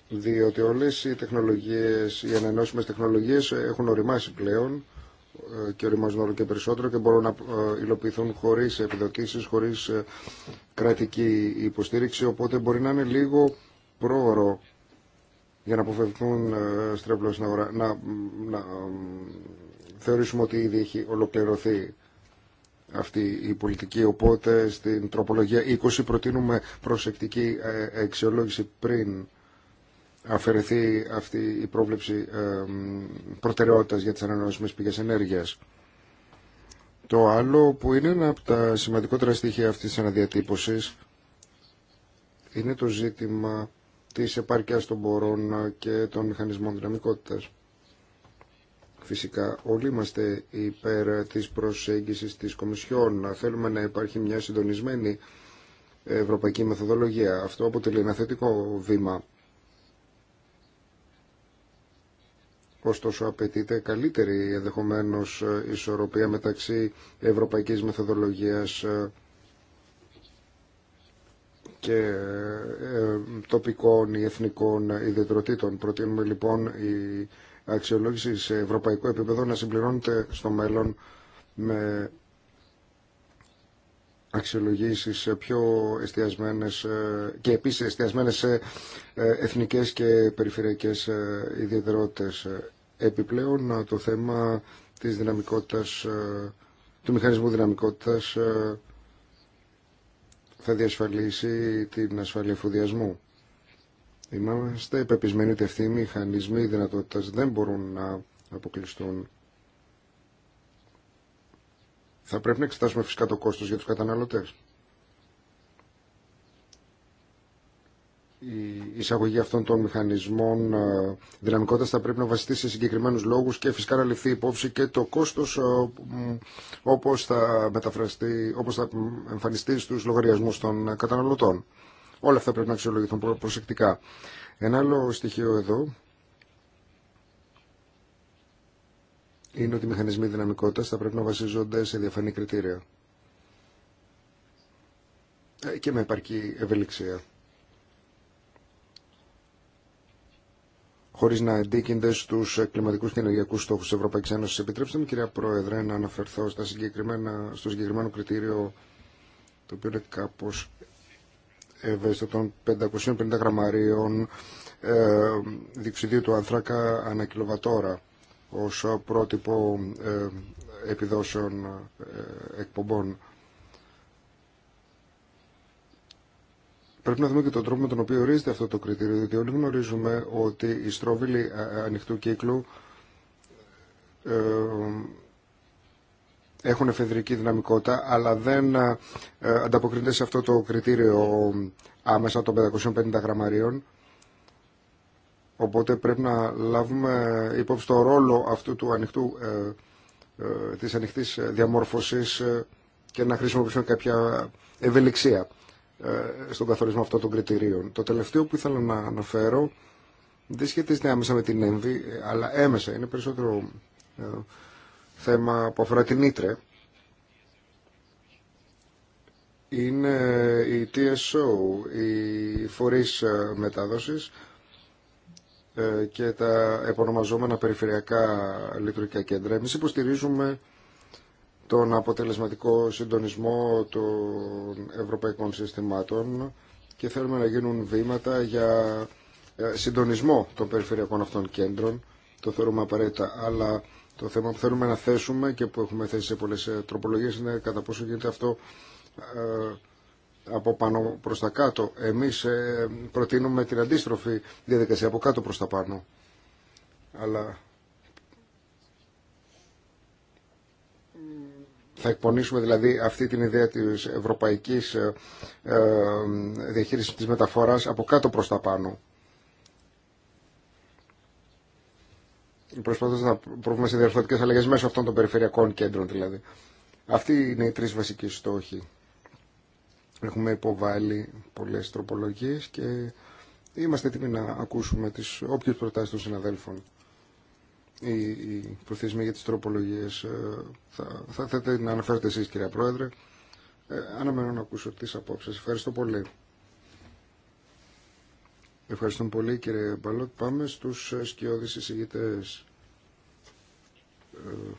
[SPEAKER 3] διότι όλες οι τεχνολογίες, οι ανανεώσιμες τεχνολογίες έχουν οριμάσει πλέον ε, και οριμάζουν όλο και περισσότερο και μπορούν να ε, υλοποιηθούν χωρίς επιδοτήσεις, χωρίς κρατική υποστήριξη, οπότε μπορεί να είναι λίγο πρόωρο για να αποφευχθούν ε, στρέβλωση Να, να, ε, θεωρήσουμε ότι ήδη έχει ολοκληρωθεί αυτή η πολιτική. Οπότε στην τροπολογία 20 προτείνουμε προσεκτική ε, αξιολόγηση πριν αφαιρεθεί αυτή η πρόβλεψη προτεραιότητας για τις ανανεώσιμες πηγές ενέργειας. Το άλλο που είναι ένα από τα σημαντικότερα στοιχεία αυτής της αναδιατύπωσης είναι το ζήτημα της επάρκειας των πορών και των μηχανισμών δυναμικότητας. Φυσικά όλοι είμαστε υπέρ της προσέγγισης της Κομισιόν. Θέλουμε να υπάρχει μια συντονισμένη ευρωπαϊκή μεθοδολογία. Αυτό αποτελεί ένα θετικό βήμα. Ωστόσο απαιτείται καλύτερη ενδεχομένω ισορροπία μεταξύ ευρωπαϊκής μεθοδολογίας και ε, ε, τοπικών ή εθνικών ιδιαιτεροτήτων. Προτείνουμε λοιπόν η αξιολόγηση σε ευρωπαϊκό επίπεδο να συμπληρώνεται στο μέλλον με αξιολογήσεις πιο εστιασμένες ε, και επίσης εστιασμένες σε εθνικές και περιφερειακές ιδιαιτερότητες. Επιπλέον το θέμα της δυναμικότητας, του μηχανισμού δυναμικότητας θα διασφαλίσει την ασφάλεια εφοδιασμού. Είμαστε υπεπισμένοι ότι αυτοί οι μηχανισμοί δυνατότητας δεν μπορούν να αποκλειστούν. Θα πρέπει να εξετάσουμε φυσικά το κόστος για τους καταναλωτές. η εισαγωγή αυτών των μηχανισμών ε, δυναμικότητα θα πρέπει να βασιστεί σε συγκεκριμένου λόγου και φυσικά να ληφθεί υπόψη και το κόστο ε, όπω θα μεταφραστεί, όπως θα εμφανιστεί στου λογαριασμού των καταναλωτών. Όλα αυτά πρέπει να αξιολογηθούν προσεκτικά. Ένα άλλο στοιχείο εδώ είναι ότι οι μηχανισμοί δυναμικότητα θα πρέπει να βασίζονται σε διαφανή κριτήρια ε, και με επαρκή ευελιξία. χωρί να αντίκυνται στου κλιματικού και ενεργειακού στόχου τη Ευρωπαϊκή Ένωση. Επιτρέψτε μου, κυρία Πρόεδρε, να αναφερθώ στα συγκεκριμένα, στο συγκεκριμένο κριτήριο, το οποίο είναι κάπω ευαίσθητο των 550 γραμμαρίων ε, διοξιδίου του άνθρακα ανά κιλοβατόρα ως πρότυπο ε, επιδόσεων ε, εκπομπών. Πρέπει να δούμε και τον τρόπο με τον οποίο ορίζεται αυτό το κριτήριο, διότι όλοι γνωρίζουμε ότι οι στρόβιλοι ε, ανοιχτού κύκλου ε, έχουν εφεδρική δυναμικότητα, αλλά δεν ε, ανταποκρίνεται σε αυτό το κριτήριο άμεσα των 550 γραμμαρίων. Οπότε πρέπει να λάβουμε υπόψη το ρόλο αυτού του ανοιχτού, ε, ε της ανοιχτής διαμόρφωσης ε, και να χρησιμοποιήσουμε κάποια ευελιξία. Ε, στον καθορισμό αυτών των κριτηρίων. Το τελευταίο που ήθελα να αναφέρω δεν σχετίζεται άμεσα με την ΕΜΒΗ, ε, αλλά έμεσα. Είναι περισσότερο ε, θέμα που αφορά την Ήτρε. Είναι η TSO, οι φορείς μετάδοσης και τα επωνομαζόμενα περιφερειακά λειτουργικά κέντρα. Εμείς υποστηρίζουμε τον αποτελεσματικό συντονισμό των ευρωπαϊκών συστημάτων και θέλουμε να γίνουν βήματα για ε, συντονισμό των περιφερειακών αυτών κέντρων. Το θεωρούμε απαραίτητα, αλλά το θέμα που θέλουμε να θέσουμε και που έχουμε θέσει σε πολλές ε, τροπολογίες είναι κατά πόσο γίνεται αυτό ε, από πάνω προς τα κάτω. Εμείς προτείνουμε την αντίστροφη διαδικασία από κάτω προς τα πάνω. Αλλά Θα εκπονήσουμε δηλαδή αυτή την ιδέα της ευρωπαϊκής ε, ε, διαχείρισης της μεταφοράς από κάτω προς τα πάνω. Προσπαθώ να προβούμε σε διαρθρωτικές αλλαγές μέσω αυτών των περιφερειακών κέντρων δηλαδή. Αυτοί είναι οι τρεις βασικοί στόχοι. Έχουμε υποβάλει πολλές τροπολογίες και είμαστε έτοιμοι να ακούσουμε τις όποιες προτάσεις των συναδέλφων η προθεσμοί για τις τροπολογίες ε, θα, θα να αναφέρετε εσείς κυρία Πρόεδρε. Ε, αναμένω να ακούσω τις απόψεις. Ευχαριστώ πολύ. Ευχαριστούμε πολύ κύριε Μπαλότ. Πάμε στους σκιώδεις εισηγητές. Ε,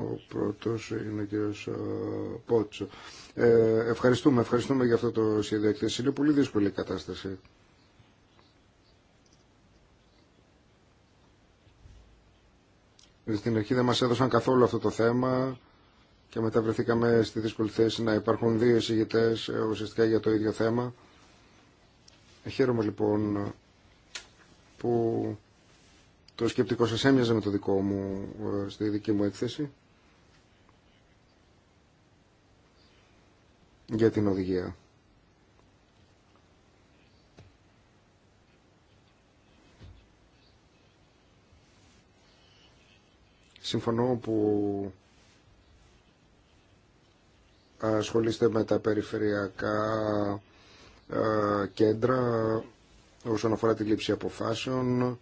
[SPEAKER 3] ο πρώτος είναι ο κύριος Πότσο. ευχαριστούμε, ευχαριστούμε για αυτό το σχέδιο εκθέση. Είναι πολύ δύσκολη η κατάσταση. Στην αρχή δεν μας έδωσαν καθόλου αυτό το θέμα και μετά βρεθήκαμε στη δύσκολη θέση να υπάρχουν δύο εισηγητέ ε, ουσιαστικά για το ίδιο θέμα. Ε, χαίρομαι λοιπόν που το σκεπτικό σας έμοιαζε με το δικό μου ε, στη δική μου έκθεση για την οδηγία. Συμφωνώ που ασχολείστε με τα περιφερειακά ε, κέντρα όσον αφορά τη λήψη αποφάσεων.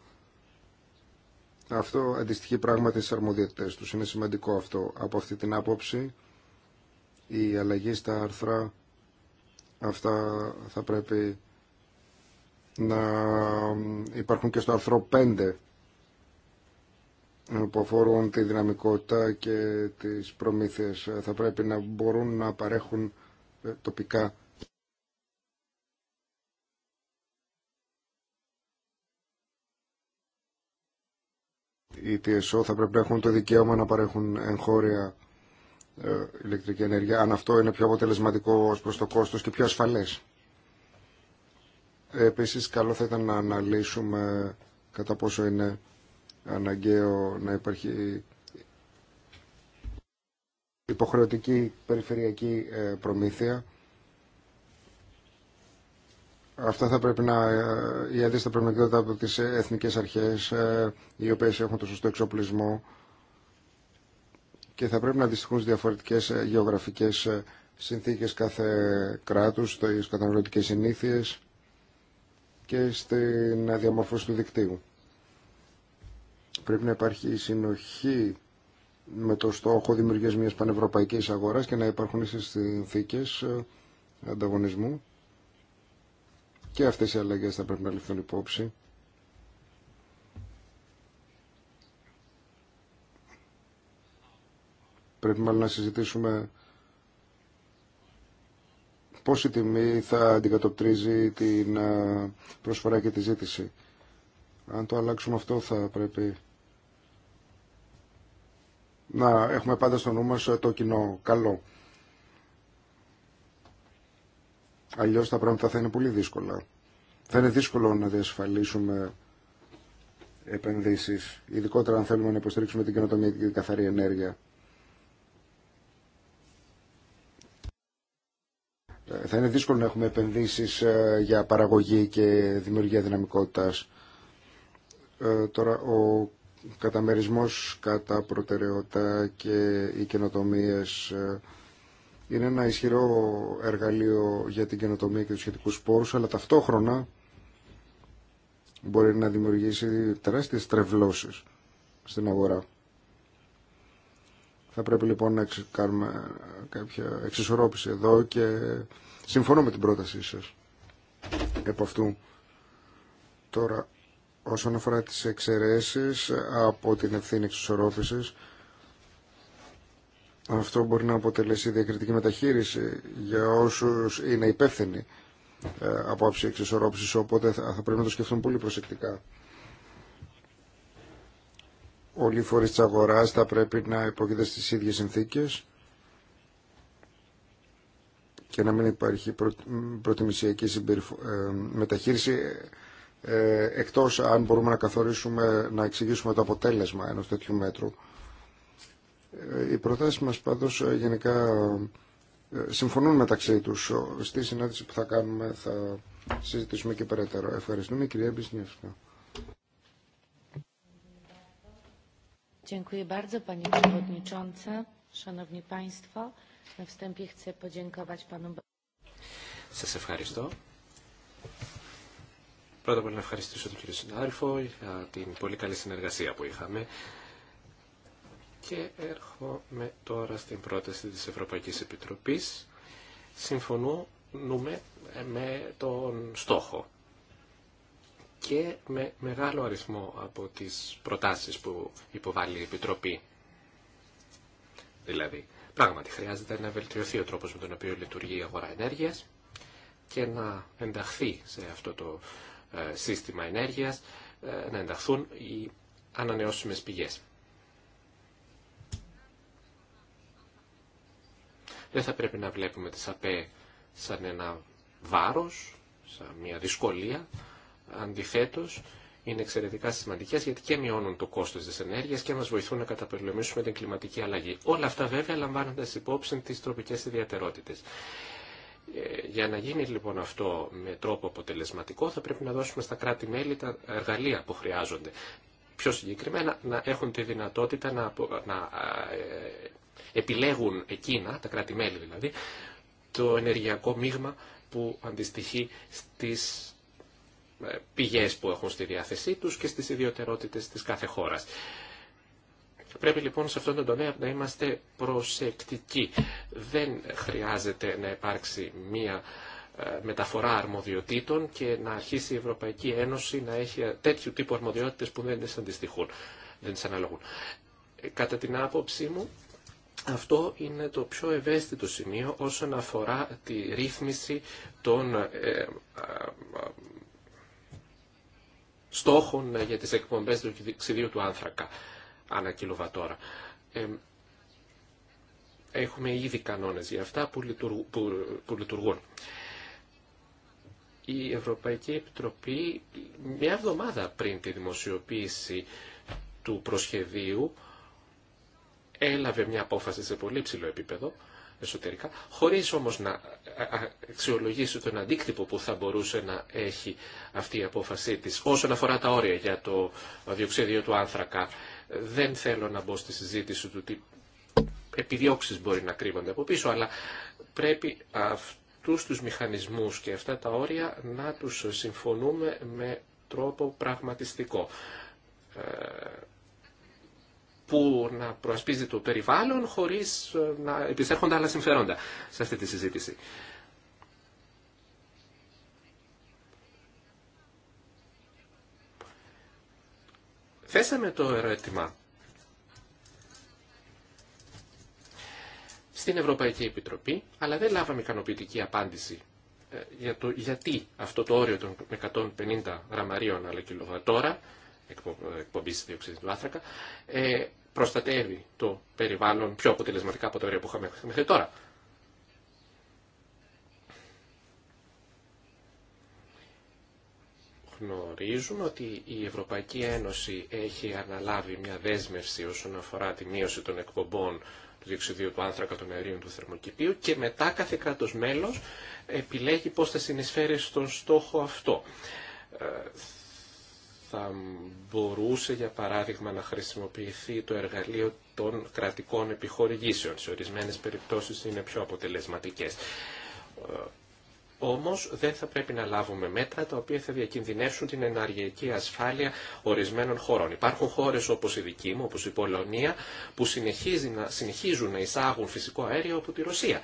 [SPEAKER 3] Αυτό αντιστοιχεί πράγματι στι αρμοδιότητες τους. Είναι σημαντικό αυτό. Από αυτή την άποψη η αλλαγή στα άρθρα αυτά θα πρέπει να ε, υπάρχουν και στο άρθρο 5 που αφορούν τη δυναμικότητα και τις προμήθειες. Θα πρέπει να μπορούν να παρέχουν ε, τοπικά. Οι TSO θα πρέπει να έχουν το δικαίωμα να παρέχουν εγχώρια ε, ηλεκτρική ενέργεια, αν αυτό είναι πιο αποτελεσματικό ως προς το κόστος και πιο ασφαλές. Ε, επίσης, καλό θα ήταν να αναλύσουμε κατά πόσο είναι αναγκαίο να υπάρχει υποχρεωτική περιφερειακή ε, προμήθεια. Αυτά θα πρέπει να, ε, οι τα θα πρέπει να από τις εθνικές αρχές, ε, οι οποίες έχουν το σωστό εξοπλισμό και θα πρέπει να αντιστοιχούν στις διαφορετικές γεωγραφικές συνθήκες κάθε κράτους, στις καταναλωτικές συνήθειες και στην διαμορφώση του δικτύου. Πρέπει να υπάρχει συνοχή με το στόχο δημιουργίας μιας πανευρωπαϊκής αγοράς και να υπάρχουν συνθήκε ε, ανταγωνισμού και αυτέ οι αλλαγέ θα πρέπει να ληφθούν υπόψη. Πρέπει μάλλον να συζητήσουμε πώς η τιμή θα αντικατοπτρίζει την ε, προσφορά και τη ζήτηση. Αν το αλλάξουμε αυτό θα πρέπει να έχουμε πάντα στο νου μας ε, το κοινό καλό. Αλλιώς τα πράγματα θα είναι πολύ δύσκολα. Θα είναι δύσκολο να διασφαλίσουμε επενδύσεις, ειδικότερα αν θέλουμε να υποστηρίξουμε την καινοτομία και την καθαρή ενέργεια. Ε, θα είναι δύσκολο να έχουμε επενδύσεις ε, για παραγωγή και δημιουργία δυναμικότητας. Τώρα ο καταμερισμός κατά προτεραιότητα και οι καινοτομίες ε, είναι ένα ισχυρό εργαλείο για την καινοτομία και τους σχετικούς πόρους, αλλά ταυτόχρονα μπορεί να δημιουργήσει τεράστιες τρευλώσεις στην αγορά. Θα πρέπει λοιπόν να κάνουμε κάποια εξισορρόπηση εδώ και συμφωνώ με την πρότασή σας επ' αυτού. Τώρα, Όσον αφορά τις εξαιρέσεις από την ευθύνη εξουσορρόφησης, αυτό μπορεί να αποτελέσει διακριτική μεταχείριση για όσους είναι υπεύθυνοι ε, από άψη εξουσορρόφησης, οπότε θα πρέπει να το σκεφτούν πολύ προσεκτικά. Όλοι οι φορείς της αγοράς θα πρέπει να υπόκειται στις ίδιες συνθήκες και να μην υπάρχει προτιμησιακή ε, μεταχείριση ε, ε, εκτός αν μπορούμε να καθορίσουμε, να εξηγήσουμε το αποτέλεσμα ενός τέτοιου μέτρου. Ε, οι προτάσεις μας πάντως ε, γενικά συμφωνούν μεταξύ τους. Στη συνάντηση που θα κάνουμε θα συζητήσουμε και περαιτέρω. Ευχαριστούμε κυρία Μπισνιεύσκα.
[SPEAKER 1] Dziękuję bardzo Szanowni Państwo. Na wstępie chcę podziękować Panu.
[SPEAKER 2] Σας ευχαριστώ. Πρώτα απ' όλα να ευχαριστήσω τον κύριο συνάδελφο για την πολύ καλή συνεργασία που είχαμε. Και έρχομαι τώρα στην πρόταση της Ευρωπαϊκής Επιτροπής. Συμφωνούμε με τον στόχο και με μεγάλο αριθμό από τις προτάσεις που υποβάλλει η Επιτροπή. Δηλαδή, πράγματι χρειάζεται να βελτιωθεί ο τρόπος με τον οποίο λειτουργεί η αγορά ενέργειας και να ενταχθεί σε αυτό το ε, σύστημα ενέργειας ε, να ενταχθούν οι ανανεώσιμες πηγές. Δεν θα πρέπει να βλέπουμε τις ΑΠΕ σαν ένα βάρος, σαν μια δυσκολία. Αντιθέτως, είναι εξαιρετικά σημαντικές γιατί και μειώνουν το κόστος της ενέργειας και μας βοηθούν να καταπολεμήσουμε την κλιματική αλλαγή. Όλα αυτά βέβαια λαμβάνοντας υπόψη τις τροπικές ιδιαιτερότητες. Ε, για να γίνει λοιπόν αυτό με τρόπο αποτελεσματικό θα πρέπει να δώσουμε στα κράτη-μέλη τα εργαλεία που χρειάζονται. Πιο συγκεκριμένα να έχουν τη δυνατότητα να, να ε, επιλέγουν εκείνα, τα κράτη-μέλη δηλαδή, το ενεργειακό μείγμα που αντιστοιχεί στις ε, πηγές που έχουν στη διάθεσή τους και στις ιδιωτερότητες της κάθε χώρας πρέπει λοιπόν σε αυτόν τον τομέα να είμαστε προσεκτικοί. Δεν χρειάζεται να υπάρξει μία ε, μεταφορά αρμοδιοτήτων και να αρχίσει η Ευρωπαϊκή Ένωση να έχει ε, τέτοιου τύπου αρμοδιότητες που δεν τις αντιστοιχούν, δεν τις αναλογούν. Ε, κατά την άποψή μου, αυτό είναι το πιο ευαίσθητο σημείο όσον αφορά τη ρύθμιση των στόχων για τις εκπομπές του του άνθρακα ανά κιλοβατόρα. Ε, έχουμε ήδη κανόνες για αυτά που, λειτουργούν. Η Ευρωπαϊκή Επιτροπή μια εβδομάδα πριν τη δημοσιοποίηση του προσχεδίου έλαβε μια απόφαση σε πολύ ψηλό επίπεδο εσωτερικά, χωρίς όμως να αξιολογήσει τον αντίκτυπο που θα μπορούσε να έχει αυτή η απόφασή της όσον αφορά τα όρια για το διοξίδιο του άνθρακα δεν θέλω να μπω στη συζήτηση του ότι επιδιώξεις μπορεί να κρύβονται από πίσω, αλλά πρέπει αυτούς τους μηχανισμούς και αυτά τα όρια να τους συμφωνούμε με τρόπο πραγματιστικό ε, που να προασπίζει το περιβάλλον χωρίς να επισέρχονται άλλα συμφέροντα σε αυτή τη συζήτηση. θέσαμε το ερώτημα στην Ευρωπαϊκή Επιτροπή, αλλά δεν λάβαμε ικανοποιητική απάντηση ε, για το γιατί αυτό το όριο των 150 γραμμαρίων αλλά κιλοβατόρα εκπομπής διοξιδίου του άνθρακα ε, προστατεύει το περιβάλλον πιο αποτελεσματικά από το όριο που είχαμε μέχρι τώρα. γνωρίζουν ότι η Ευρωπαϊκή Ένωση έχει αναλάβει μια δέσμευση όσον αφορά τη μείωση των εκπομπών του διοξιδίου του άνθρακα των αερίων του θερμοκηπίου και μετά κάθε κράτος μέλος επιλέγει πώς θα συνεισφέρει στον στόχο αυτό. Ε, θα μπορούσε, για παράδειγμα, να χρησιμοποιηθεί το εργαλείο των κρατικών επιχορηγήσεων. Σε ορισμένες περιπτώσεις είναι πιο αποτελεσματικές ε, όμως δεν θα πρέπει να λάβουμε μέτρα τα οποία θα διακινδυνεύσουν την ενεργειακή ασφάλεια ορισμένων χωρών. Υπάρχουν χώρες όπως η δική μου, όπως η Πολωνία, που συνεχίζουν να, συνεχίζουν να εισάγουν φυσικό αέριο από τη Ρωσία.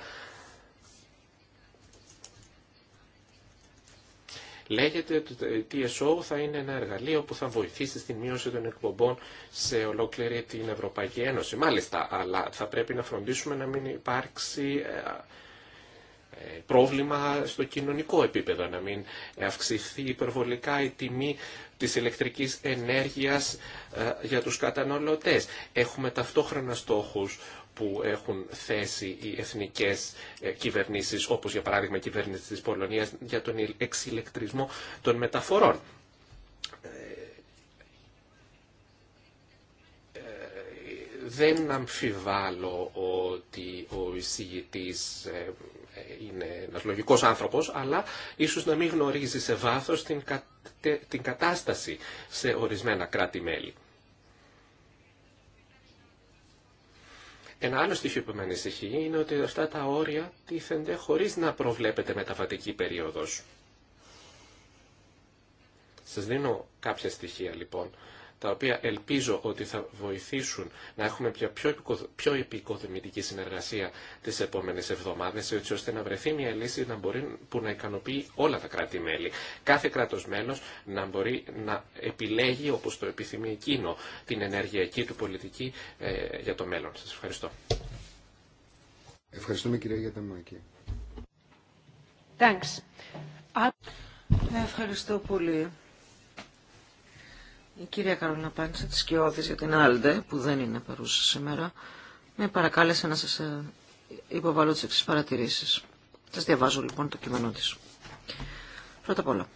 [SPEAKER 2] Λέγεται ότι το TSO θα είναι ένα εργαλείο που θα βοηθήσει στην μείωση των εκπομπών σε ολόκληρη την Ευρωπαϊκή Ένωση. Μάλιστα, αλλά θα πρέπει να φροντίσουμε να μην υπάρξει ε, πρόβλημα στο κοινωνικό επίπεδο, να μην αυξηθεί υπερβολικά η τιμή της ηλεκτρικής ενέργειας ε, για τους καταναλωτές. Έχουμε ταυτόχρονα στόχους που έχουν θέσει οι εθνικές ε, κυβερνήσεις, όπως για παράδειγμα η κυβέρνηση της Πολωνίας, για τον εξηλεκτρισμό των μεταφορών. Ε, δεν αμφιβάλλω ότι ο εισηγητής είναι ένα λογικό άνθρωπο, αλλά ίσω να μην γνωρίζει σε βάθο την, κατάσταση σε ορισμένα κράτη-μέλη. Ένα άλλο στοιχείο που με ανησυχεί είναι ότι αυτά τα όρια τίθενται χωρί να προβλέπεται μεταβατική περίοδο. Σα δίνω κάποια στοιχεία λοιπόν τα οποία ελπίζω ότι θα βοηθήσουν να έχουμε πιο πιο, πιο επικοδομητική συνεργασία τις επόμενες εβδομάδες, έτσι ώστε να βρεθεί μια λύση να μπορεί, που να ικανοποιεί όλα τα κράτη-μέλη. Κάθε κράτος μέλος να μπορεί να επιλέγει όπως το επιθυμεί εκείνο την ενεργειακή του πολιτική ε, για το μέλλον. Σας ευχαριστώ.
[SPEAKER 3] Ευχαριστούμε κυρία Γιαταμάκη.
[SPEAKER 1] Thanks. Ευχαριστώ πολύ. Η κυρία Καρολίνα Πάντσα, της Κιώδης για την Άλντε, που δεν είναι παρούσα σήμερα, με παρακάλεσε να σας ε, υποβάλω τις εξής παρατηρήσεις. Σας διαβάζω λοιπόν το κείμενό της. Πρώτα απ' όλα,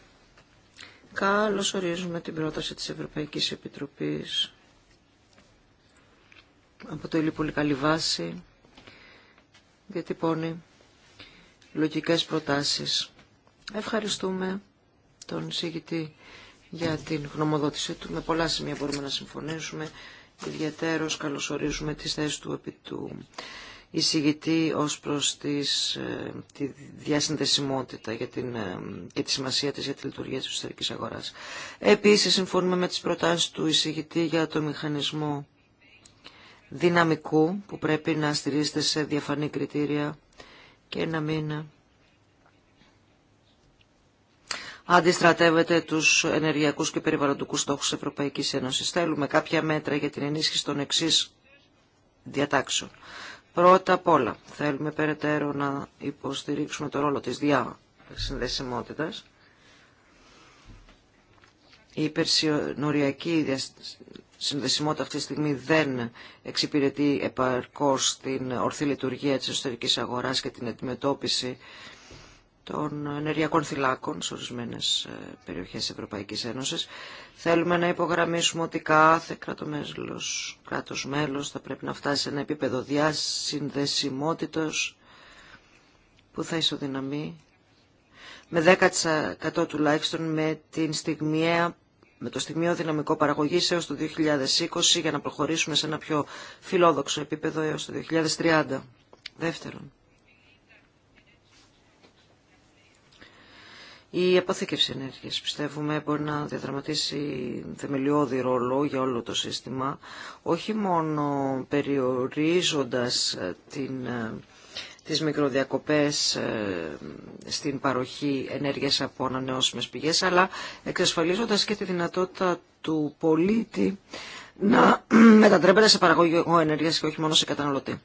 [SPEAKER 1] καλώς ορίζουμε την πρόταση της Ευρωπαϊκής Επιτροπής. Αποτελεί πολύ καλή βάση, διατυπώνει λογικές προτάσεις. Ευχαριστούμε τον συγκητή για την γνωμοδότησή του. Με πολλά σημεία μπορούμε να συμφωνήσουμε. Ιδιαίτερος καλωσορίζουμε τις θέσεις του επί του εισηγητή ως προς τις, ε, τη διασυνδεσιμότητα για την, ε, και τη σημασία της για τη λειτουργία της εσωτερικής αγοράς. Επίσης, συμφωνούμε με τις προτάσεις του εισηγητή για το μηχανισμό δυναμικού που πρέπει να στηρίζεται σε διαφανή κριτήρια και να μην αντιστρατεύεται του ενεργειακού και περιβαλλοντικού στόχου τη Ευρωπαϊκή Ένωση. Θέλουμε κάποια μέτρα για την ενίσχυση των εξή διατάξεων. Πρώτα απ' όλα θέλουμε περαιτέρω να υποστηρίξουμε το ρόλο τη διασυνδεσιμότητα. Η υπερσυνοριακή συνδεσιμότητα αυτή τη στιγμή δεν εξυπηρετεί επαρκώς την ορθή λειτουργία της εσωτερικής αγοράς και την αντιμετώπιση των ενεργειακών θυλάκων σε ορισμένε ε, περιοχές Ευρωπαϊκής Ένωσης. Θέλουμε να υπογραμμίσουμε ότι κάθε κράτος, κράτος μέλος θα πρέπει να φτάσει σε ένα επίπεδο διασυνδεσιμότητος που θα ισοδυναμεί με 10% τουλάχιστον με, την με το στιγμίο δυναμικό παραγωγής έως το 2020 για να προχωρήσουμε σε ένα πιο φιλόδοξο επίπεδο έω το 2030. Δεύτερον, Η αποθήκευση ενέργειας, πιστεύουμε, μπορεί να διαδραματίσει θεμελιώδη ρόλο για όλο το σύστημα, όχι μόνο περιορίζοντας ε, την, ε, τις μικροδιακοπές ε, στην παροχή ενέργειας από ανανεώσιμες πηγές, αλλά εξασφαλίζοντας και τη δυνατότητα του πολίτη να μετατρέπεται σε παραγωγό ενέργειας και όχι μόνο σε καταναλωτή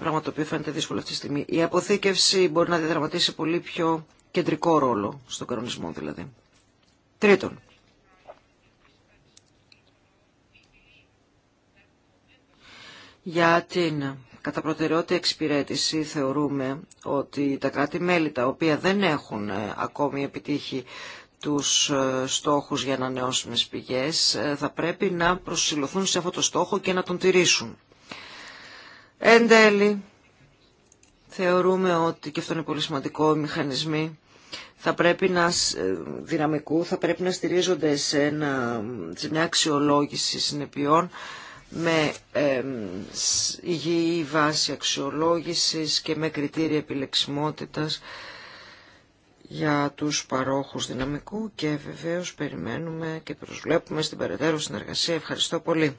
[SPEAKER 1] πράγμα το οποίο φαίνεται δύσκολο αυτή τη στιγμή. Η αποθήκευση μπορεί να διαδραματίσει πολύ πιο κεντρικό ρόλο στον κανονισμό δηλαδή. Τρίτον, για την κατά προτεραιότητα εξυπηρέτηση θεωρούμε ότι τα κράτη-μέλη τα οποία δεν έχουν ε, ακόμη επιτύχει τους ε, στόχους για ανανεώσιμες πηγές ε, θα πρέπει να προσυλλοθούν σε αυτό το στόχο και να τον τηρήσουν. Εν τέλει, θεωρούμε ότι, και αυτό είναι πολύ σημαντικό, οι μηχανισμοί θα πρέπει να, ε, δυναμικού θα πρέπει να στηρίζονται σε, ένα, σε μια αξιολόγηση συνεπειών με ε, υγιή βάση αξιολόγησης και με κριτήρια επιλεξιμότητας για τους παρόχους δυναμικού και βεβαίως περιμένουμε και προσβλέπουμε στην περαιτέρω συνεργασία. Ευχαριστώ πολύ.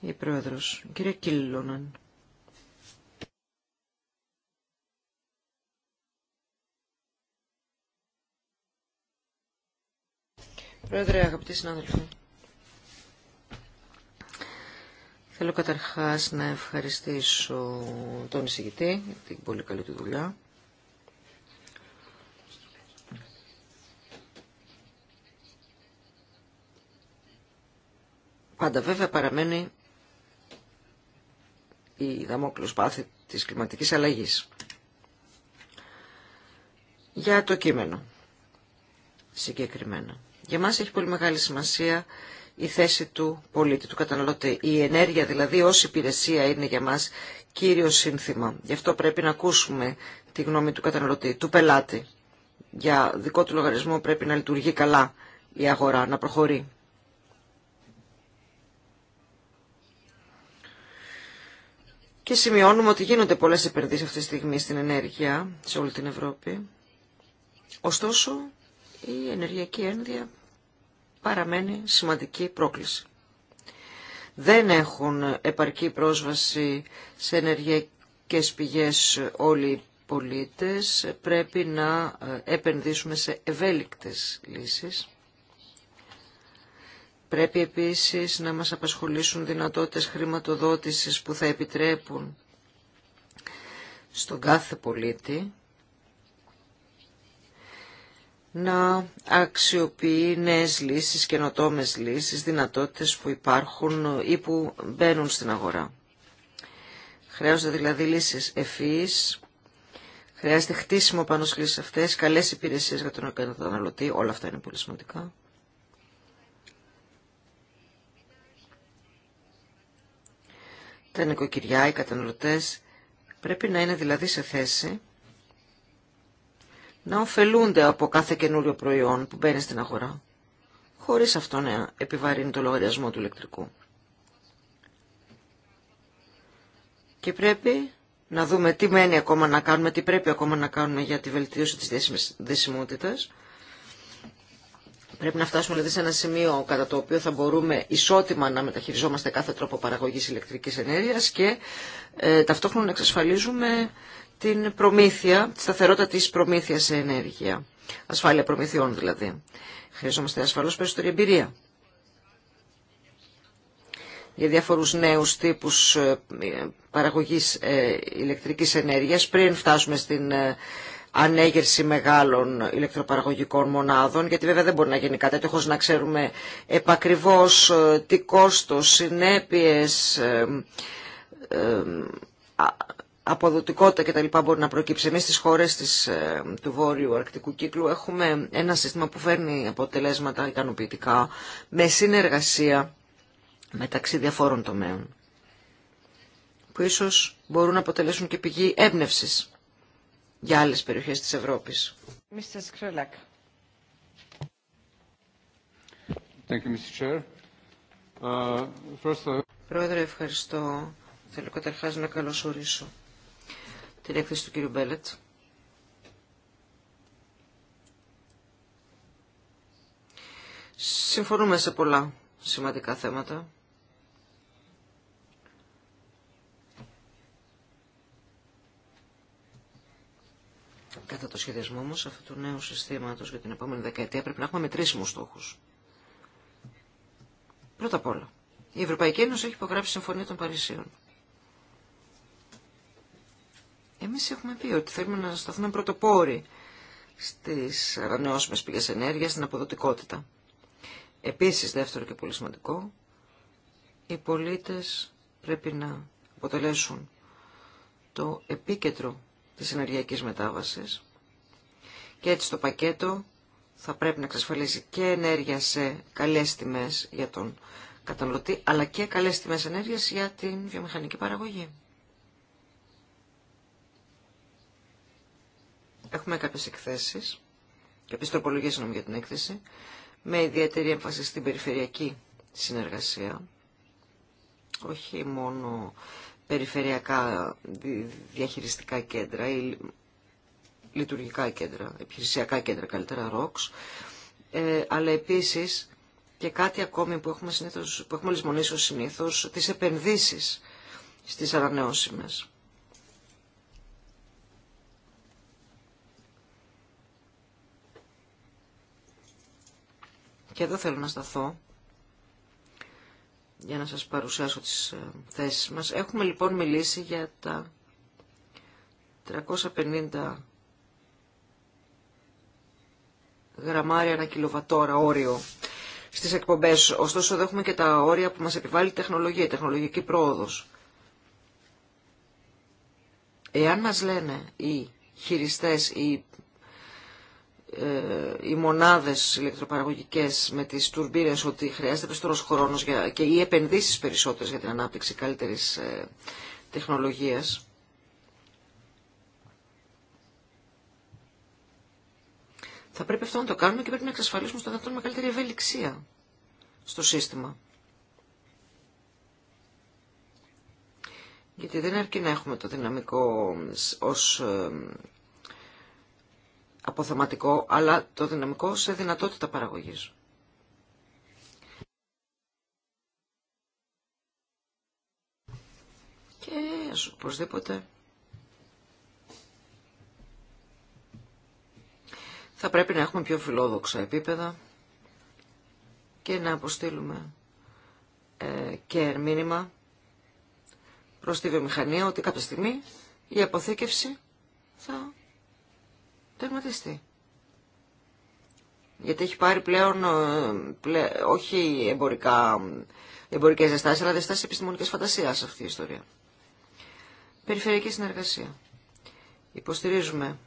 [SPEAKER 1] Η Πρόεδρος, κύριε Κίλλωναν. Πρόεδρε, αγαπητοί συνάδελφοι. Θέλω καταρχάς να ευχαριστήσω τον εισηγητή για την πολύ καλή του δουλειά. Πάντα βέβαια παραμένει η δαμόκλος πάθη της κλιματικής αλλαγής. Για το κείμενο συγκεκριμένα. Για μας έχει πολύ μεγάλη σημασία η θέση του πολίτη, του καταναλωτή. Η ενέργεια δηλαδή ως υπηρεσία είναι για μας κύριο σύνθημα. Γι' αυτό πρέπει να ακούσουμε τη γνώμη του καταναλωτή, του πελάτη. Για δικό του λογαριασμό πρέπει να λειτουργεί καλά η αγορά, να προχωρεί. Και σημειώνουμε ότι γίνονται πολλές επενδύσεις αυτή τη στιγμή στην ενέργεια σε όλη την Ευρώπη. Ωστόσο, η ενεργειακή ένδυα παραμένει σημαντική πρόκληση. Δεν έχουν επαρκή πρόσβαση σε ενεργειακές πηγές όλοι οι πολίτες. Πρέπει να ε, επενδύσουμε σε ευέλικτες λύσεις. Πρέπει επίσης να μας απασχολήσουν δυνατότητες χρηματοδότησης που θα επιτρέπουν στον κάθε πολίτη να αξιοποιεί νέες λύσεις, καινοτόμες λύσεις, δυνατότητες που υπάρχουν ή που μπαίνουν στην αγορά. Χρειάζονται δηλαδή λύσεις ευφύης, χρειάζεται χτίσιμο πάνω στις λύσεις αυτές, καλές υπηρεσίες για τον καταναλωτή, όλα αυτά είναι πολύ σημαντικά. Τα νοικοκυριά, οι καταναλωτές πρέπει να είναι δηλαδή σε θέση να ωφελούνται από κάθε καινούριο προϊόν που μπαίνει στην αγορά, χωρίς αυτό να επιβαρύνει το λογαριασμό του ηλεκτρικού. Και πρέπει να δούμε τι μένει ακόμα να κάνουμε, τι πρέπει ακόμα να κάνουμε για τη βελτίωση της δεσιμότητας. Πρέπει να φτάσουμε δηλαδή σε ένα σημείο κατά το οποίο θα μπορούμε ισότιμα να μεταχειριζόμαστε κάθε τρόπο παραγωγής ηλεκτρικής ενέργειας και ε, ταυτόχρονα να εξασφαλίζουμε την προμήθεια, τη σταθερότητα της προμήθειας σε ενέργεια. Ασφάλεια προμηθειών δηλαδή. Χρειαζόμαστε ασφαλώς περισσότερη εμπειρία για διαφορούς νέους τύπους ε, παραγωγής ε, ηλεκτρικής ενέργειας πριν φτάσουμε στην ε, ανέγερση μεγάλων ηλεκτροπαραγωγικών μονάδων, γιατί βέβαια δεν μπορεί να γίνει κάτι τέτοιο, να ξέρουμε επακριβώς τι κόστος, συνέπειες, αποδοτικότητα κτλ. μπορεί να προκύψει. Εμεί στις χώρες ε, του Βόρειου Αρκτικού Κύκλου έχουμε ένα σύστημα που φέρνει αποτελέσματα ικανοποιητικά με συνεργασία μεταξύ διαφόρων τομέων που ίσως μπορούν να αποτελέσουν και πηγή έμπνευσης για άλλες περιοχές της Ευρώπης. Thank you, Mr. Chair. Uh, first... Uh, Πρόεδρε, ευχαριστώ. Θέλω καταρχάς να καλωσορίσω την έκθεση του κύριου Μπέλετ. Συμφωνούμε σε πολλά σημαντικά θέματα. Κατά το σχεδιασμό όμω αυτού του νέου συστήματος για την επόμενη δεκαετία πρέπει να έχουμε μετρήσιμους στόχους. Πρώτα απ' όλα, η Ευρωπαϊκή Ένωση έχει υπογράψει Συμφωνία των Παρισίων. Εμείς έχουμε πει ότι θέλουμε να σταθούμε πρωτοπόροι στις ανανεώσιμες πηγές ενέργειας, στην αποδοτικότητα. Επίσης, δεύτερο και πολύ σημαντικό, οι πολίτες πρέπει να αποτελέσουν το επίκεντρο της ενεργειακής μετάβασης και έτσι το πακέτο θα πρέπει να εξασφαλίσει και ενέργεια σε καλές τιμές για τον καταναλωτή αλλά και καλές τιμές ενέργειας για την βιομηχανική παραγωγή. Έχουμε κάποιες εκθέσεις, και τροπολογίες για την έκθεση, με ιδιαίτερη έμφαση στην περιφερειακή συνεργασία, όχι μόνο περιφερειακά διαχειριστικά κέντρα ή λειτουργικά κέντρα, επιχειρησιακά κέντρα καλύτερα, ROCs, ε, αλλά επίσης και κάτι ακόμη που έχουμε, συνήθως, που έχουμε λησμονήσει ως συνήθως, τις επενδύσεις στις ανανεώσιμες. και εδώ θέλω να σταθώ για να σας παρουσιάσω τις ε, θέσεις μας. Έχουμε λοιπόν μιλήσει για τα 350 γραμμάρια ένα κιλοβατόρα όριο στις εκπομπές. Ωστόσο εδώ έχουμε και τα όρια που μας επιβάλλει η τεχνολογία, η τεχνολογική πρόοδος. Εάν μας λένε οι χειριστές, οι ε, οι μονάδες ηλεκτροπαραγωγικές με τις τουρμπίνες ότι χρειάζεται περισσότερος χρόνος για, και οι επενδύσεις περισσότερες για την ανάπτυξη καλύτερης ε, τεχνολογίας. Θα πρέπει αυτό να το κάνουμε και πρέπει να εξασφαλίσουμε στο δυνατόν καλύτερη ευελιξία στο σύστημα. Γιατί δεν αρκεί να έχουμε το δυναμικό ε, ως αποθεματικό, αλλά το δυναμικό σε δυνατότητα παραγωγής. Και οπωσδήποτε θα πρέπει να έχουμε πιο φιλόδοξα επίπεδα και να αποστείλουμε ε, και μήνυμα προς τη βιομηχανία ότι κάποια στιγμή η αποθήκευση θα τερματιστεί. Γιατί έχει πάρει πλέον, ε, όχι εμπορικά, εμπορικές διαστάσεις, αλλά διαστάσεις επιστημονικής φαντασίας αυτή η ιστορία. Περιφερειακή συνεργασία. Υποστηρίζουμε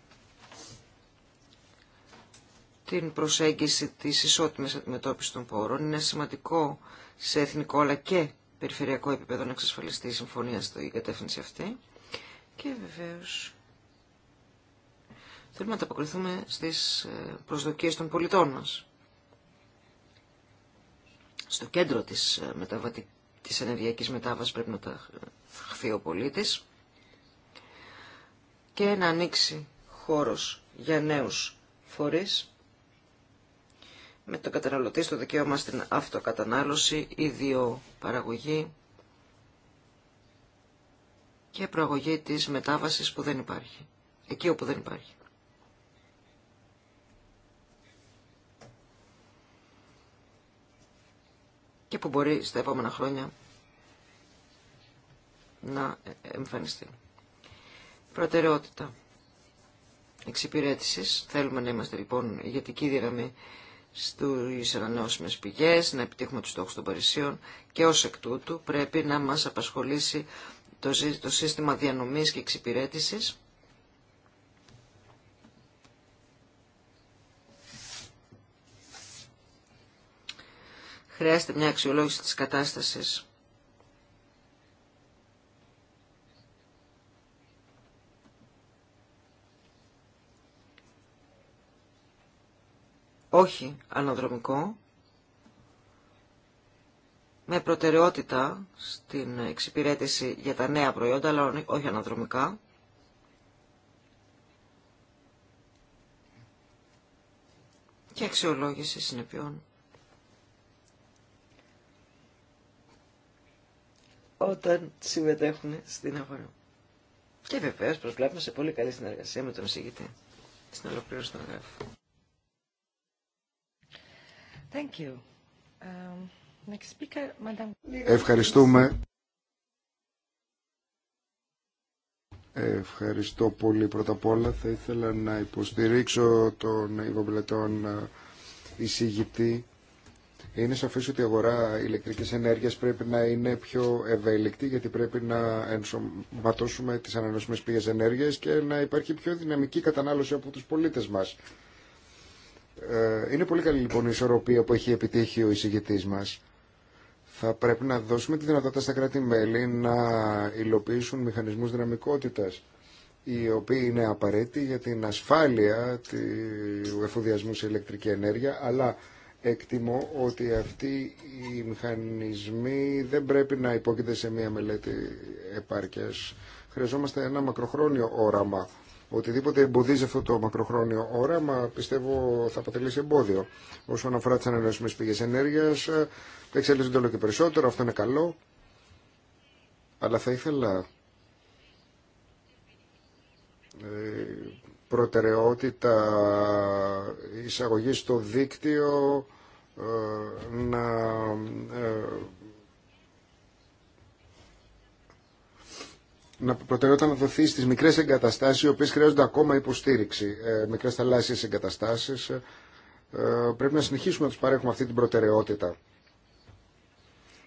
[SPEAKER 1] την προσέγγιση της ισότιμης αντιμετώπισης των πόρων. Είναι σημαντικό σε εθνικό αλλά και περιφερειακό επίπεδο να εξασφαλιστεί η συμφωνία στην κατεύθυνση αυτή. Και βεβαίως Θέλουμε να ανταποκριθούμε στις ε, προσδοκίες των πολιτών μας. Στο κέντρο της, ε, μεταβατη... της ενεργειακής μετάβασης πρέπει να ε, χθεί ο πολίτης και να ανοίξει χώρος για νέους φορείς με τον καταναλωτή στο δικαίωμα στην αυτοκατανάλωση, ιδιοπαραγωγή και προαγωγή της μετάβασης που δεν υπάρχει, εκεί όπου δεν υπάρχει. και που μπορεί στα επόμενα χρόνια να εμφανιστεί. Προτεραιότητα εξυπηρέτησης. Θέλουμε να είμαστε λοιπόν ηγετική δύναμη στις ανανεώσιμες πηγές, να επιτύχουμε τους στόχους των Παρισίων και ως εκ τούτου πρέπει να μας απασχολήσει το σύστημα διανομής και εξυπηρέτησης χρειάζεται μια αξιολόγηση της κατάστασης. όχι αναδρομικό, με προτεραιότητα στην εξυπηρέτηση για τα νέα προϊόντα, αλλά όχι αναδρομικά. Και αξιολόγηση συνεπειών. όταν συμμετέχουν στην αγορά. Και βεβαίω προσβλέπουμε σε πολύ καλή συνεργασία με τον εισηγητή στην ολοκλήρωση των γράφων. Thank you. Um, next speaker,
[SPEAKER 3] Ευχαριστούμε. Ευχαριστώ πολύ. Πρώτα απ' όλα θα ήθελα να υποστηρίξω τον υποπλετών ε, εισηγητή είναι σαφές ότι η αγορά ηλεκτρική ενέργειας πρέπει να είναι πιο ευέλικτη γιατί πρέπει να ενσωματώσουμε τι ανανεώσιμε πηγέ ενέργεια και να υπάρχει πιο δυναμική κατανάλωση από του πολίτε μα. Ε, είναι πολύ καλή λοιπόν η ισορροπία που έχει επιτύχει ο εισηγητή μα. Θα πρέπει να δώσουμε τη δυνατότητα στα κράτη-μέλη να υλοποιήσουν μηχανισμού δυναμικότητα, οι οποίοι είναι απαραίτητοι για την ασφάλεια του εφοδιασμού σε ηλεκτρική ενέργεια αλλά Εκτιμώ ότι αυτοί οι μηχανισμοί δεν πρέπει να υπόκειται σε μία μελέτη επάρκειας. Χρειαζόμαστε ένα μακροχρόνιο όραμα. Οτιδήποτε εμποδίζει αυτό το μακροχρόνιο όραμα πιστεύω θα αποτελέσει εμπόδιο. Όσον αφορά τι ανανεώσιμε πηγές ενέργειας, εξελίσσονται όλο και περισσότερο, αυτό είναι καλό. Αλλά θα ήθελα ε, προτεραιότητα εισαγωγή στο δίκτυο να ε, να προτεραιότητα να δοθεί στις μικρές εγκαταστάσεις οι οποίες χρειάζονται ακόμα υποστήριξη, ε, μικρές θαλάσσιες εγκαταστάσεις. Ε, πρέπει να συνεχίσουμε να τους παρέχουμε αυτή την προτεραιότητα.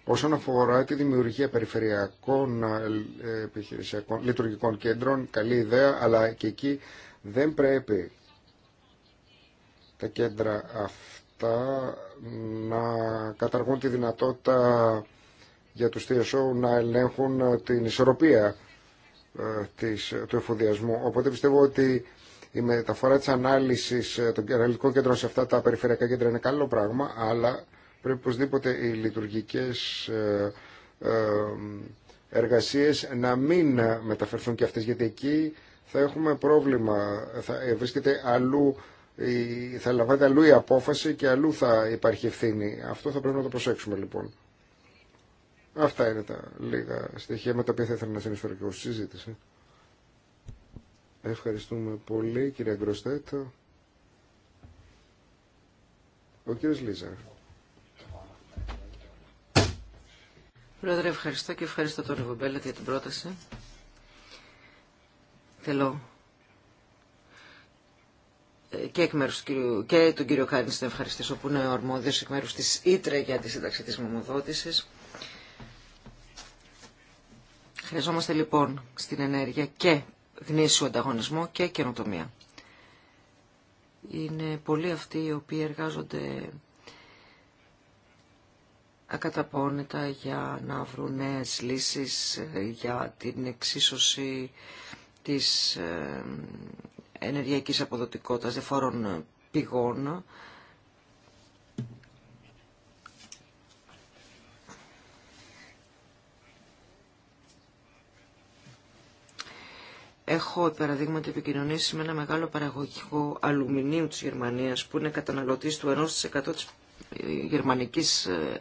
[SPEAKER 3] Όσον αφορά τη δημιουργία περιφερειακών ε, λειτουργικών κέντρων, καλή ιδέα, αλλά και εκεί δεν πρέπει τα κέντρα αυτά να καταργούν τη δυνατότητα για τους TSO να ελέγχουν την ισορροπία ε, της, του εφοδιασμού. Οπότε πιστεύω ότι η μεταφορά της ανάλυσης ε, των αναλυτικών κέντρων σε αυτά τα περιφερειακά κέντρα είναι καλό πράγμα, αλλά πρέπει οπωσδήποτε οι λειτουργικές ε, εργασίες να μην μεταφερθούν και αυτές, γιατί εκεί θα έχουμε πρόβλημα, θα βρίσκεται αλλού θα λαμβάνεται αλλού η απόφαση και αλλού θα υπάρχει ευθύνη. Αυτό θα πρέπει να το προσέξουμε λοιπόν. Αυτά είναι τα λίγα στοιχεία με τα οποία θα ήθελα να συνεισφέρω και εγώ στη συζήτηση. Ευχαριστούμε πολύ κύριε Γκροστέτ. Ο κύριος Λίζα.
[SPEAKER 1] Πρόεδρε, ευχαριστώ και ευχαριστώ τον Ρεβομπέλετ για την πρόταση. Θέλω και, εκ μέρους του και τον κύριο Χάριν να ευχαριστήσω που είναι ο αρμόδιος εκ μέρους της Ήτρε για τη σύνταξη της μομοδότησης. Χρειαζόμαστε λοιπόν στην ενέργεια και γνήσιο ανταγωνισμό και καινοτομία. Είναι πολλοί αυτοί οι οποίοι εργάζονται ακαταπώνητα για να βρουν νέε λύσεις ε, για την εξίσωση της ε, ενεργειακής αποδοτικότητας, διαφόρων ε, πηγών. Έχω, παραδείγματι, επικοινωνήσει με ένα μεγάλο παραγωγικό αλουμινίου της Γερμανίας, που είναι καταναλωτής του 1% της ε, γερμανικής, ε,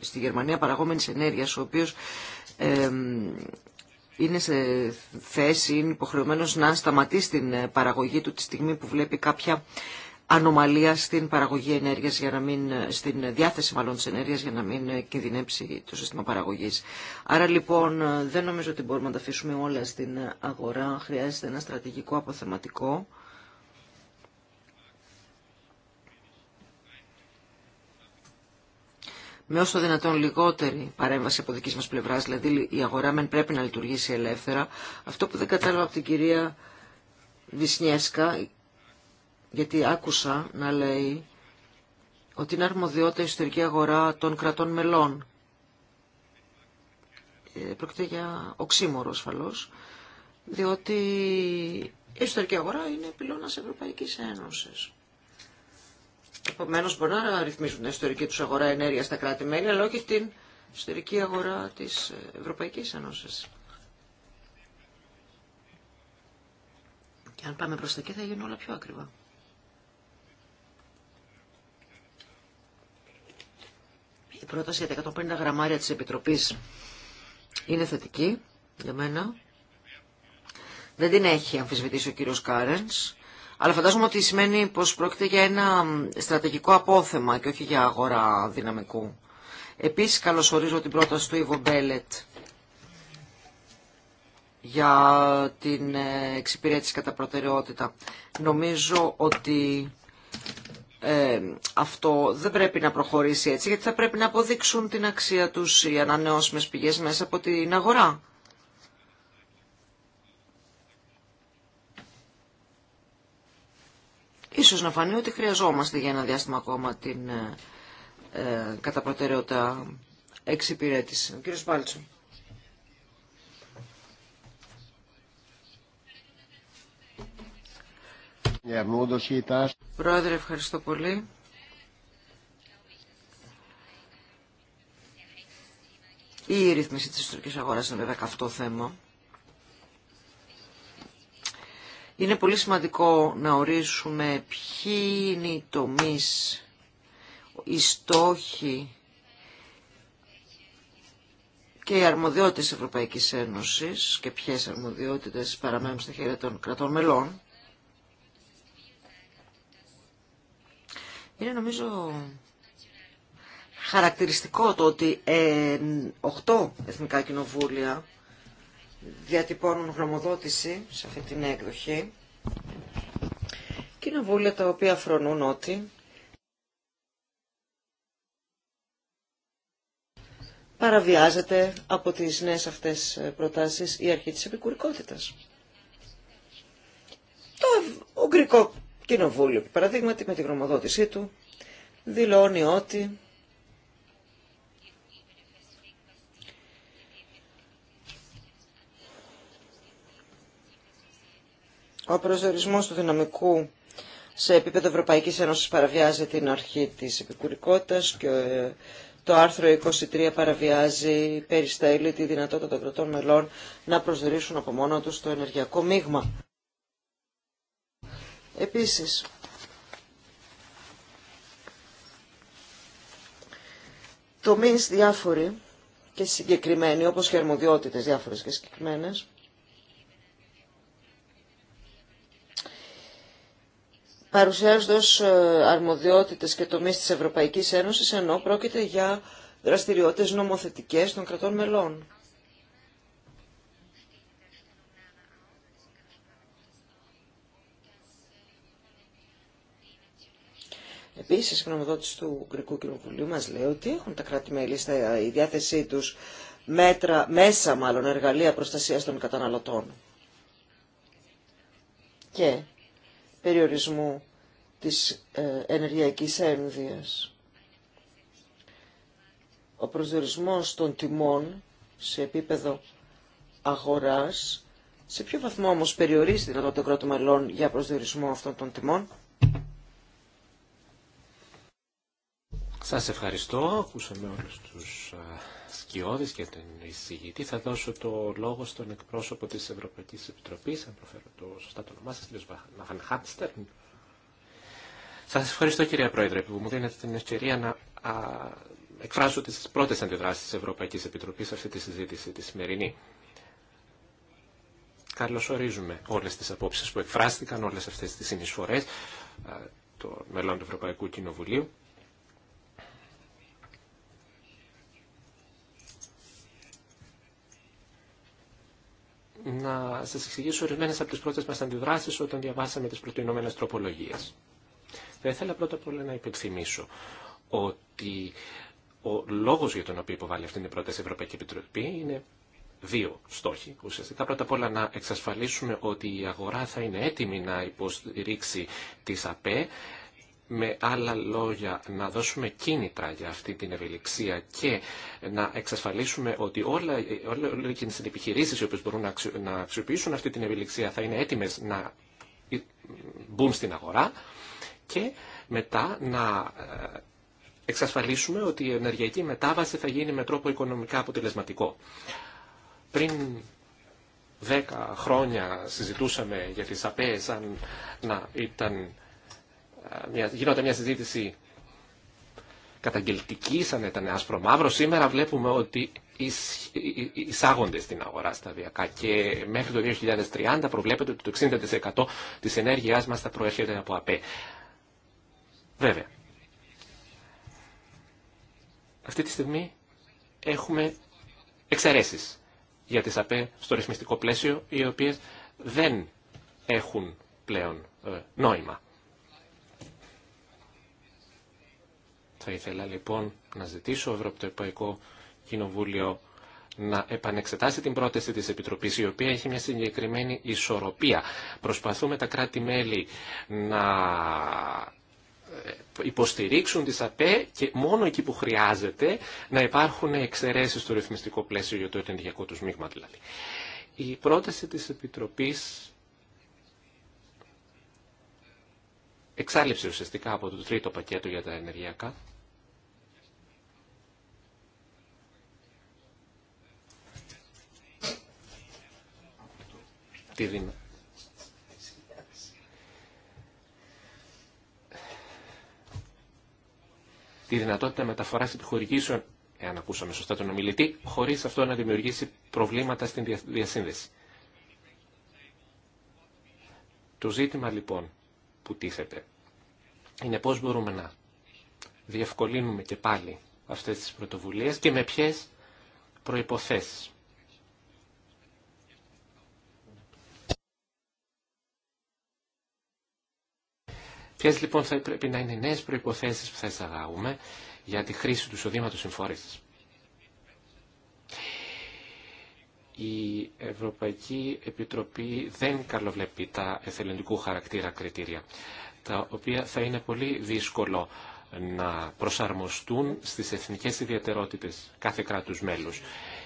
[SPEAKER 1] στη Γερμανία παραγόμενης ενέργειας, ο οποίος είναι σε θέση, είναι υποχρεωμένο να σταματήσει την ε, παραγωγή του τη στιγμή που βλέπει κάποια ανομαλία στην παραγωγή ενέργειας για να μην, ε, στην διάθεση μάλλον της ενέργειας για να μην ε, κινδυνέψει το σύστημα παραγωγής. Άρα λοιπόν δεν νομίζω ότι μπορούμε να τα αφήσουμε όλα στην αγορά. Χρειάζεται ένα στρατηγικό αποθεματικό με όσο δυνατόν λιγότερη παρέμβαση από δική μας πλευράς, δηλαδή η αγορά μεν πρέπει να λειτουργήσει ελεύθερα. Αυτό που δεν κατάλαβα από την κυρία Βυσνιέσκα, γιατί άκουσα να λέει ότι είναι αρμοδιότητα η ιστορική αγορά των κρατών μελών. Ε, πρόκειται για οξύμορο ασφαλώ, διότι η ιστορική αγορά είναι πυλώνας Ευρωπαϊκή Ένωση. Επομένω, μπορεί να ρυθμίζουν την ιστορική του αγορά ενέργειας στα κράτη-μέλη, αλλά όχι την ιστορική αγορά της Ευρωπαϊκής Ένωση. Και αν πάμε προς τα εκεί θα γίνουν όλα πιο ακριβά. Η πρόταση για τα 150 γραμμάρια της Επιτροπής είναι θετική για μένα. Δεν την έχει αμφισβητήσει ο κύριος Κάρενς. Αλλά φαντάζομαι ότι σημαίνει πως πρόκειται για ένα στρατηγικό απόθεμα και όχι για αγορά δυναμικού. Επίσης καλωσορίζω την πρόταση του Ιβο Μπέλετ για την ε, εξυπηρέτηση κατά προτεραιότητα. Νομίζω ότι ε, αυτό δεν πρέπει να προχωρήσει έτσι, γιατί θα πρέπει να αποδείξουν την αξία τους οι ανανεώσιμες πηγές μέσα από την αγορά. Ίσως να φανεί ότι χρειαζόμαστε για ένα διάστημα ακόμα την ε, ε κατά προτεραιότητα εξυπηρέτηση. Ο κύριος Πάλτσο. Πρόεδρε, ευχαριστώ πολύ. Η ρύθμιση της τουρκικής αγοράς είναι βέβαια καυτό θέμα. Είναι πολύ σημαντικό να ορίσουμε ποιοι είναι οι τομείς, οι στόχοι και οι αρμοδιότητες της Ευρωπαϊκής Ένωσης και ποιες αρμοδιότητες παραμένουν στα χέρια των κρατών μελών. Είναι νομίζω χαρακτηριστικό το ότι 8 ε, εθνικά κοινοβούλια διατυπώνουν γνωμοδότηση σε αυτή την έκδοχη. Κοινοβούλια τα οποία φρονούν ότι παραβιάζεται από τις νέες αυτές προτάσεις η αρχή της επικουρικότητας. Το Ουγγρικό Κοινοβούλιο, παραδείγματι με τη γνωμοδότησή του, δηλώνει ότι Ο προσδιορισμός του δυναμικού σε επίπεδο Ευρωπαϊκής Ένωσης παραβιάζει την αρχή της επικουρικότητας και ε, το άρθρο 23 παραβιάζει, περιστέλει τη δυνατότητα των κρατών μελών να προσδιορίσουν από μόνο τους το ενεργειακό μείγμα. Επίσης, τομείς διάφοροι και συγκεκριμένοι, όπως και αρμοδιότητες διάφορες και συγκεκριμένες, παρουσιάζοντας ε, αρμοδιότητες και τομείς της Ευρωπαϊκής Ένωσης, ενώ πρόκειται για δραστηριότητες νομοθετικές των κρατών μελών. Επίση, η γνωμοδότηση του Γκρικού Κοινοβουλίου μα λέει ότι έχουν τα κράτη-μέλη στα ε, διάθεσή του μέτρα, μέσα μάλλον εργαλεία προστασία των καταναλωτών. Και περιορισμού της ε, ενεργειακής ένδυας. Ο προσδιορισμός των τιμών σε επίπεδο αγοράς, σε ποιο βαθμό όμως περιορίζει δηλαδή το μελών για προσδιορισμό αυτών των τιμών.
[SPEAKER 2] Σας ευχαριστώ. Ακούσαμε όλους τους ε, σκιώδης και τον εισηγητή. Θα δώσω το λόγο στον εκπρόσωπο της Ευρωπαϊκής Επιτροπής, αν προφέρω το σωστά το όνομά σας, κύριος Βαχανχάμστερν. Σας ευχαριστώ κυρία Πρόεδρε που μου δίνετε την ευκαιρία να εκφράσω τις πρώτες αντιδράσεις της Ευρωπαϊκής Επιτροπής σε αυτή τη συζήτηση τη σημερινή. Καλωσορίζουμε ορίζουμε όλες τις απόψεις που εκφράστηκαν, όλες αυτές τις συνεισφορές των μελών του Ευρωπαϊκού Κοινοβουλίου να σας εξηγήσω ορισμένε από τις πρώτες μας αντιδράσεις όταν διαβάσαμε τις προτινόμενε τροπολογίες. Θα ήθελα πρώτα απ' όλα να υπενθυμίσω ότι ο λόγος για τον οποίο υποβάλλει αυτήν την πρόταση η Ευρωπαϊκή Επιτροπή είναι δύο στόχοι ουσιαστικά. Πρώτα απ' όλα να εξασφαλίσουμε ότι η αγορά θα είναι έτοιμη να υποστηρίξει τις ΑΠΕ με άλλα λόγια να δώσουμε κίνητρα για αυτή την ευελιξία και να εξασφαλίσουμε ότι όλα, όλα, όλα και επιχειρήσεις οι μπορούν να, αξιοποιήσουν αυτή την ευελιξία θα είναι έτοιμες να μπουν στην αγορά και μετά να ε, εξασφαλίσουμε ότι η ενεργειακή μετάβαση θα γίνει με τρόπο οικονομικά αποτελεσματικό. Πριν δέκα χρόνια συζητούσαμε για τις ΑΠΕ σαν να ήταν μια, γινόταν μια συζήτηση καταγγελτική, σαν ήταν άσπρο μαύρο. Σήμερα βλέπουμε ότι εισάγονται στην αγορά σταδιακά και μέχρι το 2030 προβλέπεται ότι το 60% της ενέργειάς μας θα προέρχεται από ΑΠΕ. Βέβαια. Αυτή τη στιγμή έχουμε εξαιρέσεις για τις ΑΠΕ στο ρυθμιστικό πλαίσιο, οι οποίες δεν έχουν πλέον ε, νόημα. Θα ήθελα λοιπόν να ζητήσω το Ευρωπαϊκό Κοινοβούλιο να επανεξετάσει την πρόταση της Επιτροπής, η οποία έχει μια συγκεκριμένη ισορροπία. Προσπαθούμε τα κράτη-μέλη να ε, υποστηρίξουν τις ΑΠΕ και μόνο εκεί που χρειάζεται να υπάρχουν εξαιρέσεις στο ρυθμιστικό πλαίσιο για το ενδιακό του μείγμα δηλαδή. Η πρόταση της Επιτροπής εξάλληψε ουσιαστικά από το τρίτο πακέτο για τα ενεργειακά πυρήνα. Τη δυνατότητα μεταφοράς επιχορηγήσεων, εάν ακούσαμε σωστά τον ομιλητή, χωρίς αυτό να δημιουργήσει προβλήματα στην διασύνδεση. Το ζήτημα λοιπόν που τίθεται είναι πώς μπορούμε να διευκολύνουμε και πάλι αυτές τις πρωτοβουλίες και με ποιες προϋποθέσεις. Ποιες λοιπόν θα πρέπει να είναι οι νέες προϋποθέσεις που θα εισαγάγουμε για τη χρήση του εισοδήματος συμφόρησης. Η Ευρωπαϊκή Επιτροπή δεν καλοβλέπει τα εθελοντικού χαρακτήρα κριτήρια, τα οποία θα είναι πολύ δύσκολο να προσαρμοστούν στις εθνικές ιδιαιτερότητες κάθε κράτους μέλους.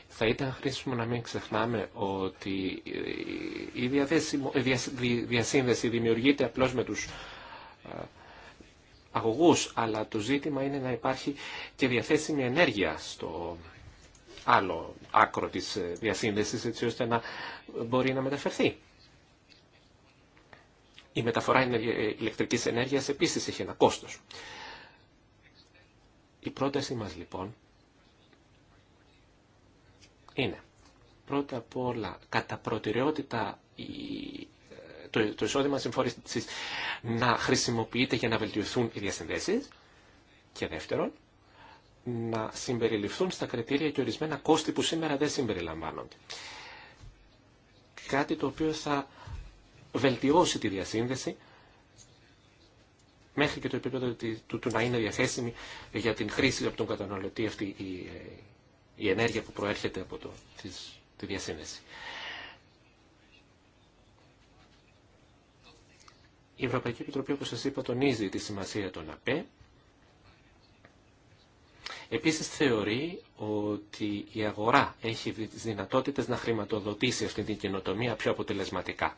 [SPEAKER 2] Θα ήταν χρήσιμο να μην ξεχνάμε ότι η διασύνδεση δημιουργείται απλώς με τους ε, αγωγούς, αλλά το ζήτημα είναι να υπάρχει και διαθέσιμη ενέργεια στο άλλο άκρο της ε, διασύνδεσης, έτσι ώστε να μπορεί να μεταφερθεί. Η μεταφορά ε, ηλεκτρικής ενέργειας επίσης έχει ένα κόστος. Η πρότασή μας λοιπόν είναι πρώτα απ' όλα κατά προτεραιότητα η το, το εισόδημα συμφόρηση να χρησιμοποιείται για να βελτιωθούν οι διασυνδέσεις και δεύτερον, να συμπεριληφθούν στα κριτήρια και ορισμένα κόστη που σήμερα δεν συμπεριλαμβάνονται. Κάτι το οποίο θα βελτιώσει τη διασύνδεση μέχρι και το επίπεδο του, του να είναι διαθέσιμη για την χρήση από τον καταναλωτή αυτή η, ενέργεια που προέρχεται από της, τη διασύνδεση. Η Ευρωπαϊκή Επιτροπή, όπως σας είπα, τονίζει τη σημασία των ΑΠΕ. Επίσης θεωρεί ότι η αγορά έχει τις δυνατότητες να χρηματοδοτήσει αυτή την κοινοτομία πιο αποτελεσματικά.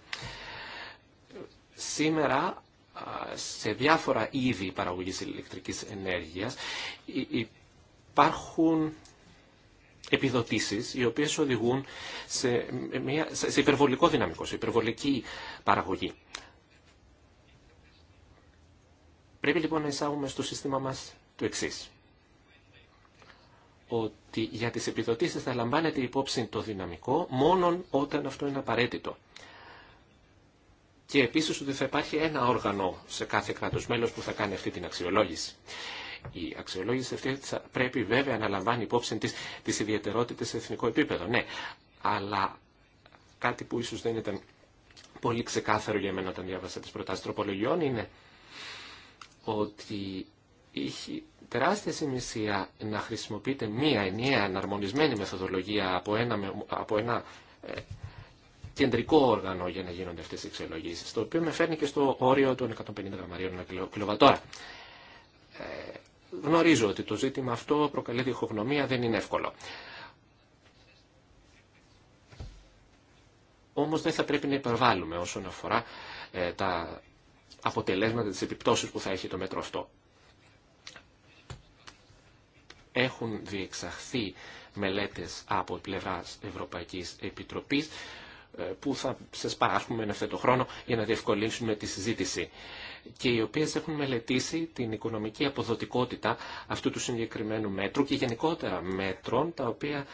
[SPEAKER 2] Σήμερα σε διάφορα είδη παραγωγής ηλεκτρικής ενέργειας υπάρχουν επιδοτήσεις οι οποίες οδηγούν σε, μια, σε υπερβολικό δυναμικό, σε υπερβολική παραγωγή. Πρέπει λοιπόν να εισάγουμε στο σύστημα μας το εξή. Ότι για τις επιδοτήσεις θα λαμβάνεται υπόψη το δυναμικό μόνον όταν αυτό είναι απαραίτητο. Και επίσης ότι θα υπάρχει ένα όργανο σε κάθε κράτος μέλος που θα κάνει αυτή την αξιολόγηση. Η αξιολόγηση αυτή πρέπει βέβαια να λαμβάνει υπόψη της, τις σε εθνικό επίπεδο, ναι. Αλλά κάτι που ίσως δεν ήταν πολύ ξεκάθαρο για μένα όταν διάβασα τις προτάσεις τροπολογιών είναι ότι είχε τεράστια σημασία να χρησιμοποιείται μία ενιαία αναρμονισμένη μεθοδολογία από ένα, από ένα ε, κεντρικό όργανο για να γίνονται αυτές οι εξελογήσεις, το οποίο με φέρνει και στο όριο των 150 γραμμαρίων ένα κιλοβατόρα. Ε, γνωρίζω ότι το ζήτημα αυτό προκαλεί διχογνωμία, δεν είναι εύκολο. Όμως δεν θα πρέπει να υπερβάλλουμε όσον αφορά ε, τα αποτελέσματα, τις επιπτώσεις που θα έχει το μέτρο αυτό. Έχουν διεξαχθεί μελέτες από πλευράς Ευρωπαϊκής Επιτροπής ε, που θα σας παράσχουμε ένα αυτό το χρόνο για να διευκολύνσουμε τη συζήτηση και οι οποίες έχουν μελετήσει την οικονομική αποδοτικότητα αυτού του συγκεκριμένου μέτρου και γενικότερα μέτρων τα οποία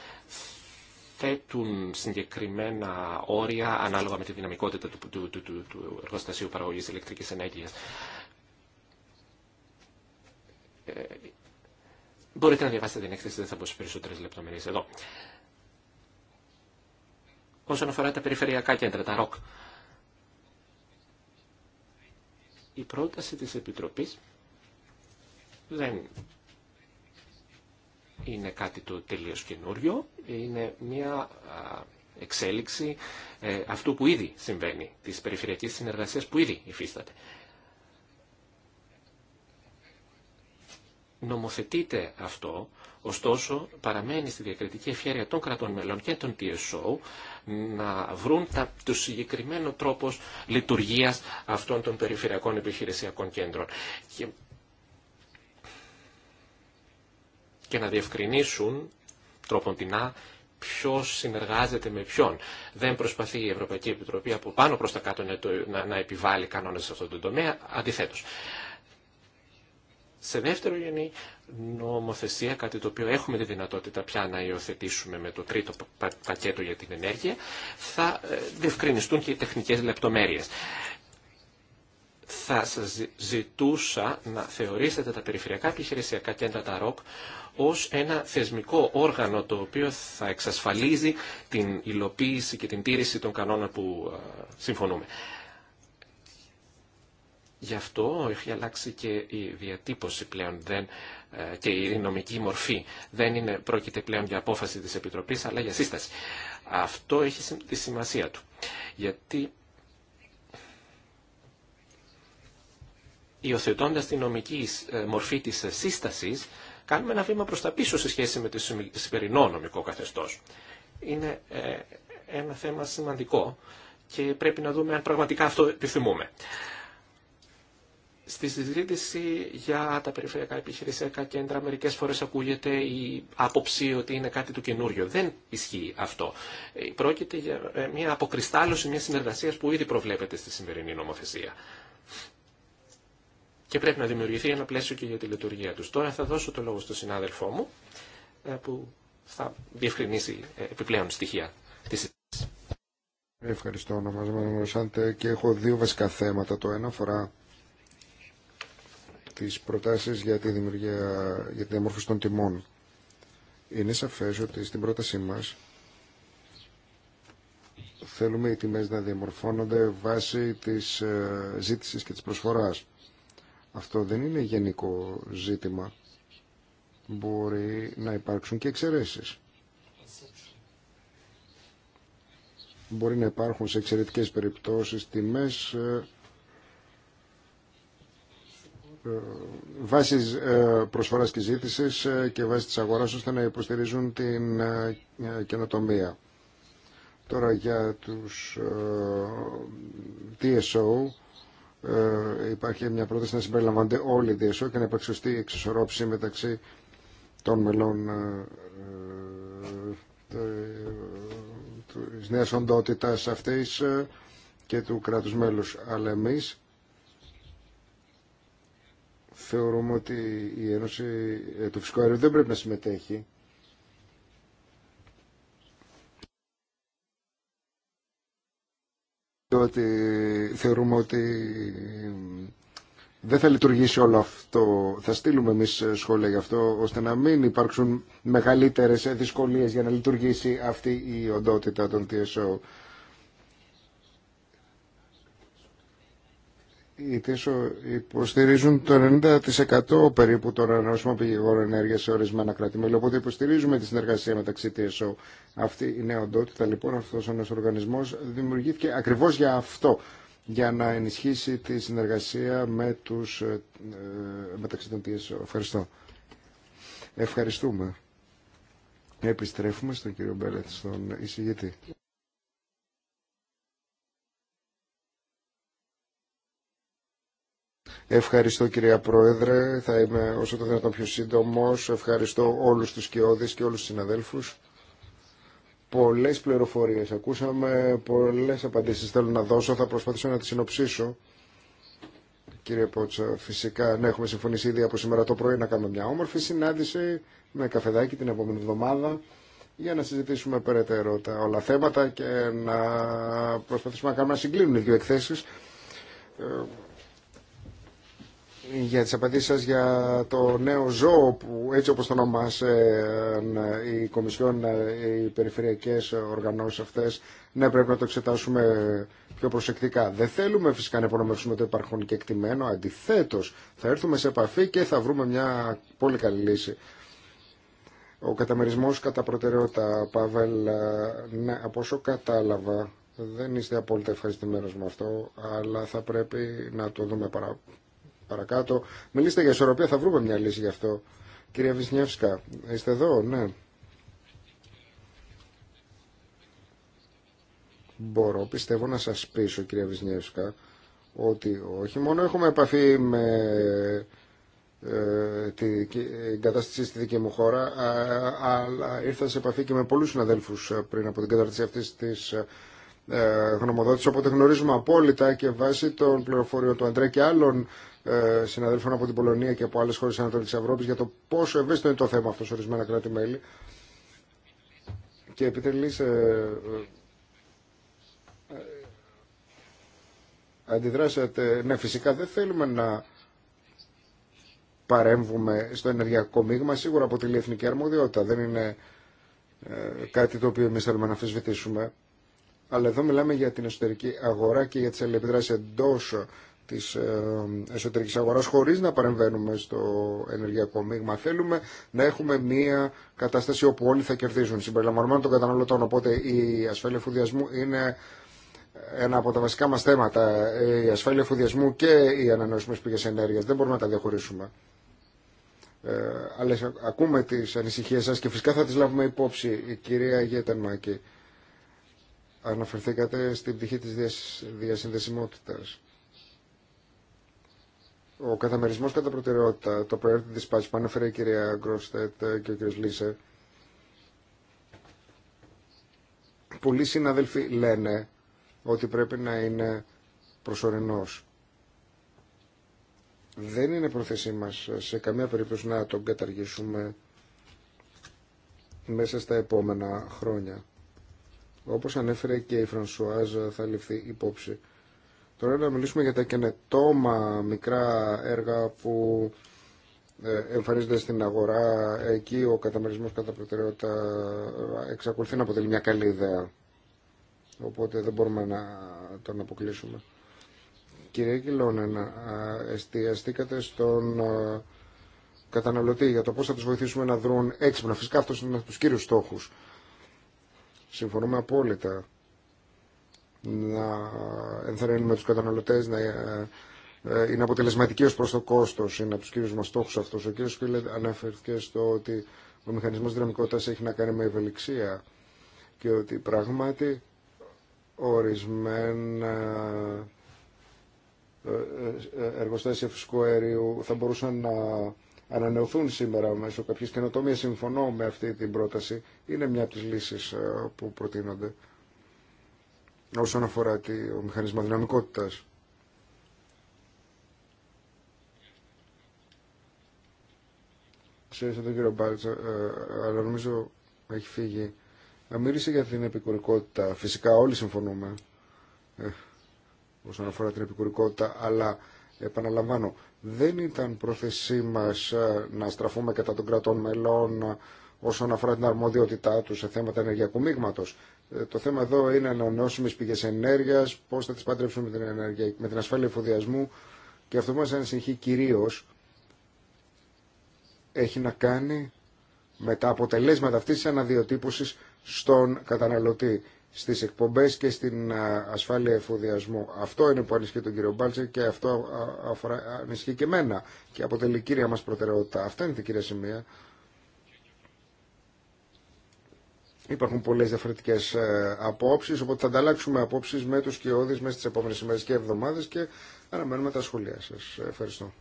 [SPEAKER 2] θέτουν συγκεκριμένα όρια ανάλογα με τη δυναμικότητα του, του, του, του, του εργοστασίου παραγωγής ηλεκτρικής ενέργειας. Ε, μπορείτε να διαβάσετε την έκθεση, δεν θα πω σε περισσότερες λεπτομέρειες εδώ. Όσον αφορά τα περιφερειακά κέντρα, τα ΡΟΚ, η πρόταση της Επιτροπής δεν είναι κάτι το τελείως καινούριο, είναι μια εξέλιξη ε, αυτού που ήδη συμβαίνει, της περιφερειακής συνεργασίας που ήδη υφίσταται. Νομοθετείται αυτό, ωστόσο παραμένει στη διακριτική ευχαίρεια των κρατών μελών και των TSO να βρουν τα, το συγκεκριμένο τρόπο λειτουργίας αυτών των περιφερειακών επιχειρησιακών κέντρων. και να διευκρινίσουν τροποντινά ποιο συνεργάζεται με ποιον. Δεν προσπαθεί η Ευρωπαϊκή Επιτροπή από πάνω προ τα κάτω να επιβάλλει κανόνε σε αυτόν τον τομέα. Αντιθέτω. Σε δεύτερο γενή νομοθεσία, κάτι το οποίο έχουμε τη δυνατότητα πια να υιοθετήσουμε με το τρίτο πακέτο για την ενέργεια, θα ε, διευκρινιστούν και οι τεχνικές λεπτομέρειες θα σας ζητούσα να θεωρήσετε τα περιφερειακά επιχειρησιακά κέντρα τα ΡΟΚ ως ένα θεσμικό όργανο το οποίο θα εξασφαλίζει την υλοποίηση και την τήρηση των κανόνων που συμφωνούμε. Γι' αυτό έχει αλλάξει και η διατύπωση πλέον δεν, ε, και η νομική μορφή. Δεν είναι, πρόκειται πλέον για απόφαση της Επιτροπής αλλά για σύσταση. Αυτό έχει τη σημασία του. Γιατί υιοθετώντα την νομική ε, μορφή τη ε, σύσταση κάνουμε ένα βήμα προ τα πίσω σε σχέση με το σημερινό νομικό καθεστώς. Είναι ε, ένα θέμα σημαντικό και πρέπει να δούμε αν πραγματικά αυτό επιθυμούμε. Στη συζήτηση για τα περιφερειακά επιχειρησιακά κέντρα μερικές φορές ακούγεται η άποψη ότι είναι κάτι του καινούριο. Δεν ισχύει αυτό. Πρόκειται για μια αποκριστάλλωση μια συνεργασίας που ήδη προβλέπεται στη σημερινή νομοθεσία και πρέπει να δημιουργηθεί ένα πλαίσιο και για τη λειτουργία τους. Τώρα θα δώσω το λόγο στον συνάδελφό μου ε, που θα διευκρινίσει ε, επιπλέον στοιχεία
[SPEAKER 3] της Ευχαριστώ. Ονομάζομαι ρωσάντε και έχω δύο βασικά θέματα. Το ένα αφορά τις προτάσεις για τη δημιουργία, για τη διαμόρφωση των τιμών. Είναι σαφές ότι στην πρότασή μας θέλουμε οι τιμές να διαμορφώνονται βάσει της ε, ζήτησης και της προσφοράς. Αυτό δεν είναι γενικό ζήτημα. Μπορεί να υπάρξουν και εξαιρέσει. Μπορεί να υπάρχουν σε εξαιρετικές περιπτώσεις τιμές ε, ε, βάσει ε, προσφορά και ζήτηση και βάσει τη αγορά ώστε να υποστηρίζουν την καινοτομία. Τώρα για τους TSO ε, υπάρχει μια πρόταση να συμπεριλαμβάνεται όλη η ΔΕΣΟ και να υπάρξει σωστή μεταξύ των μελών ε, ε της νέας οντότητας αυτής ε, και του κράτους μέλους. Αλλά εμείς θεωρούμε ότι η Ένωση του Φυσικού Αερίου δεν πρέπει να συμμετέχει ότι θεωρούμε ότι δεν θα λειτουργήσει όλο αυτό. Θα στείλουμε εμεί σχόλια γι' αυτό, ώστε να μην υπάρξουν μεγαλύτερε δυσκολίε για να λειτουργήσει αυτή η οντότητα των TSO. οι TSO υποστηρίζουν το 90% περίπου των ανανεώσιμων πηγών ενέργεια σε ορισμένα κράτη-μέλη. Οπότε υποστηρίζουμε τη συνεργασία μεταξύ TSO. Αυτή η νέα οντότητα, λοιπόν, αυτό ο νέο οργανισμό δημιουργήθηκε ακριβώ για αυτό. Για να ενισχύσει τη συνεργασία με τους, ε, μεταξύ των TSO. Ευχαριστώ. Ευχαριστούμε. Επιστρέφουμε στον κύριο Μπέλετ, στον εισηγητή. Ευχαριστώ κυρία Πρόεδρε, θα είμαι όσο το δυνατόν πιο σύντομος. Ευχαριστώ όλους τους κοιόδης και όλους τους συναδέλφους. Πολλές πληροφορίες ακούσαμε, πολλές απαντήσεις θέλω να δώσω, θα προσπαθήσω να τις συνοψίσω. Κύριε Πότσα, φυσικά ναι, έχουμε συμφωνήσει ήδη από σήμερα το πρωί να κάνουμε μια όμορφη συνάντηση με καφεδάκι την επόμενη εβδομάδα για να συζητήσουμε περαιτέρω τα όλα θέματα και να προσπαθήσουμε να κάνουμε να συγκλίνουν οι δύο εκθέσεις. Ε, για τις απαντήσεις σας για το νέο ζώο που έτσι όπως το ονομάσαν ε, οι Κομισιόν, ε, οι περιφερειακές οργανώσεις αυτές, ναι πρέπει να το εξετάσουμε πιο προσεκτικά. Δεν θέλουμε φυσικά να υπονομεύσουμε το υπάρχον και εκτιμένο, αντιθέτως θα έρθουμε σε επαφή και θα βρούμε μια πολύ καλή λύση. Ο καταμερισμός κατά προτεραιότητα, Παύελ, ε, ναι, από όσο κατάλαβα, δεν είστε απόλυτα ευχαριστημένος με αυτό, αλλά θα πρέπει να το δούμε παρα παρακάτω. Μιλήστε για ισορροπία, θα βρούμε μια λύση γι' αυτό. Κυρία Βυσνιεύσκα, είστε εδώ, ναι. Μπορώ, πιστεύω να σας πείσω, κυρία Βυσνιεύσκα, ότι όχι μόνο έχουμε επαφή με ε, την κατάσταση στη δική μου χώρα αλλά ήρθα σε επαφή και με πολλούς συναδέλφους ε, πριν από την κατάρτιση αυτής της ε, γνωμοδότησης οπότε γνωρίζουμε απόλυτα και βάσει των πληροφοριών του Αντρέ και άλλων ε, συναδέλφων από την Πολωνία και από άλλε χώρε τη Ανατολική Ευρώπη για το πόσο ευαίσθητο είναι το θέμα αυτό σε ορισμένα κράτη-μέλη. Και επιτελεί. Ε, ε, αντιδράσατε. Ναι, φυσικά δεν θέλουμε να παρέμβουμε στο ενεργειακό μείγμα. Σίγουρα από τη εθνική αρμοδιότητα. Δεν είναι κάτι το οποίο εμεί θέλουμε να αφισβητήσουμε. Αλλά εδώ μιλάμε για την εσωτερική αγορά και για τι αλληλεπιδράσει εντό της ε, εσωτερικής αγοράς χωρίς να παρεμβαίνουμε στο ενεργειακό μείγμα. Θέλουμε να έχουμε μια κατάσταση όπου όλοι θα κερδίζουν συμπεριλαμβανομένων των καταναλωτών. Οπότε η ασφάλεια εφοδιασμού είναι ένα από τα βασικά μας θέματα. Ε, η ασφάλεια εφοδιασμού και οι ανανεώσιμες πηγές ενέργειας. Δεν μπορούμε να τα διαχωρίσουμε. Ε, αλλά ακούμε τις ανησυχίες σας και φυσικά θα τις λάβουμε υπόψη η κυρία Γέτεν Μάκη. Αναφερθήκατε στην πτυχή της διασυνδεσιμότητας. Ο καθαμερισμός κατά προτεραιότητα, το priority dispatch που ανέφερε η κυρία Γκροστέτ ε, και ο κύριος Λίσερ, πολλοί συναδελφοί λένε ότι πρέπει να είναι προσωρινό. Δεν είναι πρόθεσή μα σε καμία περίπτωση να τον καταργήσουμε μέσα στα επόμενα χρόνια. Όπως ανέφερε και η Φρανσουάζ θα ληφθεί υπόψη Τώρα να μιλήσουμε για τα καινετόμα μικρά έργα που ε, εμφανίζονται στην αγορά. Εκεί ο καταμερισμός κατά προτεραιότητα ε, εξακολουθεί να αποτελεί μια καλή ιδέα. Οπότε δεν μπορούμε να τον αποκλείσουμε. Κύριε Κιλώνεν, ε, εστιαστήκατε στον καταναλωτή για το πώς θα τους βοηθήσουμε να δρουν έξυπνα. Φυσικά αυτός είναι από τους κύριους στόχους. Συμφωνούμε απόλυτα να ενθαρρύνουμε τους καταναλωτές να ε, ε, είναι αποτελεσματικοί ως προς το κόστος, είναι από τους κύριους μας στόχους αυτός. Ο κύριος αναφέρθηκε στο ότι ο μηχανισμός δυναμικότητας έχει να κάνει με ευελιξία και ότι πράγματι ορισμένα ε, εργοστάσια φυσικού αερίου θα μπορούσαν να ανανεωθούν σήμερα μέσω κάποιες καινοτόμια. Συμφωνώ με αυτή την πρόταση. Είναι μια από τις λύσεις που προτείνονται όσον αφορά το μηχανισμό δυναμικότητας. Ξέρεις τον κύριο Μπάλτσα, ε, αλλά νομίζω έχει φύγει. Μίλησε για την επικουρικότητα. Φυσικά όλοι συμφωνούμε ε, όσον αφορά την επικουρικότητα, αλλά επαναλαμβάνω, δεν ήταν πρόθεσή μας ε, να στραφούμε κατά των κρατών μελών ε, όσον αφορά την αρμοδιότητά τους σε θέματα ενεργειακού μείγματος. Ε, το θέμα εδώ είναι ανανεώσιμε πηγέ ενέργεια, πώ θα τι παντρέψουμε με την, ενέργεια, με την ασφάλεια εφοδιασμού και αυτό που μα ανησυχεί κυρίω έχει να κάνει με τα αποτελέσματα αυτή τη αναδιοτύπωση στον καταναλωτή, στι εκπομπέ και στην ασφάλεια εφοδιασμού. Αυτό είναι που ανησυχεί τον κύριο Μπάλτσε και αυτό ανησυχεί και εμένα και αποτελεί κύρια μα προτεραιότητα. Αυτά είναι τα κύρια σημεία Υπάρχουν πολλέ διαφορετικέ ε, απόψει, οπότε θα ανταλλάξουμε απόψει με του κοιόδη μέσα στι επόμενε ημέρε και εβδομάδε και αναμένουμε τα σχολεία σα. Ευχαριστώ.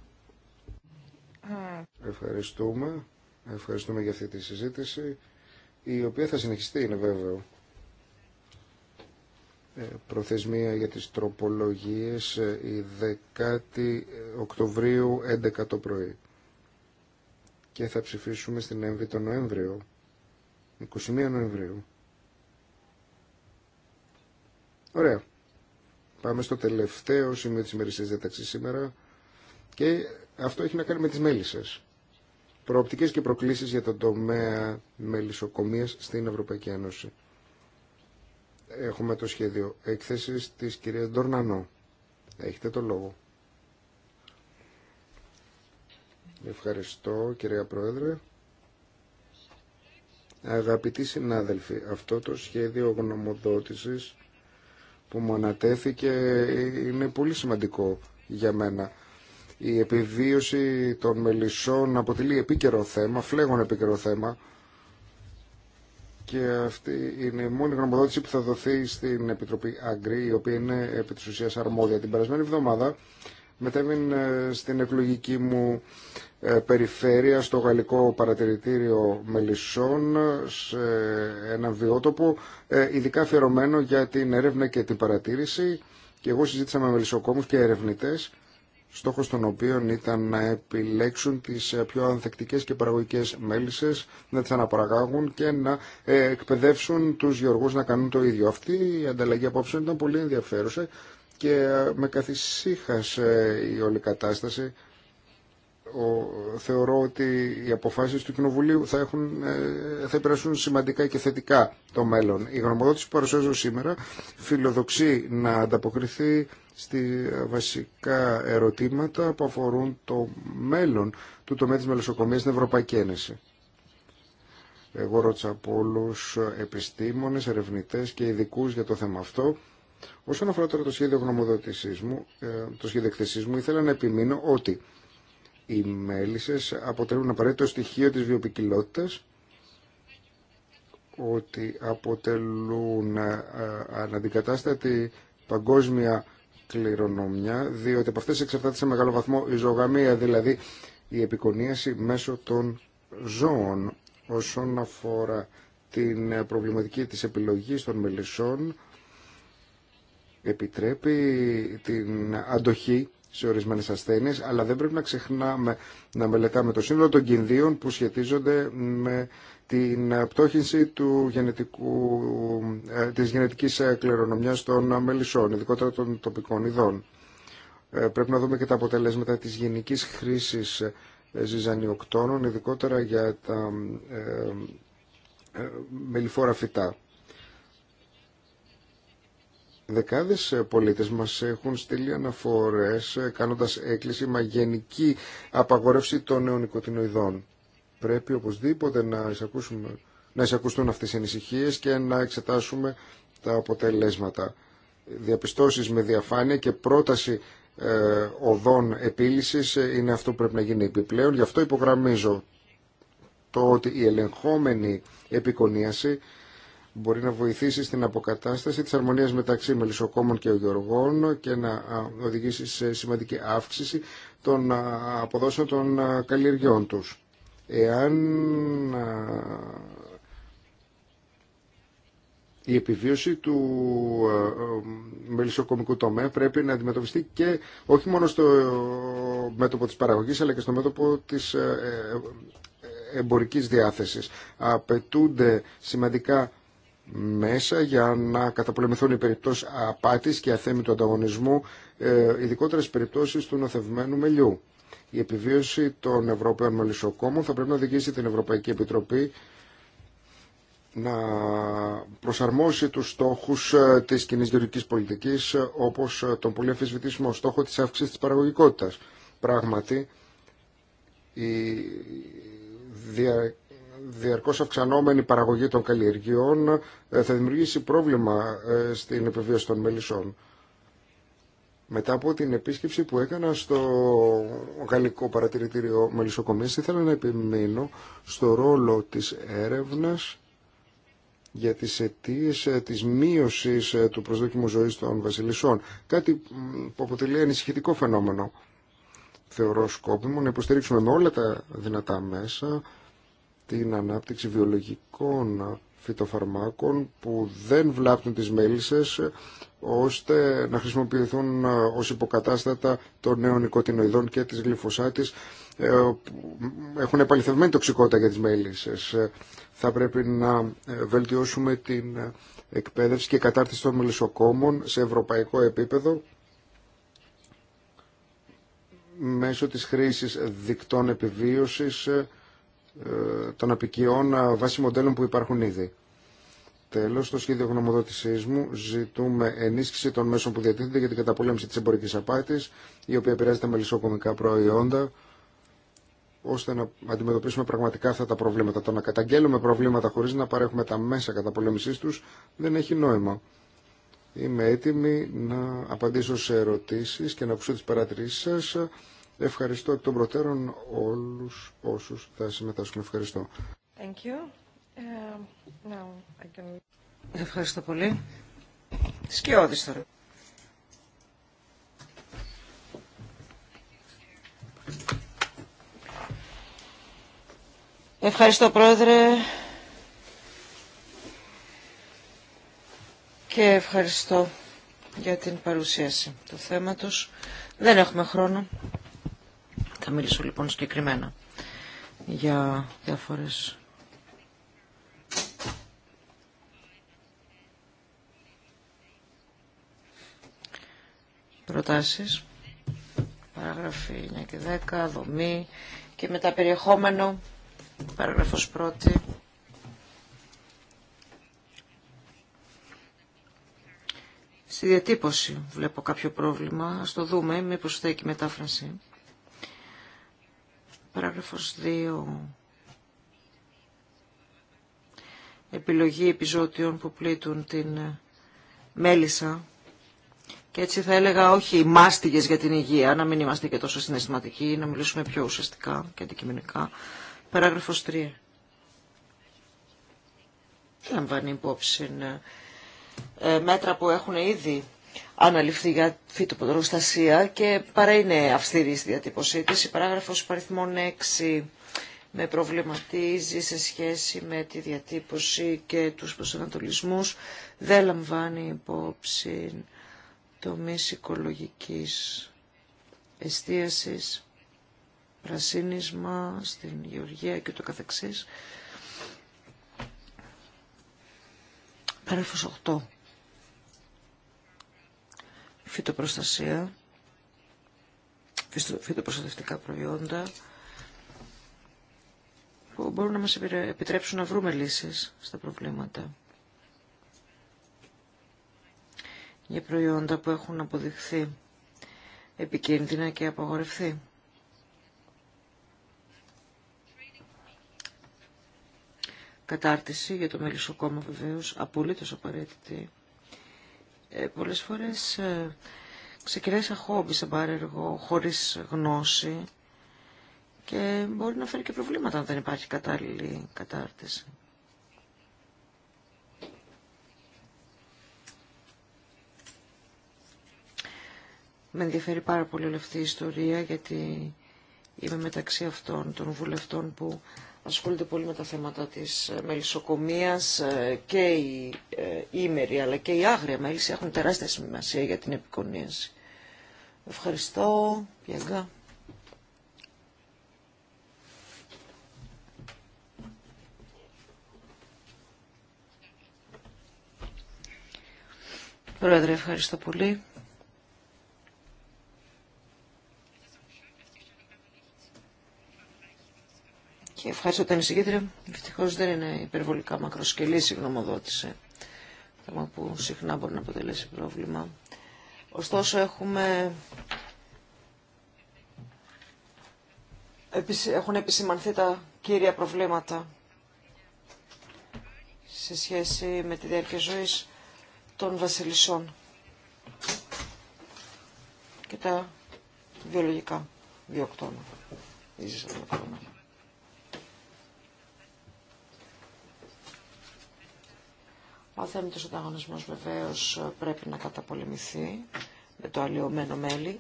[SPEAKER 3] Ε. Ευχαριστούμε. Ευχαριστούμε για αυτή τη συζήτηση, η οποία θα συνεχιστεί, είναι βέβαιο. Ε, προθεσμία για τις τροπολογίες η 10η Οκτωβρίου 11 το πρωί. Και θα ψηφίσουμε στην ΕΜΒΗ τον Νοέμβριο. 21 Νοεμβρίου. Ωραία. Πάμε στο τελευταίο σημείο της ημερησίας διαταξής σήμερα και αυτό έχει να κάνει με τις μέλισσες. Προοπτικές και προκλήσεις για τον τομέα μελισσοκομείας στην Ευρωπαϊκή Ένωση. Έχουμε το σχέδιο έκθεσης της κυρίας Ντορνανό. Έχετε το λόγο. Ευχαριστώ κυρία Πρόεδρε. Αγαπητοί συνάδελφοι, αυτό το σχέδιο γνωμοδότησης που μου ανατέθηκε είναι πολύ σημαντικό για μένα. Η επιβίωση των μελισσών αποτελεί επίκαιρο θέμα, φλέγον επίκαιρο θέμα και αυτή είναι η μόνη γνωμοδότηση που θα δοθεί στην Επιτροπή Αγκρή, η οποία είναι επί της ουσίας αρμόδια. Την περασμένη εβδομάδα Μετέμεινε στην εκλογική μου ε, περιφέρεια στο γαλλικό παρατηρητήριο Μελισσών σε ένα βιότοπο ε, ειδικά αφιερωμένο για την έρευνα και την παρατήρηση και εγώ συζήτησα με μελισσοκόμους και ερευνητές στόχος των οποίων ήταν να επιλέξουν τις ε, πιο ανθεκτικές και παραγωγικές μέλισσες, να τις αναπαραγάγουν και να εκπαιδεύσουν τους γεωργούς να κάνουν το ίδιο. Αυτή η ανταλλαγή απόψε ήταν πολύ ενδιαφέρουσα και με καθυσίχασε η όλη κατάσταση. Ο, θεωρώ ότι οι αποφάσεις του Κοινοβουλίου θα, έχουν, ε, θα σημαντικά και θετικά το μέλλον. Η γνωμοδότηση που παρουσιάζω σήμερα φιλοδοξεί να ανταποκριθεί στη βασικά ερωτήματα που αφορούν το μέλλον του τομέα της μελοσοκομείας στην Ευρωπαϊκή Ένωση. Εγώ ρώτησα από όλους επιστήμονες, ερευνητές και ειδικού για το θέμα αυτό Όσον αφορά τώρα το σχέδιο γνωμοδότησής μου, ε, το σχέδιο εκθεσή μου, ήθελα να επιμείνω ότι οι μέλισσε αποτελούν απαραίτητο στοιχείο της βιοπικιλότητας, ότι αποτελούν ε, αναντικατάστατη παγκόσμια κληρονομιά, διότι από αυτές εξαρτάται σε μεγάλο βαθμό η ζωγαμία, δηλαδή η επικονίαση μέσω των ζώων όσον αφορά την προβληματική της επιλογής των μελισσών επιτρέπει την αντοχή σε ορισμένε ασθένειε, αλλά δεν πρέπει να ξεχνάμε να μελετάμε το σύνολο των κινδύων που σχετίζονται με την πτώχυνση του γενετικού, ε, της γενετικής ε, κληρονομιάς των ε, μελισσών, ειδικότερα των τοπικών ειδών. Πρέπει να δούμε και τα αποτελέσματα της γενικής χρήσης ζυζανιοκτώνων, ειδικότερα για τα μελιφόρα φυτά. Δεκάδες ε, πολίτες μας έχουν στείλει αναφορές ε, κάνοντας έκκληση μα γενική απαγορεύση των νεονικοτινοειδών. Πρέπει οπωσδήποτε να εισακούσουμε να εισακουστούν αυτές οι ανησυχίες και να εξετάσουμε τα αποτελέσματα. Διαπιστώσεις με διαφάνεια και πρόταση ε, οδών επίλυσης είναι αυτό που πρέπει να γίνει επιπλέον. Γι' αυτό υπογραμμίζω το ότι η ελεγχόμενη επικονίαση μπορεί να βοηθήσει στην αποκατάσταση της αρμονίας μεταξύ μελισσοκόμων και γεωργών και να οδηγήσει σε σημαντική αύξηση των αποδόσεων των καλλιεργιών τους. Εάν η επιβίωση του μελισσοκομικού τομέα πρέπει να αντιμετωπιστεί και όχι μόνο στο μέτωπο της παραγωγής αλλά και στο μέτωπο της ε, ε, εμπορικής διάθεσης. Απαιτούνται σημαντικά μέσα για να καταπολεμηθούν οι περιπτώσεις απάτης και του ανταγωνισμού, ε, ειδικότερα στις περιπτώσεις του νοθευμένου μελιού. Η επιβίωση των Ευρωπαίων μελισσοκόμων θα πρέπει να οδηγήσει την Ευρωπαϊκή Επιτροπή να προσαρμόσει τους στόχους ε, της κοινή γεωργικής πολιτικής ε, όπως τον πολύ αφισβητήσιμο στόχο της αύξησης της παραγωγικότητας. Πράγματι, η διαρκώς αυξανόμενη παραγωγή των καλλιεργειών ε, θα δημιουργήσει πρόβλημα ε, στην επιβίωση των μελισσών. Μετά από την επίσκεψη που έκανα στο Γαλλικό Παρατηρητήριο Μελισσοκομείας ήθελα να επιμείνω στο ρόλο της έρευνας για τις αιτίε ε, της μείωσης του προσδόκιμου ζωής των βασιλισσών. Κάτι που αποτελεί ανησυχητικό φαινόμενο. Θεωρώ σκόπιμο να υποστηρίξουμε με όλα τα δυνατά μέσα την ανάπτυξη βιολογικών φυτοφαρμάκων που δεν βλάπτουν τις μέλισσες ώστε να χρησιμοποιηθούν ως υποκατάστατα των νέων οικοτινοειδών και της ε, που έχουν επαληθευμένη τοξικότητα για τις μέλισσες. Θα πρέπει να βελτιώσουμε την εκπαίδευση και κατάρτιση των μελισσοκόμων σε ευρωπαϊκό επίπεδο μέσω της χρήσης δικτών επιβίωσης ε, των απικιών ε, βάσει μοντέλων που υπάρχουν ήδη. Τέλος, στο σχέδιο γνωμοδοτησή μου ζητούμε ενίσχυση των μέσων που διατίθενται για την καταπολέμηση της εμπορικής απάτης, η οποία επηρεάζεται με λισοκόμικά προϊόντα, ώστε να αντιμετωπίσουμε πραγματικά αυτά τα προβλήματα. Το να καταγγέλουμε προβλήματα χωρίς να παρέχουμε τα μέσα καταπολέμησής τους δεν έχει νόημα. Είμαι έτοιμη να απαντήσω σε ερωτήσεις και να ακούσω τι παρατηρήσεις σας. Ευχαριστώ εκ των προτέρων όλους όσους θα
[SPEAKER 1] συμμετάσχουν. Ευχαριστώ. Thank you. Uh, can... Ευχαριστώ πολύ. Σκιώδης τώρα. Ευχαριστώ Πρόεδρε και ευχαριστώ για την παρουσίαση του θέματος. Δεν έχουμε χρόνο θα μιλήσω λοιπόν συγκεκριμένα για διάφορες προτάσεις, παράγραφοι 9 και 10, δομή και μετά περιεχόμενο, παράγραφος πρώτη. Στη διατύπωση βλέπω κάποιο πρόβλημα, ας το δούμε, μήπως θα έχει μετάφραση. Παράγραφος 2. Επιλογή επιζώτιων που πλήττουν την ε, μέλισσα. Και έτσι θα έλεγα όχι μάστιγες για την υγεία, να μην είμαστε και τόσο συναισθηματικοί, να μιλήσουμε πιο ουσιαστικά και αντικειμενικά. Παράγραφος 3. Λαμβάνει υπόψη ε, ε, μέτρα που έχουν ήδη αναλυφθεί για φυτοπροστασία και παρά είναι αυστηρή στη διατύπωσή τη. Η παράγραφος παριθμών 6 με προβληματίζει σε σχέση με τη διατύπωση και τους προσανατολισμούς. Δεν λαμβάνει υπόψη μη οικολογικής εστίασης, πρασίνισμα στην γεωργία και το καθεξής. Παράγραφος 8 φυτοπροστασία, φυτοπροστατευτικά προϊόντα, που μπορούν να μας επιτρέψουν να βρούμε λύσεις στα προβλήματα. Για προϊόντα που έχουν αποδειχθεί επικίνδυνα και απαγορευθεί. Κατάρτιση για το μελισσοκόμμα βεβαίως, απολύτως απαραίτητη. Ε, πολλές φορές ε, ξεκινάει σαν χόμπι, σαν παρέργο, χωρίς γνώση και μπορεί να φέρει και προβλήματα αν δεν υπάρχει κατάλληλη κατάρτιση. Με ενδιαφέρει πάρα πολύ όλη αυτή η ιστορία γιατί είμαι μεταξύ αυτών των βουλευτών που ασχολούνται πολύ με τα θέματα της ε, μελισσοκομείας ε, και η ε, ήμερη αλλά και η άγρια μέλισσα έχουν τεράστια σημασία για την επικονίαση. Ευχαριστώ. Πιαγκά. Πρόεδρε, ευχαριστώ πολύ. Και ευχαριστώ την εισηγήτρια. Ευτυχώ δεν είναι υπερβολικά μακροσκελή η γνωμοδότηση. Θέμα που συχνά μπορεί να αποτελέσει πρόβλημα. Ωστόσο έχουμε έχουν επισημανθεί τα κύρια προβλήματα σε σχέση με τη διάρκεια ζωής των βασιλισσών και τα βιολογικά βιοκτώνα. Ο θέμητος ανταγωνισμός βεβαίως πρέπει να καταπολεμηθεί με το αλλοιωμένο μέλι.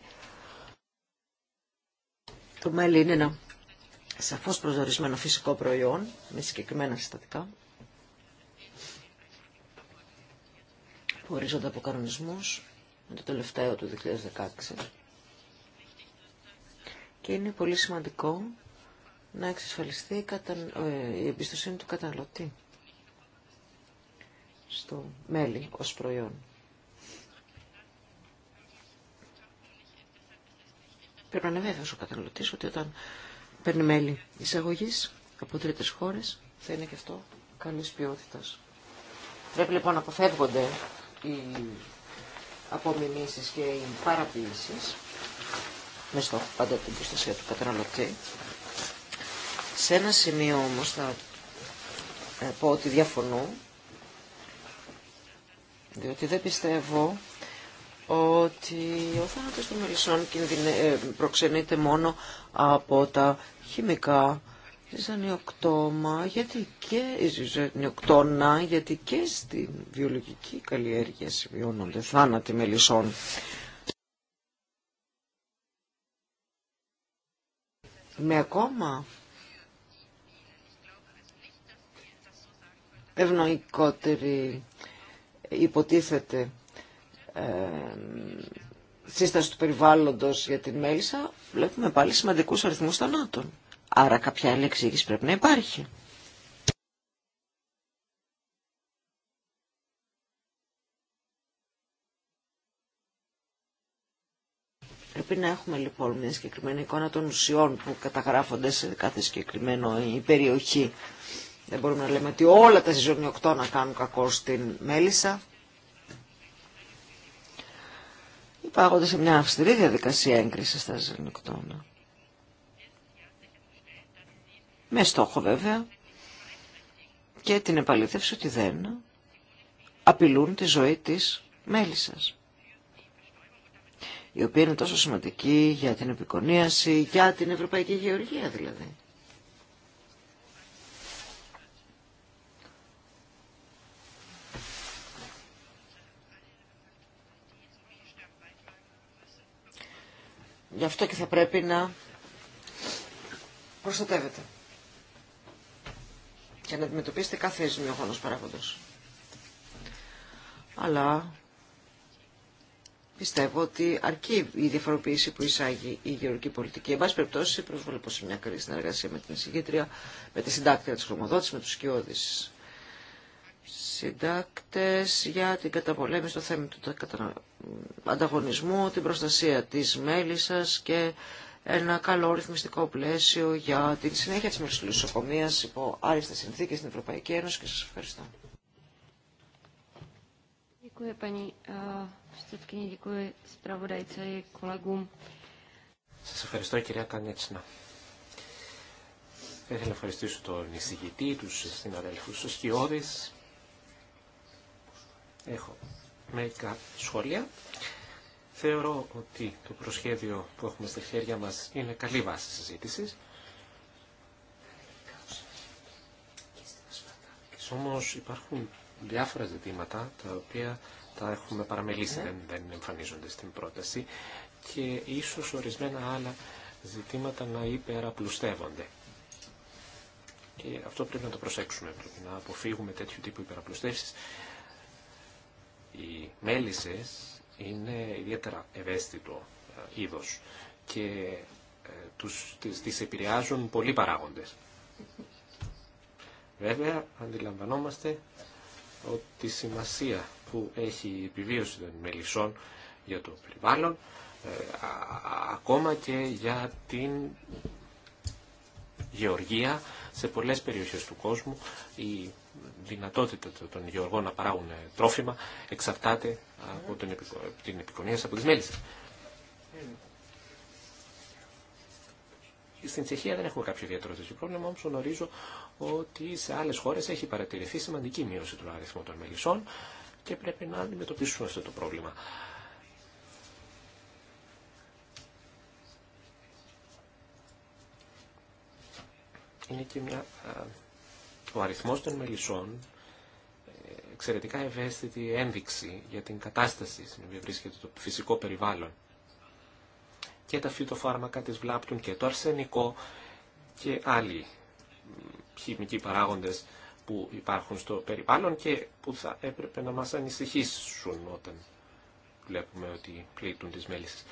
[SPEAKER 1] Το μέλι είναι ένα σαφώς προσδορισμένο φυσικό προϊόν με συγκεκριμένα συστατικά που ορίζονται από κανονισμούς με το τελευταίο του 2016 και είναι πολύ σημαντικό να εξασφαλιστεί η ε, εμπιστοσύνη του καταναλωτή στο μέλι ως προϊόν. Πρέπει να είναι ο καταναλωτή ότι όταν παίρνει μέλι εισαγωγή από τρίτε χώρες θα είναι και αυτό καλή ποιότητα. Πρέπει λοιπόν να αποφεύγονται οι απομιμήσει και οι παραποιήσει με στόχο πάντα την προστασία του καταναλωτή. Σε ένα σημείο όμω θα ε, πω ότι διαφωνώ διότι δεν πιστεύω ότι ο θάνατος των μελισσών ε, προξενείται μόνο από τα χημικά ζυζανιοκτώμα, γιατί και ζυζανιοκτώνα, γιατί και στην βιολογική καλλιέργεια συμβιώνονται θάνατοι μελισσών. Με ακόμα ευνοϊκότερη υποτίθεται ε, σύσταση του περιβάλλοντος για την Μέλισσα, βλέπουμε πάλι σημαντικούς αριθμούς θανάτων. Άρα κάποια άλλη εξήγηση πρέπει να υπάρχει. Πρέπει να έχουμε λοιπόν μια συγκεκριμένη εικόνα των ουσιών που καταγράφονται σε κάθε συγκεκριμένο περιοχή. Δεν μπορούμε να λέμε ότι όλα τα ζυζωνιοκτώνα κάνουν κακό στην μέλισσα. Υπάγονται σε μια αυστηρή διαδικασία έγκριση στα ζυζωνιοκτώνα. Με στόχο βέβαια και την επαλήθευση ότι δεν απειλούν τη ζωή της μέλισσας η οποία είναι τόσο σημαντική για την επικονίαση, για την ευρωπαϊκή γεωργία δηλαδή. Γι' αυτό και θα πρέπει να προστατεύετε και να αντιμετωπίσετε κάθε ζημιογόνος παράγοντος. Αλλά πιστεύω ότι αρκεί η διαφοροποίηση που εισάγει η γεωργική πολιτική. Εν πάση περιπτώσει, πω σε μια καλή συνεργασία με την συγκήτρια, με τη συντάκτρια της χρωμοδότης, με τους σκιώδης συντάκτες για την καταπολέμηση του θέμα του ανταγωνισμού, την προστασία της μέλισσας και ένα καλό ρυθμιστικό πλαίσιο για την συνέχεια της Μεσολοσοκομείας υπό άριστες συνθήκες στην Ευρωπαϊκή Ένωση και σας ευχαριστώ. Eh,
[SPEAKER 2] σας ευχαριστώ κυρία Κανέτσνα. Θα ήθελα να ευχαριστήσω τον εισηγητή, τους συναδέλφους, τους σκιώδης, έχω μερικά σχόλια. Θεωρώ ότι το προσχέδιο που έχουμε στα χέρια μας είναι καλή βάση συζήτησης. Όμως υπάρχουν διάφορα ζητήματα τα οποία τα έχουμε παραμελήσει, δεν, εμφανίζονται στην πρόταση και ίσως ορισμένα άλλα ζητήματα να υπεραπλουστεύονται. Και αυτό πρέπει να το προσέξουμε, πρέπει να αποφύγουμε τέτοιου τύπου υπεραπλουστεύσεις οι μέλισσες είναι ιδιαίτερα ευαίσθητο ε, είδος και ε, τους, τις, τις επηρεάζουν πολλοί παράγοντες. Βέβαια, αντιλαμβανόμαστε ότι τη σημασία που έχει η επιβίωση των μελισσών για το περιβάλλον, ε, ακόμα και για την γεωργία σε πολλές περιοχές του κόσμου, δυνατότητα των γεωργών να παράγουν ε, τρόφιμα εξαρτάται από την επικονίαση από τις μέλισσες. Στην Τσεχία δεν έχουμε κάποιο ιδιαίτερο τέτοιο πρόβλημα, όμω γνωρίζω ότι σε άλλε χώρε έχει παρατηρηθεί σημαντική μείωση του αριθμού των μελισσών και πρέπει να αντιμετωπίσουμε αυτό το πρόβλημα. Είναι και μια ο αριθμός των μελισσών ε, εξαιρετικά ευαίσθητη ένδειξη για την κατάσταση στην οποία βρίσκεται το φυσικό περιβάλλον. Και τα φυτοφάρμακα της βλάπτουν και το αρσενικό και άλλοι χημικοί παράγοντες που υπάρχουν στο περιβάλλον και που θα έπρεπε να μας ανησυχήσουν όταν βλέπουμε ότι πλήττουν τις μέλισσες.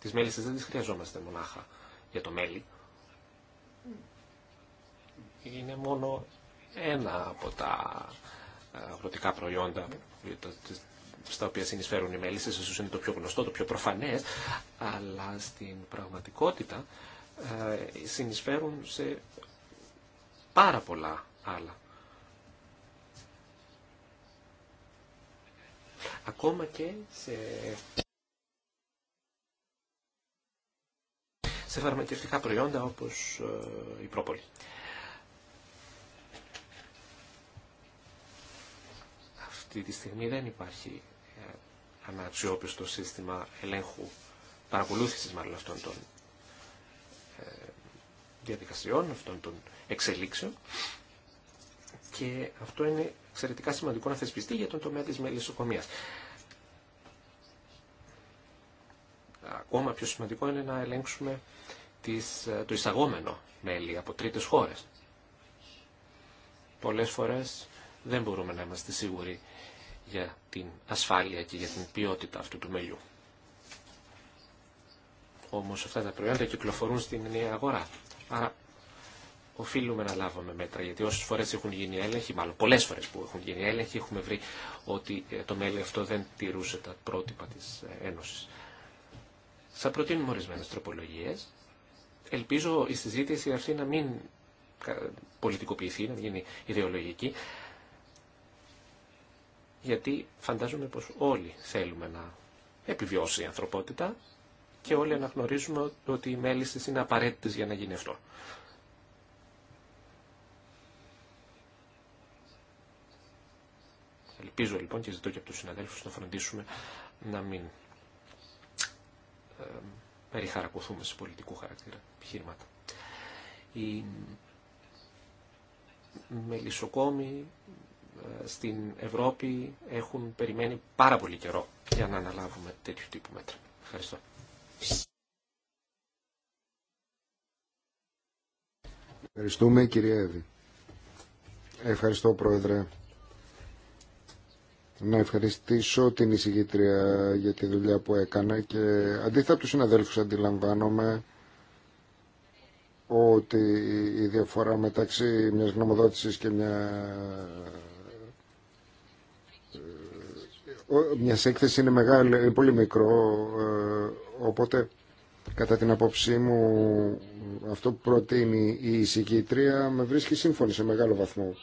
[SPEAKER 2] Τις μέλισσες δεν τις χρειαζόμαστε μονάχα για το μέλι είναι μόνο ένα από τα ε, αγροτικά προϊόντα στα οποία συνεισφέρουν οι μέλισσες, ίσως είναι το πιο γνωστό, το πιο προφανές, αλλά στην πραγματικότητα ε, συνεισφέρουν σε πάρα πολλά άλλα. Ακόμα και σε σε φαρμακευτικά προϊόντα όπως ε, η πρόπολη. Αυτή τη στιγμή δεν υπάρχει ε, ένα σύστημα ελέγχου, παρακολούθησης μάλλον αυτών των ε, διαδικασιών, αυτών των εξελίξεων και αυτό είναι εξαιρετικά σημαντικό να θεσπιστεί για τον τομέα της μελισσοκομείας. Ακόμα πιο σημαντικό είναι να ελέγξουμε του ε, το εισαγόμενο μέλη από τρίτες χώρες. Πολλές φορές δεν μπορούμε να είμαστε σίγουροι για την ασφάλεια και για την ποιότητα αυτού του μελιού. Όμως αυτά τα προϊόντα κυκλοφορούν στην νέα αγορά. Άρα οφείλουμε να λάβουμε μέτρα, γιατί όσες φορές έχουν γίνει έλεγχοι, μάλλον πολλές φορές που έχουν γίνει έλεγχοι, έχουμε βρει ότι ε, το μέλι αυτό δεν τηρούσε τα πρότυπα της ε, Ένωσης. Θα προτείνουμε ορισμένες τροπολογίες ελπίζω η συζήτηση αυτή να μην πολιτικοποιηθεί, να γίνει ιδεολογική, γιατί φαντάζομαι πως όλοι θέλουμε να επιβιώσει η ανθρωπότητα και όλοι αναγνωρίζουμε ότι οι μέλησες είναι απαραίτητες για να γίνει αυτό. Ελπίζω λοιπόν και ζητώ και από τους συναδέλφους να φροντίσουμε να μην ε, περιχαρακωθούμε σε πολιτικού χαρακτήρα επιχείρηματα. Οι μελισσοκόμοι ε, στην Ευρώπη έχουν περιμένει πάρα πολύ καιρό για να αναλάβουμε τέτοιου τύπου μέτρα. Ευχαριστώ.
[SPEAKER 3] Ευχαριστούμε κύριε Εύη. Ευχαριστώ πρόεδρε να ευχαριστήσω την εισηγήτρια για τη δουλειά που έκανα και αντίθετα από τους συναδέλφους αντιλαμβάνομαι ότι η διαφορά μεταξύ μιας γνωμοδότησης και μια ε, μια έκθεση είναι μεγάλη, πολύ μικρό, ε, οπότε κατά την απόψή μου αυτό που προτείνει η εισηγήτρια με βρίσκει σύμφωνη σε μεγάλο βαθμό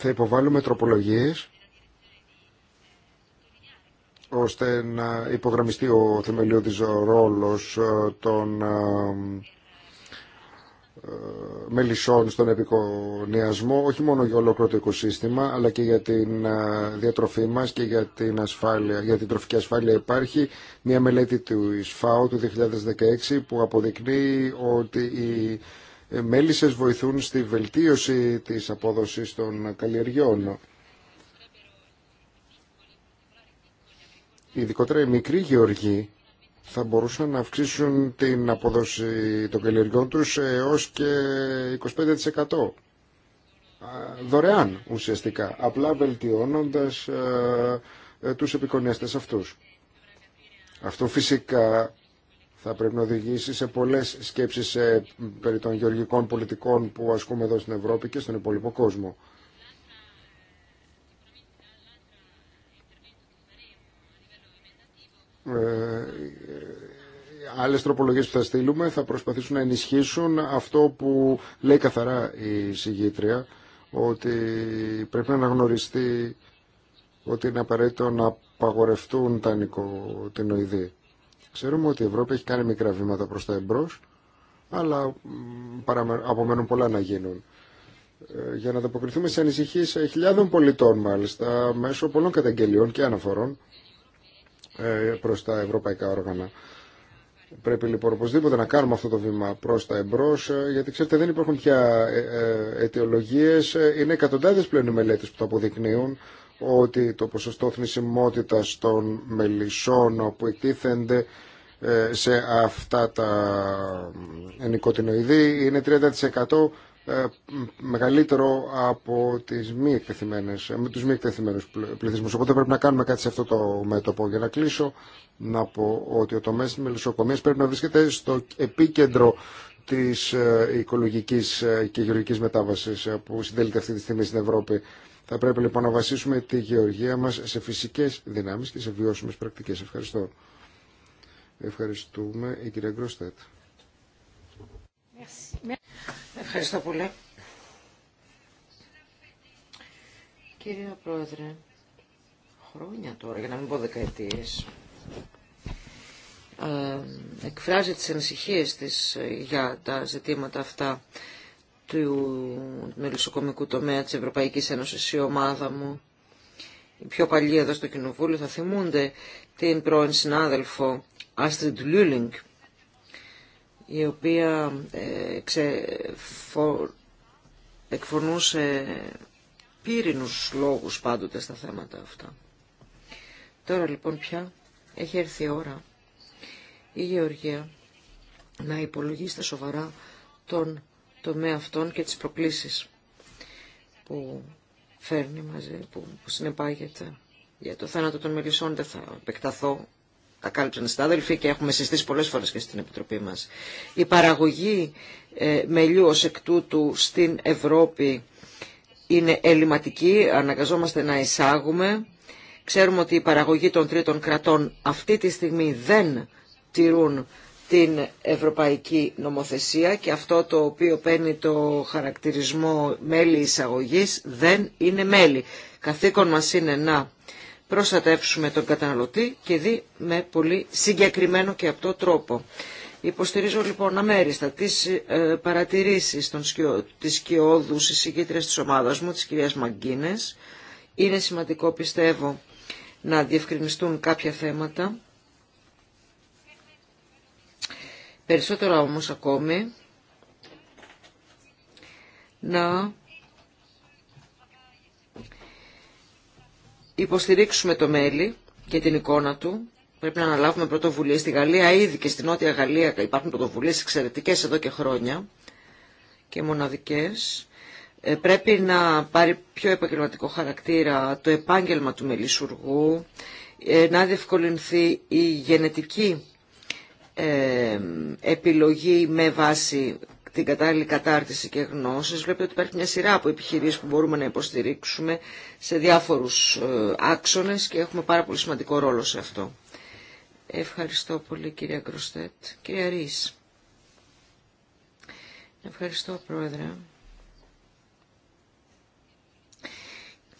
[SPEAKER 3] θα υποβάλουμε τροπολογίες ώστε να υπογραμμιστεί ο θεμελιώδης ρόλος ε, των ε, ε, μελισσών στον επικονιασμό, όχι μόνο για ολόκληρο το οικοσύστημα, αλλά και για την διατροφή μας και για την, ασφάλεια, για την τροφική ασφάλεια. Υπάρχει μια μελέτη του ΙΣΦΑΟ του 2016 που αποδεικνύει ότι η Μέλισσε βοηθούν στη βελτίωση της απόδοσης των καλλιεργιών. Ειδικότερα οι μικροί γεωργοί θα μπορούσαν να αυξήσουν την απόδοση των καλλιεργιών τους έως και 25% δωρεάν ουσιαστικά, απλά βελτιώνοντας ε, ε, τους επικονιαστές αυτούς. Αυτό φυσικά θα πρέπει να οδηγήσει σε πολλές σκέψεις περί των γεωργικών πολιτικών που ασκούμε εδώ στην Ευρώπη και στον υπόλοιπο κόσμο. Ε, άλλες που θα στείλουμε θα προσπαθήσουν να ενισχύσουν αυτό που λέει καθαρά η συγγήτρια ότι πρέπει να αναγνωριστεί ότι είναι απαραίτητο να απαγορευτούν τα νοικοτινοειδή. Ξέρουμε ότι η Ευρώπη έχει κάνει μικρά βήματα προς τα εμπρός, αλλά απομένουν πολλά να γίνουν. Ε, για να ανταποκριθούμε σε ανησυχίες ε, χιλιάδων πολιτών μάλιστα, μέσω πολλών καταγγελιών και αναφορών ε, προς τα ευρωπαϊκά όργανα. Πρέπει λοιπόν οπωσδήποτε να κάνουμε αυτό το βήμα προ τα εμπρό, γιατί ξέρετε δεν υπάρχουν πια αιτιολογίε. Είναι εκατοντάδε πλέον οι μελέτε που το αποδεικνύουν ότι το ποσοστό θνησιμότητας των μελισσών που εκτίθενται ε, σε αυτά τα ε, νοικοτινοειδή είναι 30% ε, μεγαλύτερο από τις μη εκτεθειμένες, με τους μη εκτεθειμένους πληθυσμούς. Οπότε πρέπει να κάνουμε κάτι σε αυτό το μέτωπο. Για να κλείσω, να πω ότι ο τομέας της μελισσοκομείας πρέπει να βρίσκεται στο επίκεντρο της οικολογικής και γεωργικής μετάβασης που συντελείται αυτή τη στιγμή στην Ευρώπη. Θα πρέπει λοιπόν να βασίσουμε τη γεωργία μας σε φυσικές δυνάμεις και σε βιώσιμες πρακτικές. Ευχαριστώ. Ευχαριστούμε η κυρία Γκροστέτ.
[SPEAKER 1] Ευχαριστώ πολύ. Κύριε Πρόεδρε, χρόνια τώρα, για να μην πω δεκαετίες, ε, εκφράζει τις ανησυχίες της για τα ζητήματα αυτά του μελισσοκομικού τομέα της Ευρωπαϊκής Ένωσης, η ομάδα μου, οι πιο παλιοί εδώ στο Κοινοβούλιο θα θυμούνται την πρώην συνάδελφο Άστριντ Λούλινγκ, η οποία ε, φό εκφωνούσε πύρινους λόγους πάντοτε στα θέματα αυτά. Τώρα λοιπόν πια έχει έρθει η ώρα η Γεωργία να υπολογίσει τα σοβαρά τον το με αυτόν και τις προκλήσεις που φέρνει μαζί, που, που συνεπάγεται. Για το θάνατο των μελισσών δεν θα επεκταθώ. Τα κάλυψαν οι συνάδελφοι και έχουμε συστήσει πολλές φορές και στην Επιτροπή μας. Η παραγωγή ε, μελιού ως εκ τούτου στην Ευρώπη είναι ελληματική, αναγκαζόμαστε να εισάγουμε. Ξέρουμε ότι η παραγωγή των τρίτων κρατών αυτή τη στιγμή δεν τηρούν την ευρωπαϊκή νομοθεσία και αυτό το οποίο παίρνει το χαρακτηρισμό μέλη εισαγωγής δεν είναι μέλη. Καθήκον μας είναι να προστατεύσουμε τον καταναλωτή και δει με πολύ συγκεκριμένο και αυτό τρόπο. Υποστηρίζω λοιπόν αμέριστα τις ε, παρατηρήσεις των της σκιώδους εισηγήτριας της ομάδας μου, της κυρίας Μαγκίνες. Είναι σημαντικό πιστεύω να διευκρινιστούν κάποια θέματα Περισσότερο όμως ακόμη να υποστηρίξουμε το μέλι και την εικόνα του. Πρέπει να αναλάβουμε πρωτοβουλίε στη Γαλλία, ήδη και στη Νότια Γαλλία υπάρχουν πρωτοβουλίε εξαιρετικέ εδώ και χρόνια και μοναδικές. Ε, πρέπει να πάρει πιο επαγγελματικό χαρακτήρα το επάγγελμα του μελισσουργού, ε, να διευκολυνθεί η γενετική επιλογή με βάση την κατάλληλη κατάρτιση και γνώσεις. Βλέπετε ότι υπάρχει μια σειρά από επιχειρήσεις που μπορούμε να υποστηρίξουμε σε διάφορους ε, άξονες και έχουμε πάρα πολύ σημαντικό ρόλο σε αυτό. Ευχαριστώ πολύ κυρία Γκροστέτ. Κυρία Ρης. Ευχαριστώ πρόεδρε.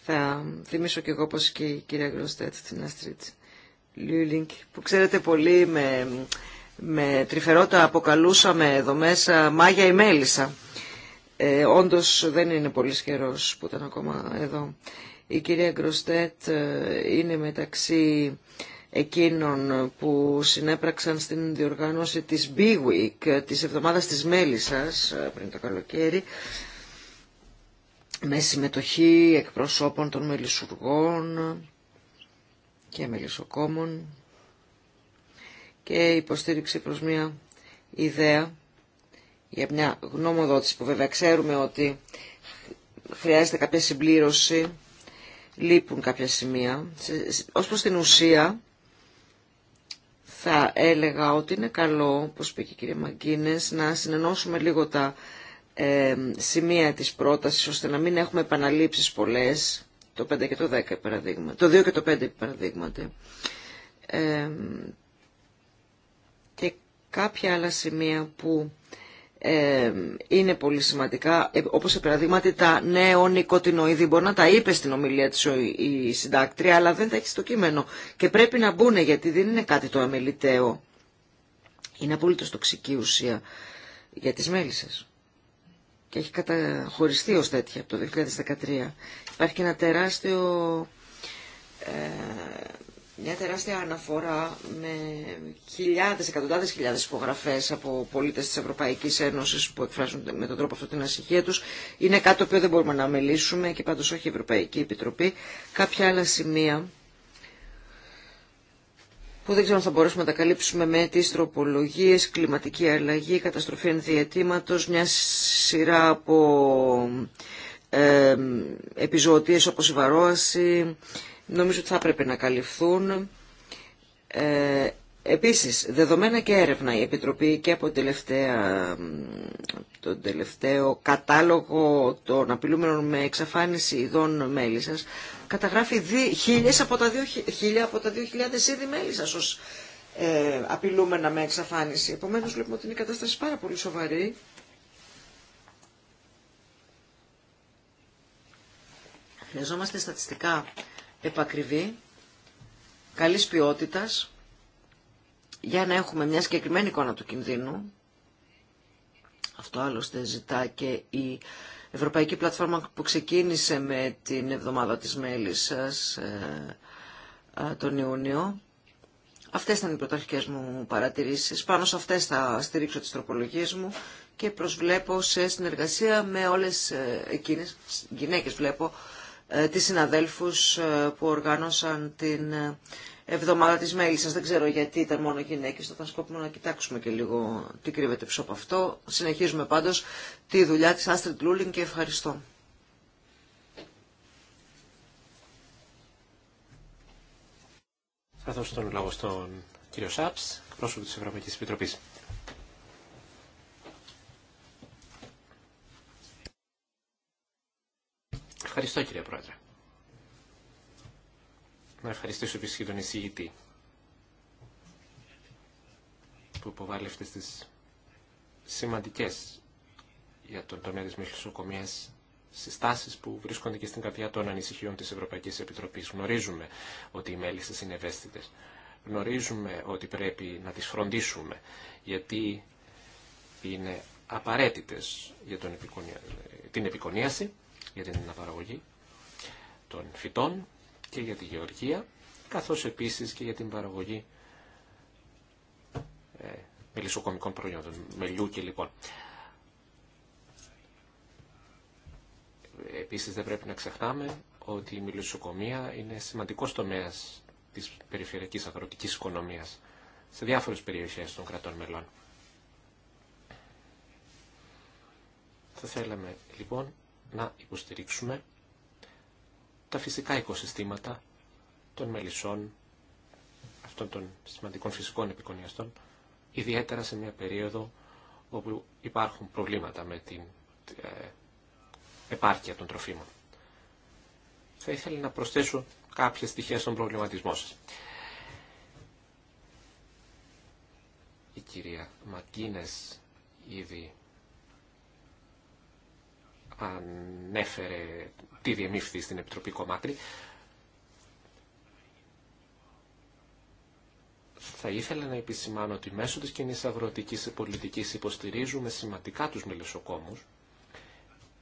[SPEAKER 1] Θα θυμίσω και εγώ πως και η κυρία Γκροστέτ την Αστρίτ Λιούλινγκ που ξέρετε πολύ με με τρυφερότα αποκαλούσαμε εδώ μέσα Μάγια η Μέλισσα. Ε, όντως δεν είναι πολύ καιρό που ήταν ακόμα εδώ. Η κυρία Γκροστέτ ε, είναι μεταξύ εκείνων που συνέπραξαν στην διοργάνωση της Big Week, ε, της εβδομάδας της Μέλισσας ε, πριν το καλοκαίρι, με συμμετοχή εκπροσώπων των μελισσουργών και μελισσοκόμων και υποστήριξη προς μια ιδέα για μια γνώμοδότηση που βέβαια ξέρουμε ότι χρειάζεται κάποια συμπλήρωση, λείπουν κάποια σημεία. Ως προς την ουσία θα έλεγα ότι είναι καλό, όπως είπε και η κυρία Μαγκίνες, να συνενώσουμε λίγο τα ε, σημεία της πρότασης ώστε να μην έχουμε επαναλήψεις πολλές, το 5 και το 10 παραδείγμα, το 2 και το 5 παραδείγματα. Ε, κάποια άλλα σημεία που ε, είναι πολύ σημαντικά, ε, όπως σε παραδείγματι τα νεονικοτινοειδή. Μπορεί να τα είπε στην ομιλία της η συντάκτρια, αλλά δεν τα έχει στο κείμενο. Και πρέπει να μπουν, γιατί δεν είναι κάτι το αμεληταίο. Είναι πολύ τοξική ουσία για τις μέλισσες. Και έχει καταχωριστεί ως τέτοια από το 2013. Υπάρχει και ένα τεράστιο ε, μια τεράστια αναφορά με χιλιάδες, εκατοντάδες χιλιάδες υπογραφές από πολίτες της Ευρωπαϊκής Ένωσης που εκφράζουν με τον τρόπο αυτό την ασυχία τους. Είναι κάτι το οποίο δεν μπορούμε να μελήσουμε και πάντως όχι η Ευρωπαϊκή Επιτροπή. Κάποια άλλα σημεία που δεν ξέρω αν θα μπορέσουμε να τα καλύψουμε με τις τροπολογίες, κλιματική αλλαγή, καταστροφή ενδιαιτήματος, μια σειρά από ε, επιζωοτίες όπως η βαρόαση, νομίζω ότι θα πρέπει να καλυφθούν. Ε, επίσης, δεδομένα και έρευνα, η Επιτροπή και από τελευταία, τον τελευταίο κατάλογο των απειλούμενων με εξαφάνιση ειδών σας, καταγράφει χίλιες από τα 2.000 από τα 2.000 είδη μέλισσας ως ε, απειλούμενα με εξαφάνιση. Επομένως, βλέπουμε ότι είναι η κατάσταση πάρα πολύ σοβαρή. Χρειαζόμαστε στατιστικά επακριβή, καλής ποιότητας, για να έχουμε μια συγκεκριμένη εικόνα του κινδύνου. Αυτό άλλωστε ζητά και η Ευρωπαϊκή Πλατφόρμα που ξεκίνησε με την εβδομάδα της Μέλισσας ε, ε, τον Ιούνιο. Αυτές ήταν οι πρωταρχικές μου παρατηρήσεις. Πάνω σε αυτές θα στηρίξω τις τροπολογίες μου και προσβλέπω σε συνεργασία με όλες ε, εκείνες, γυναίκες βλέπω, ε, τις συναδέλφους ε, που οργάνωσαν την ε, εβδομάδα της Μέλισσας. Δεν ξέρω γιατί ήταν μόνο γυναίκες, θα σκοπούμε σκόπιμο να κοιτάξουμε και λίγο τι κρύβεται πίσω από αυτό. Συνεχίζουμε πάντως τη δουλειά της Άστριντ Λούλιν και ευχαριστώ.
[SPEAKER 2] Θα δώσω τον λόγο στον κύριο Σάπς, πρόσωπο της Ευρωπαϊκής Επιτροπής. Ευχαριστώ κύριε Πρόεδρε. Να ευχαριστήσω επίσης και τον εισηγητή που υποβάλλει αυτές τις σημαντικές για τον τομέα της μελισσοκομείας συστάσεις που βρίσκονται και στην καρδιά των ανησυχιών της Ευρωπαϊκής Επιτροπής. Γνωρίζουμε ότι οι μέλησες είναι ευαίσθητες. Γνωρίζουμε ότι πρέπει να τις φροντίσουμε γιατί είναι απαραίτητες για τον επικονία, την επικονίαση για την αναπαραγωγή των φυτών και για τη γεωργία, καθώς επίσης και για την παραγωγή ε, μελισσοκομικών προϊόντων, μελιού και λοιπόν. Επίσης δεν πρέπει να ξεχνάμε ότι η μελισσοκομεία είναι σημαντικός τομέας της περιφερειακής αγροτικής οικονομίας σε διάφορες περιοχές των κρατών μελών. Θα θέλαμε λοιπόν να υποστηρίξουμε τα φυσικά οικοσυστήματα των μελισσών, αυτών των σημαντικών φυσικών επικονιαστών, ιδιαίτερα σε μια περίοδο όπου υπάρχουν προβλήματα με την ε, επάρκεια των τροφίμων. Θα ήθελα να προσθέσω κάποια στοιχεία στον προβληματισμό σας. Η κυρία Μακίνες ήδη ανέφερε τι διεμήφθη στην Επιτροπή Κομμάτρη. Θα ήθελα να επισημάνω ότι μέσω της κοινή αγροτικής πολιτικής υποστηρίζουμε σημαντικά τους μελισσοκόμους.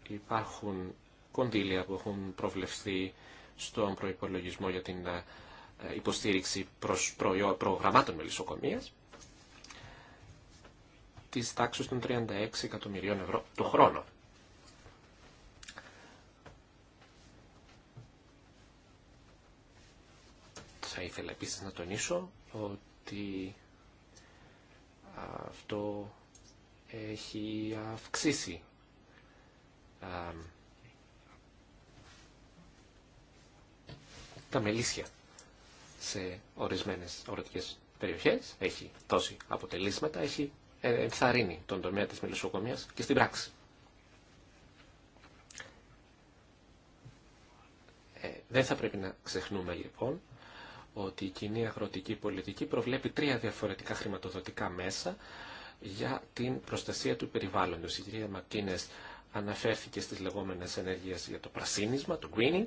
[SPEAKER 2] Υπάρχουν κονδύλια που έχουν προβλεφθεί στον προϋπολογισμό για την ε, υποστήριξη προγραμμάτων μελισσοκομείας της τάξης των 36 εκατομμυρίων ευρώ το χρόνο. Θα ήθελα επίσης να τονίσω ότι αυτό έχει αυξήσει τα μελίσια σε ορισμένες ορατικές περιοχές, έχει τόση αποτελέσματα, έχει ενθαρρύνει τον τομέα της μελισσοκομείας και στην πράξη. Ε, δεν θα πρέπει να ξεχνούμε λοιπόν ότι η κοινή αγροτική πολιτική προβλέπει τρία διαφορετικά χρηματοδοτικά μέσα για την προστασία του περιβάλλοντος. Η κυρία Μακίνες αναφέρθηκε στις λεγόμενες ενέργειες για το πρασίνισμα, το greening.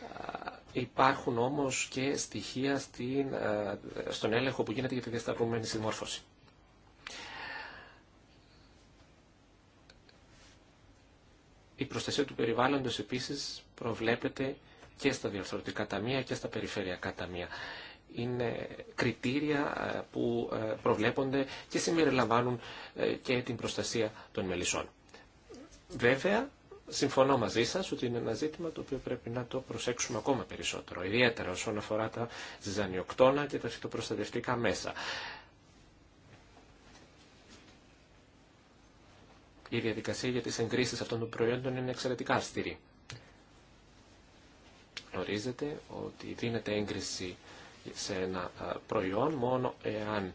[SPEAKER 2] Ε, υπάρχουν όμως και στοιχεία στην, ε, στον έλεγχο που γίνεται για τη διασταυρωμένη συμμόρφωση. Η προστασία του περιβάλλοντος επίσης προβλέπεται και στα διορθωτικά ταμεία και στα περιφερειακά ταμεία. Είναι κριτήρια ε, που ε, προβλέπονται και συμπεριλαμβάνουν ε, και την προστασία των μελισσών. Βέβαια, συμφωνώ μαζί σα ότι είναι ένα ζήτημα το οποίο πρέπει να το προσέξουμε ακόμα περισσότερο, ιδιαίτερα όσον αφορά τα ζυζανιοκτώνα και τα φυτοπροστατευτικά μέσα. Η διαδικασία για τις εγκρίσεις αυτών των προϊόντων είναι εξαιρετικά αυστηρή γνωρίζετε ότι δίνεται έγκριση σε ένα ε, προϊόν μόνο εάν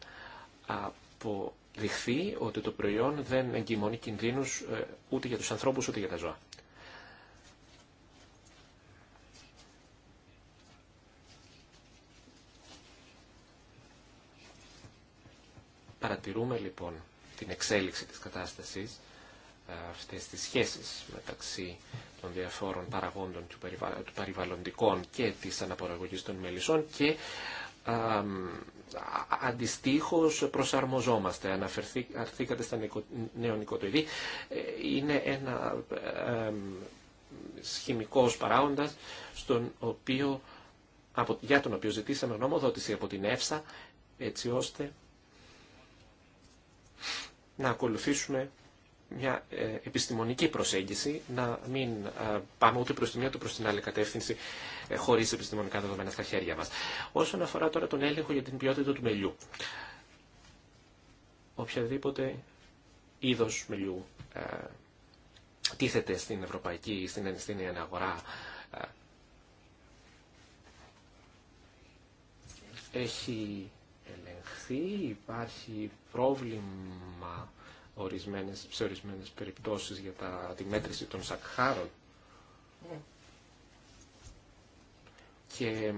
[SPEAKER 2] αποδειχθεί ότι το προϊόν δεν εγκυμονεί κινδύνους ε, ούτε για τους ανθρώπους ούτε για τα ζώα. Παρατηρούμε λοιπόν την εξέλιξη της κατάστασης ε, αυτές τις σχέσεις μεταξύ των διαφόρων παραγόντων του, περιβαλλοντικών και της αναπαραγωγής των μελισσών και α, αντιστοίχως προσαρμοζόμαστε. Αναφερθήκατε στα νεονικοτοειδή. Ε, είναι ένα χημικός παράγοντας στον οποίο, από, για τον οποίο ζητήσαμε γνώμοδότηση από την ΕΦΣΑ έτσι ώστε να ακολουθήσουμε μια ε, επιστημονική προσέγγιση, να μην ε, πάμε ούτε προς τη μία ούτε προς την άλλη κατεύθυνση ε, χωρίς επιστημονικά δεδομένα στα χέρια μας. Όσον αφορά τώρα τον έλεγχο για την ποιότητα του μελιού, οποιαδήποτε είδος μελιού τίθεται στην ευρωπαϊκή, στην στήν αγορά, έχει ελεγχθεί, υπάρχει πρόβλημα ορισμένες, σε ορισμένες περιπτώσεις για τα, τη μέτρηση των σακχάρων. Ναι. Και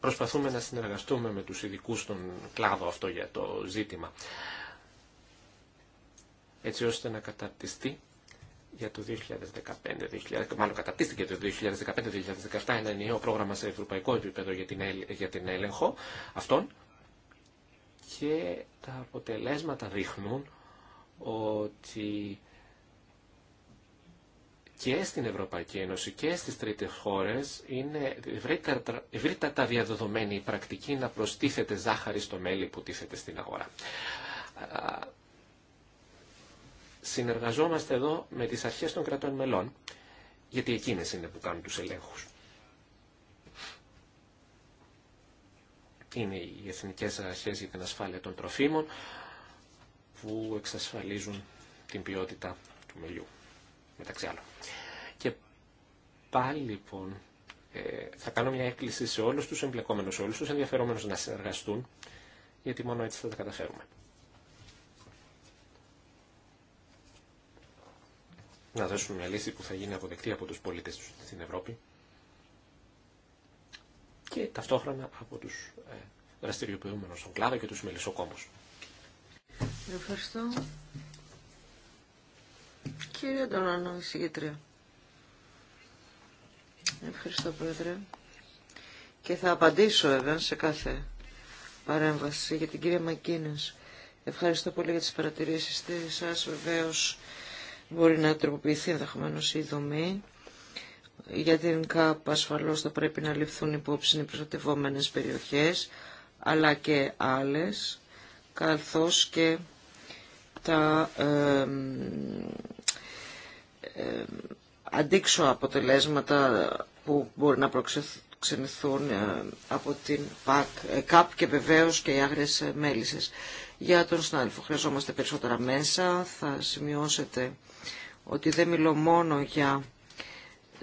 [SPEAKER 2] προσπαθούμε να συνεργαστούμε με τους ειδικούς στον κλάδο αυτό για το ζήτημα. Έτσι ώστε να καταρτιστεί για το 2015, 2017 μάλλον καταρτίστηκε το 2015-2017 ένα νέο πρόγραμμα σε ευρωπαϊκό επίπεδο για την, για την έλεγχο αυτών και τα αποτελέσματα δείχνουν ότι και στην Ευρωπαϊκή Ένωση και στις τρίτες χώρες είναι ευρύτατα διαδεδομένη η πρακτική να προστίθεται ζάχαρη στο μέλι που τίθεται στην αγορά. Συνεργαζόμαστε εδώ με τις αρχές των κρατών μελών, γιατί εκείνες είναι που κάνουν τους ελέγχους. είναι οι εθνικές αρχές για την ασφάλεια των τροφίμων που εξασφαλίζουν την ποιότητα του μελιού, μεταξύ άλλων. Και πάλι λοιπόν ε, θα κάνω μια έκκληση σε όλους τους εμπλεκόμενους, σε όλους τους ενδιαφερόμενους να συνεργαστούν, γιατί μόνο έτσι θα τα καταφέρουμε. Να δώσουμε μια λύση που θα γίνει αποδεκτή από τους πολίτες στην Ευρώπη και ταυτόχρονα από τους ε, δραστηριοποιούμενους στον κλάδο και τους μελισσοκόμους.
[SPEAKER 1] Ευχαριστώ. Κύριε Ντονάνο, εισηγήτρια. Ευχαριστώ, Πρόεδρε. Και θα απαντήσω, βέβαια, σε κάθε παρέμβαση για την κυρία Μακίνες. Ευχαριστώ πολύ για τις παρατηρήσεις της. Σας βεβαίως μπορεί να τροποποιηθεί ενδεχομένω η δομή για την ΚΑΠ ασφαλώς θα πρέπει να ληφθούν υπόψη οι προστατευόμενες περιοχές, αλλά και άλλες, καθώς και τα ε, αντίξω αποτελέσματα που μπορεί να προξενηθούν ε, από την ΠΑΚ, ε, ΚΑΠ και βεβαίως και οι άγρες ε, μέλησες. Για τον συνάδελφο χρειαζόμαστε περισσότερα μέσα. Θα σημειώσετε ότι δεν μιλώ μόνο για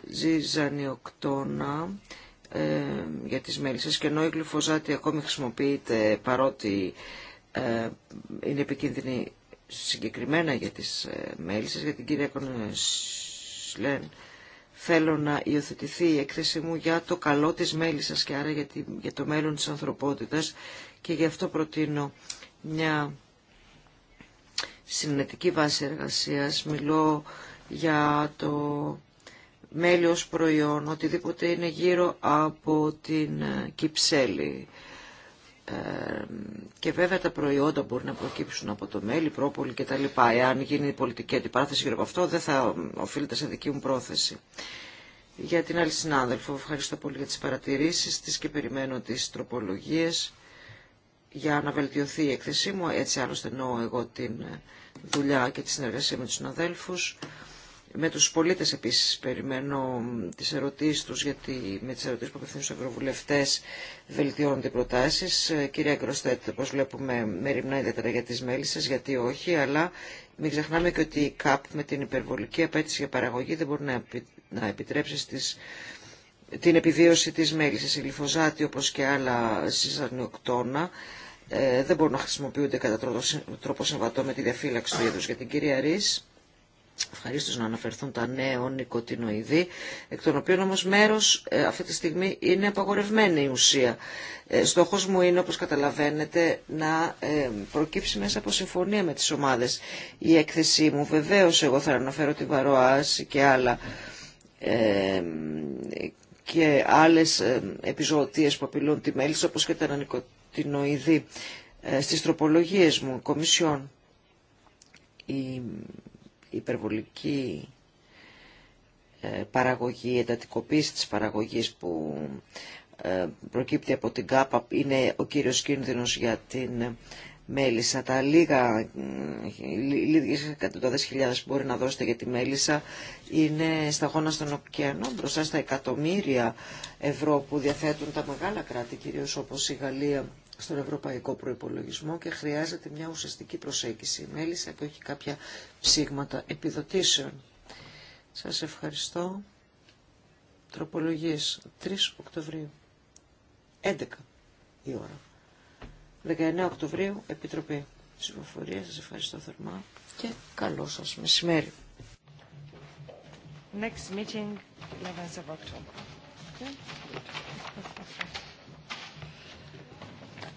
[SPEAKER 1] ζυζανιοκτώνα ε, για τις μέλισσες και ενώ η γλυφοζάτη ακόμη χρησιμοποιείται παρότι ε, είναι επικίνδυνη συγκεκριμένα για τις ε, μέλισσες, για την κυρία Κονεσλέν θέλω να υιοθετηθεί η έκθεση μου για το καλό της μέλισσας και άρα για, το μέλλον της ανθρωπότητας και γι' αυτό προτείνω μια συνετική βάση εργασίας. Μιλώ για το ως προϊόν, οτιδήποτε είναι γύρω από την ε, κυψέλη. Ε, και βέβαια τα προϊόντα μπορεί να προκύψουν από το μέλι, πρόπολη κτλ. Εάν γίνει η πολιτική αντιπάθεση γύρω από αυτό δεν θα οφείλεται σε δική μου πρόθεση. Για την άλλη συνάδελφο, ευχαριστώ πολύ για τις παρατηρήσεις της και περιμένω τις τροπολογίες για να βελτιωθεί η έκθεσή μου. Έτσι άλλωστε εννοώ εγώ την δουλειά και τη συνεργασία με τους συναδέλφους. Με τους πολίτες επίσης περιμένω τις ερωτήσεις τους, γιατί με τις ερωτήσεις που απευθύνουν στους ευρωβουλευτές βελτιώνονται οι προτάσεις. Ε, κυρία Γκροστέτ, όπως βλέπουμε, με ρημνά ιδιαίτερα για τις μέλισσες, γιατί όχι, αλλά μην ξεχνάμε και ότι η ΚΑΠ με την υπερβολική απέτηση για παραγωγή δεν μπορεί να επιτρέψει στις την επιβίωση της μέλισσας. Η λιφοζάτη, όπως και άλλα συζανιοκτώνα ε, δεν μπορούν να χρησιμοποιούνται κατά τρόπο συμβατό με τη διαφύλαξη του είδους. Για την κυρία Ευχαριστώ να αναφερθούν τα νέα νοικοτινοειδή, εκ των οποίων όμως μέρος ε, αυτή τη στιγμή είναι απαγορευμένη η ουσία. Ε, στόχος μου είναι, όπως καταλαβαίνετε, να ε, προκύψει μέσα από συμφωνία με τις ομάδες η έκθεσή μου. Βεβαίως εγώ θα αναφέρω τη Βαροάση και άλλα και άλλες επιζωτίες που απειλούν τη μέλη, όπως και τα νοικοτινοειδή στις τροπολογίες μου, κομισιόν. Η η υπερβολική ε, παραγωγή, η εντατικοποίηση της παραγωγής που ε, προκύπτει από την ΚΑΠΑ είναι ο κύριος κίνδυνος για την μέλισσα. Τα λίγα, λίγες εκατοντάδες χιλιάδες που μπορεί να δώσετε για τη μέλισσα είναι σταγόνα στον ωκεανό μπροστά στα εκατομμύρια ευρώ που διαθέτουν τα μεγάλα κράτη, κυρίως όπως η Γαλλία στον ευρωπαϊκό προπολογισμό και χρειάζεται μια ουσιαστική προσέγγιση. Η μέλισσα που έχει κάποια ψήγματα επιδοτήσεων. Σας ευχαριστώ. Τροπολογίες 3 Οκτωβρίου. 11 η ώρα. 19 Οκτωβρίου, Επιτροπή Ψηφοφορία. Σας ευχαριστώ θερμά και καλό σας μεσημέρι. Next meeting, 11th Okay?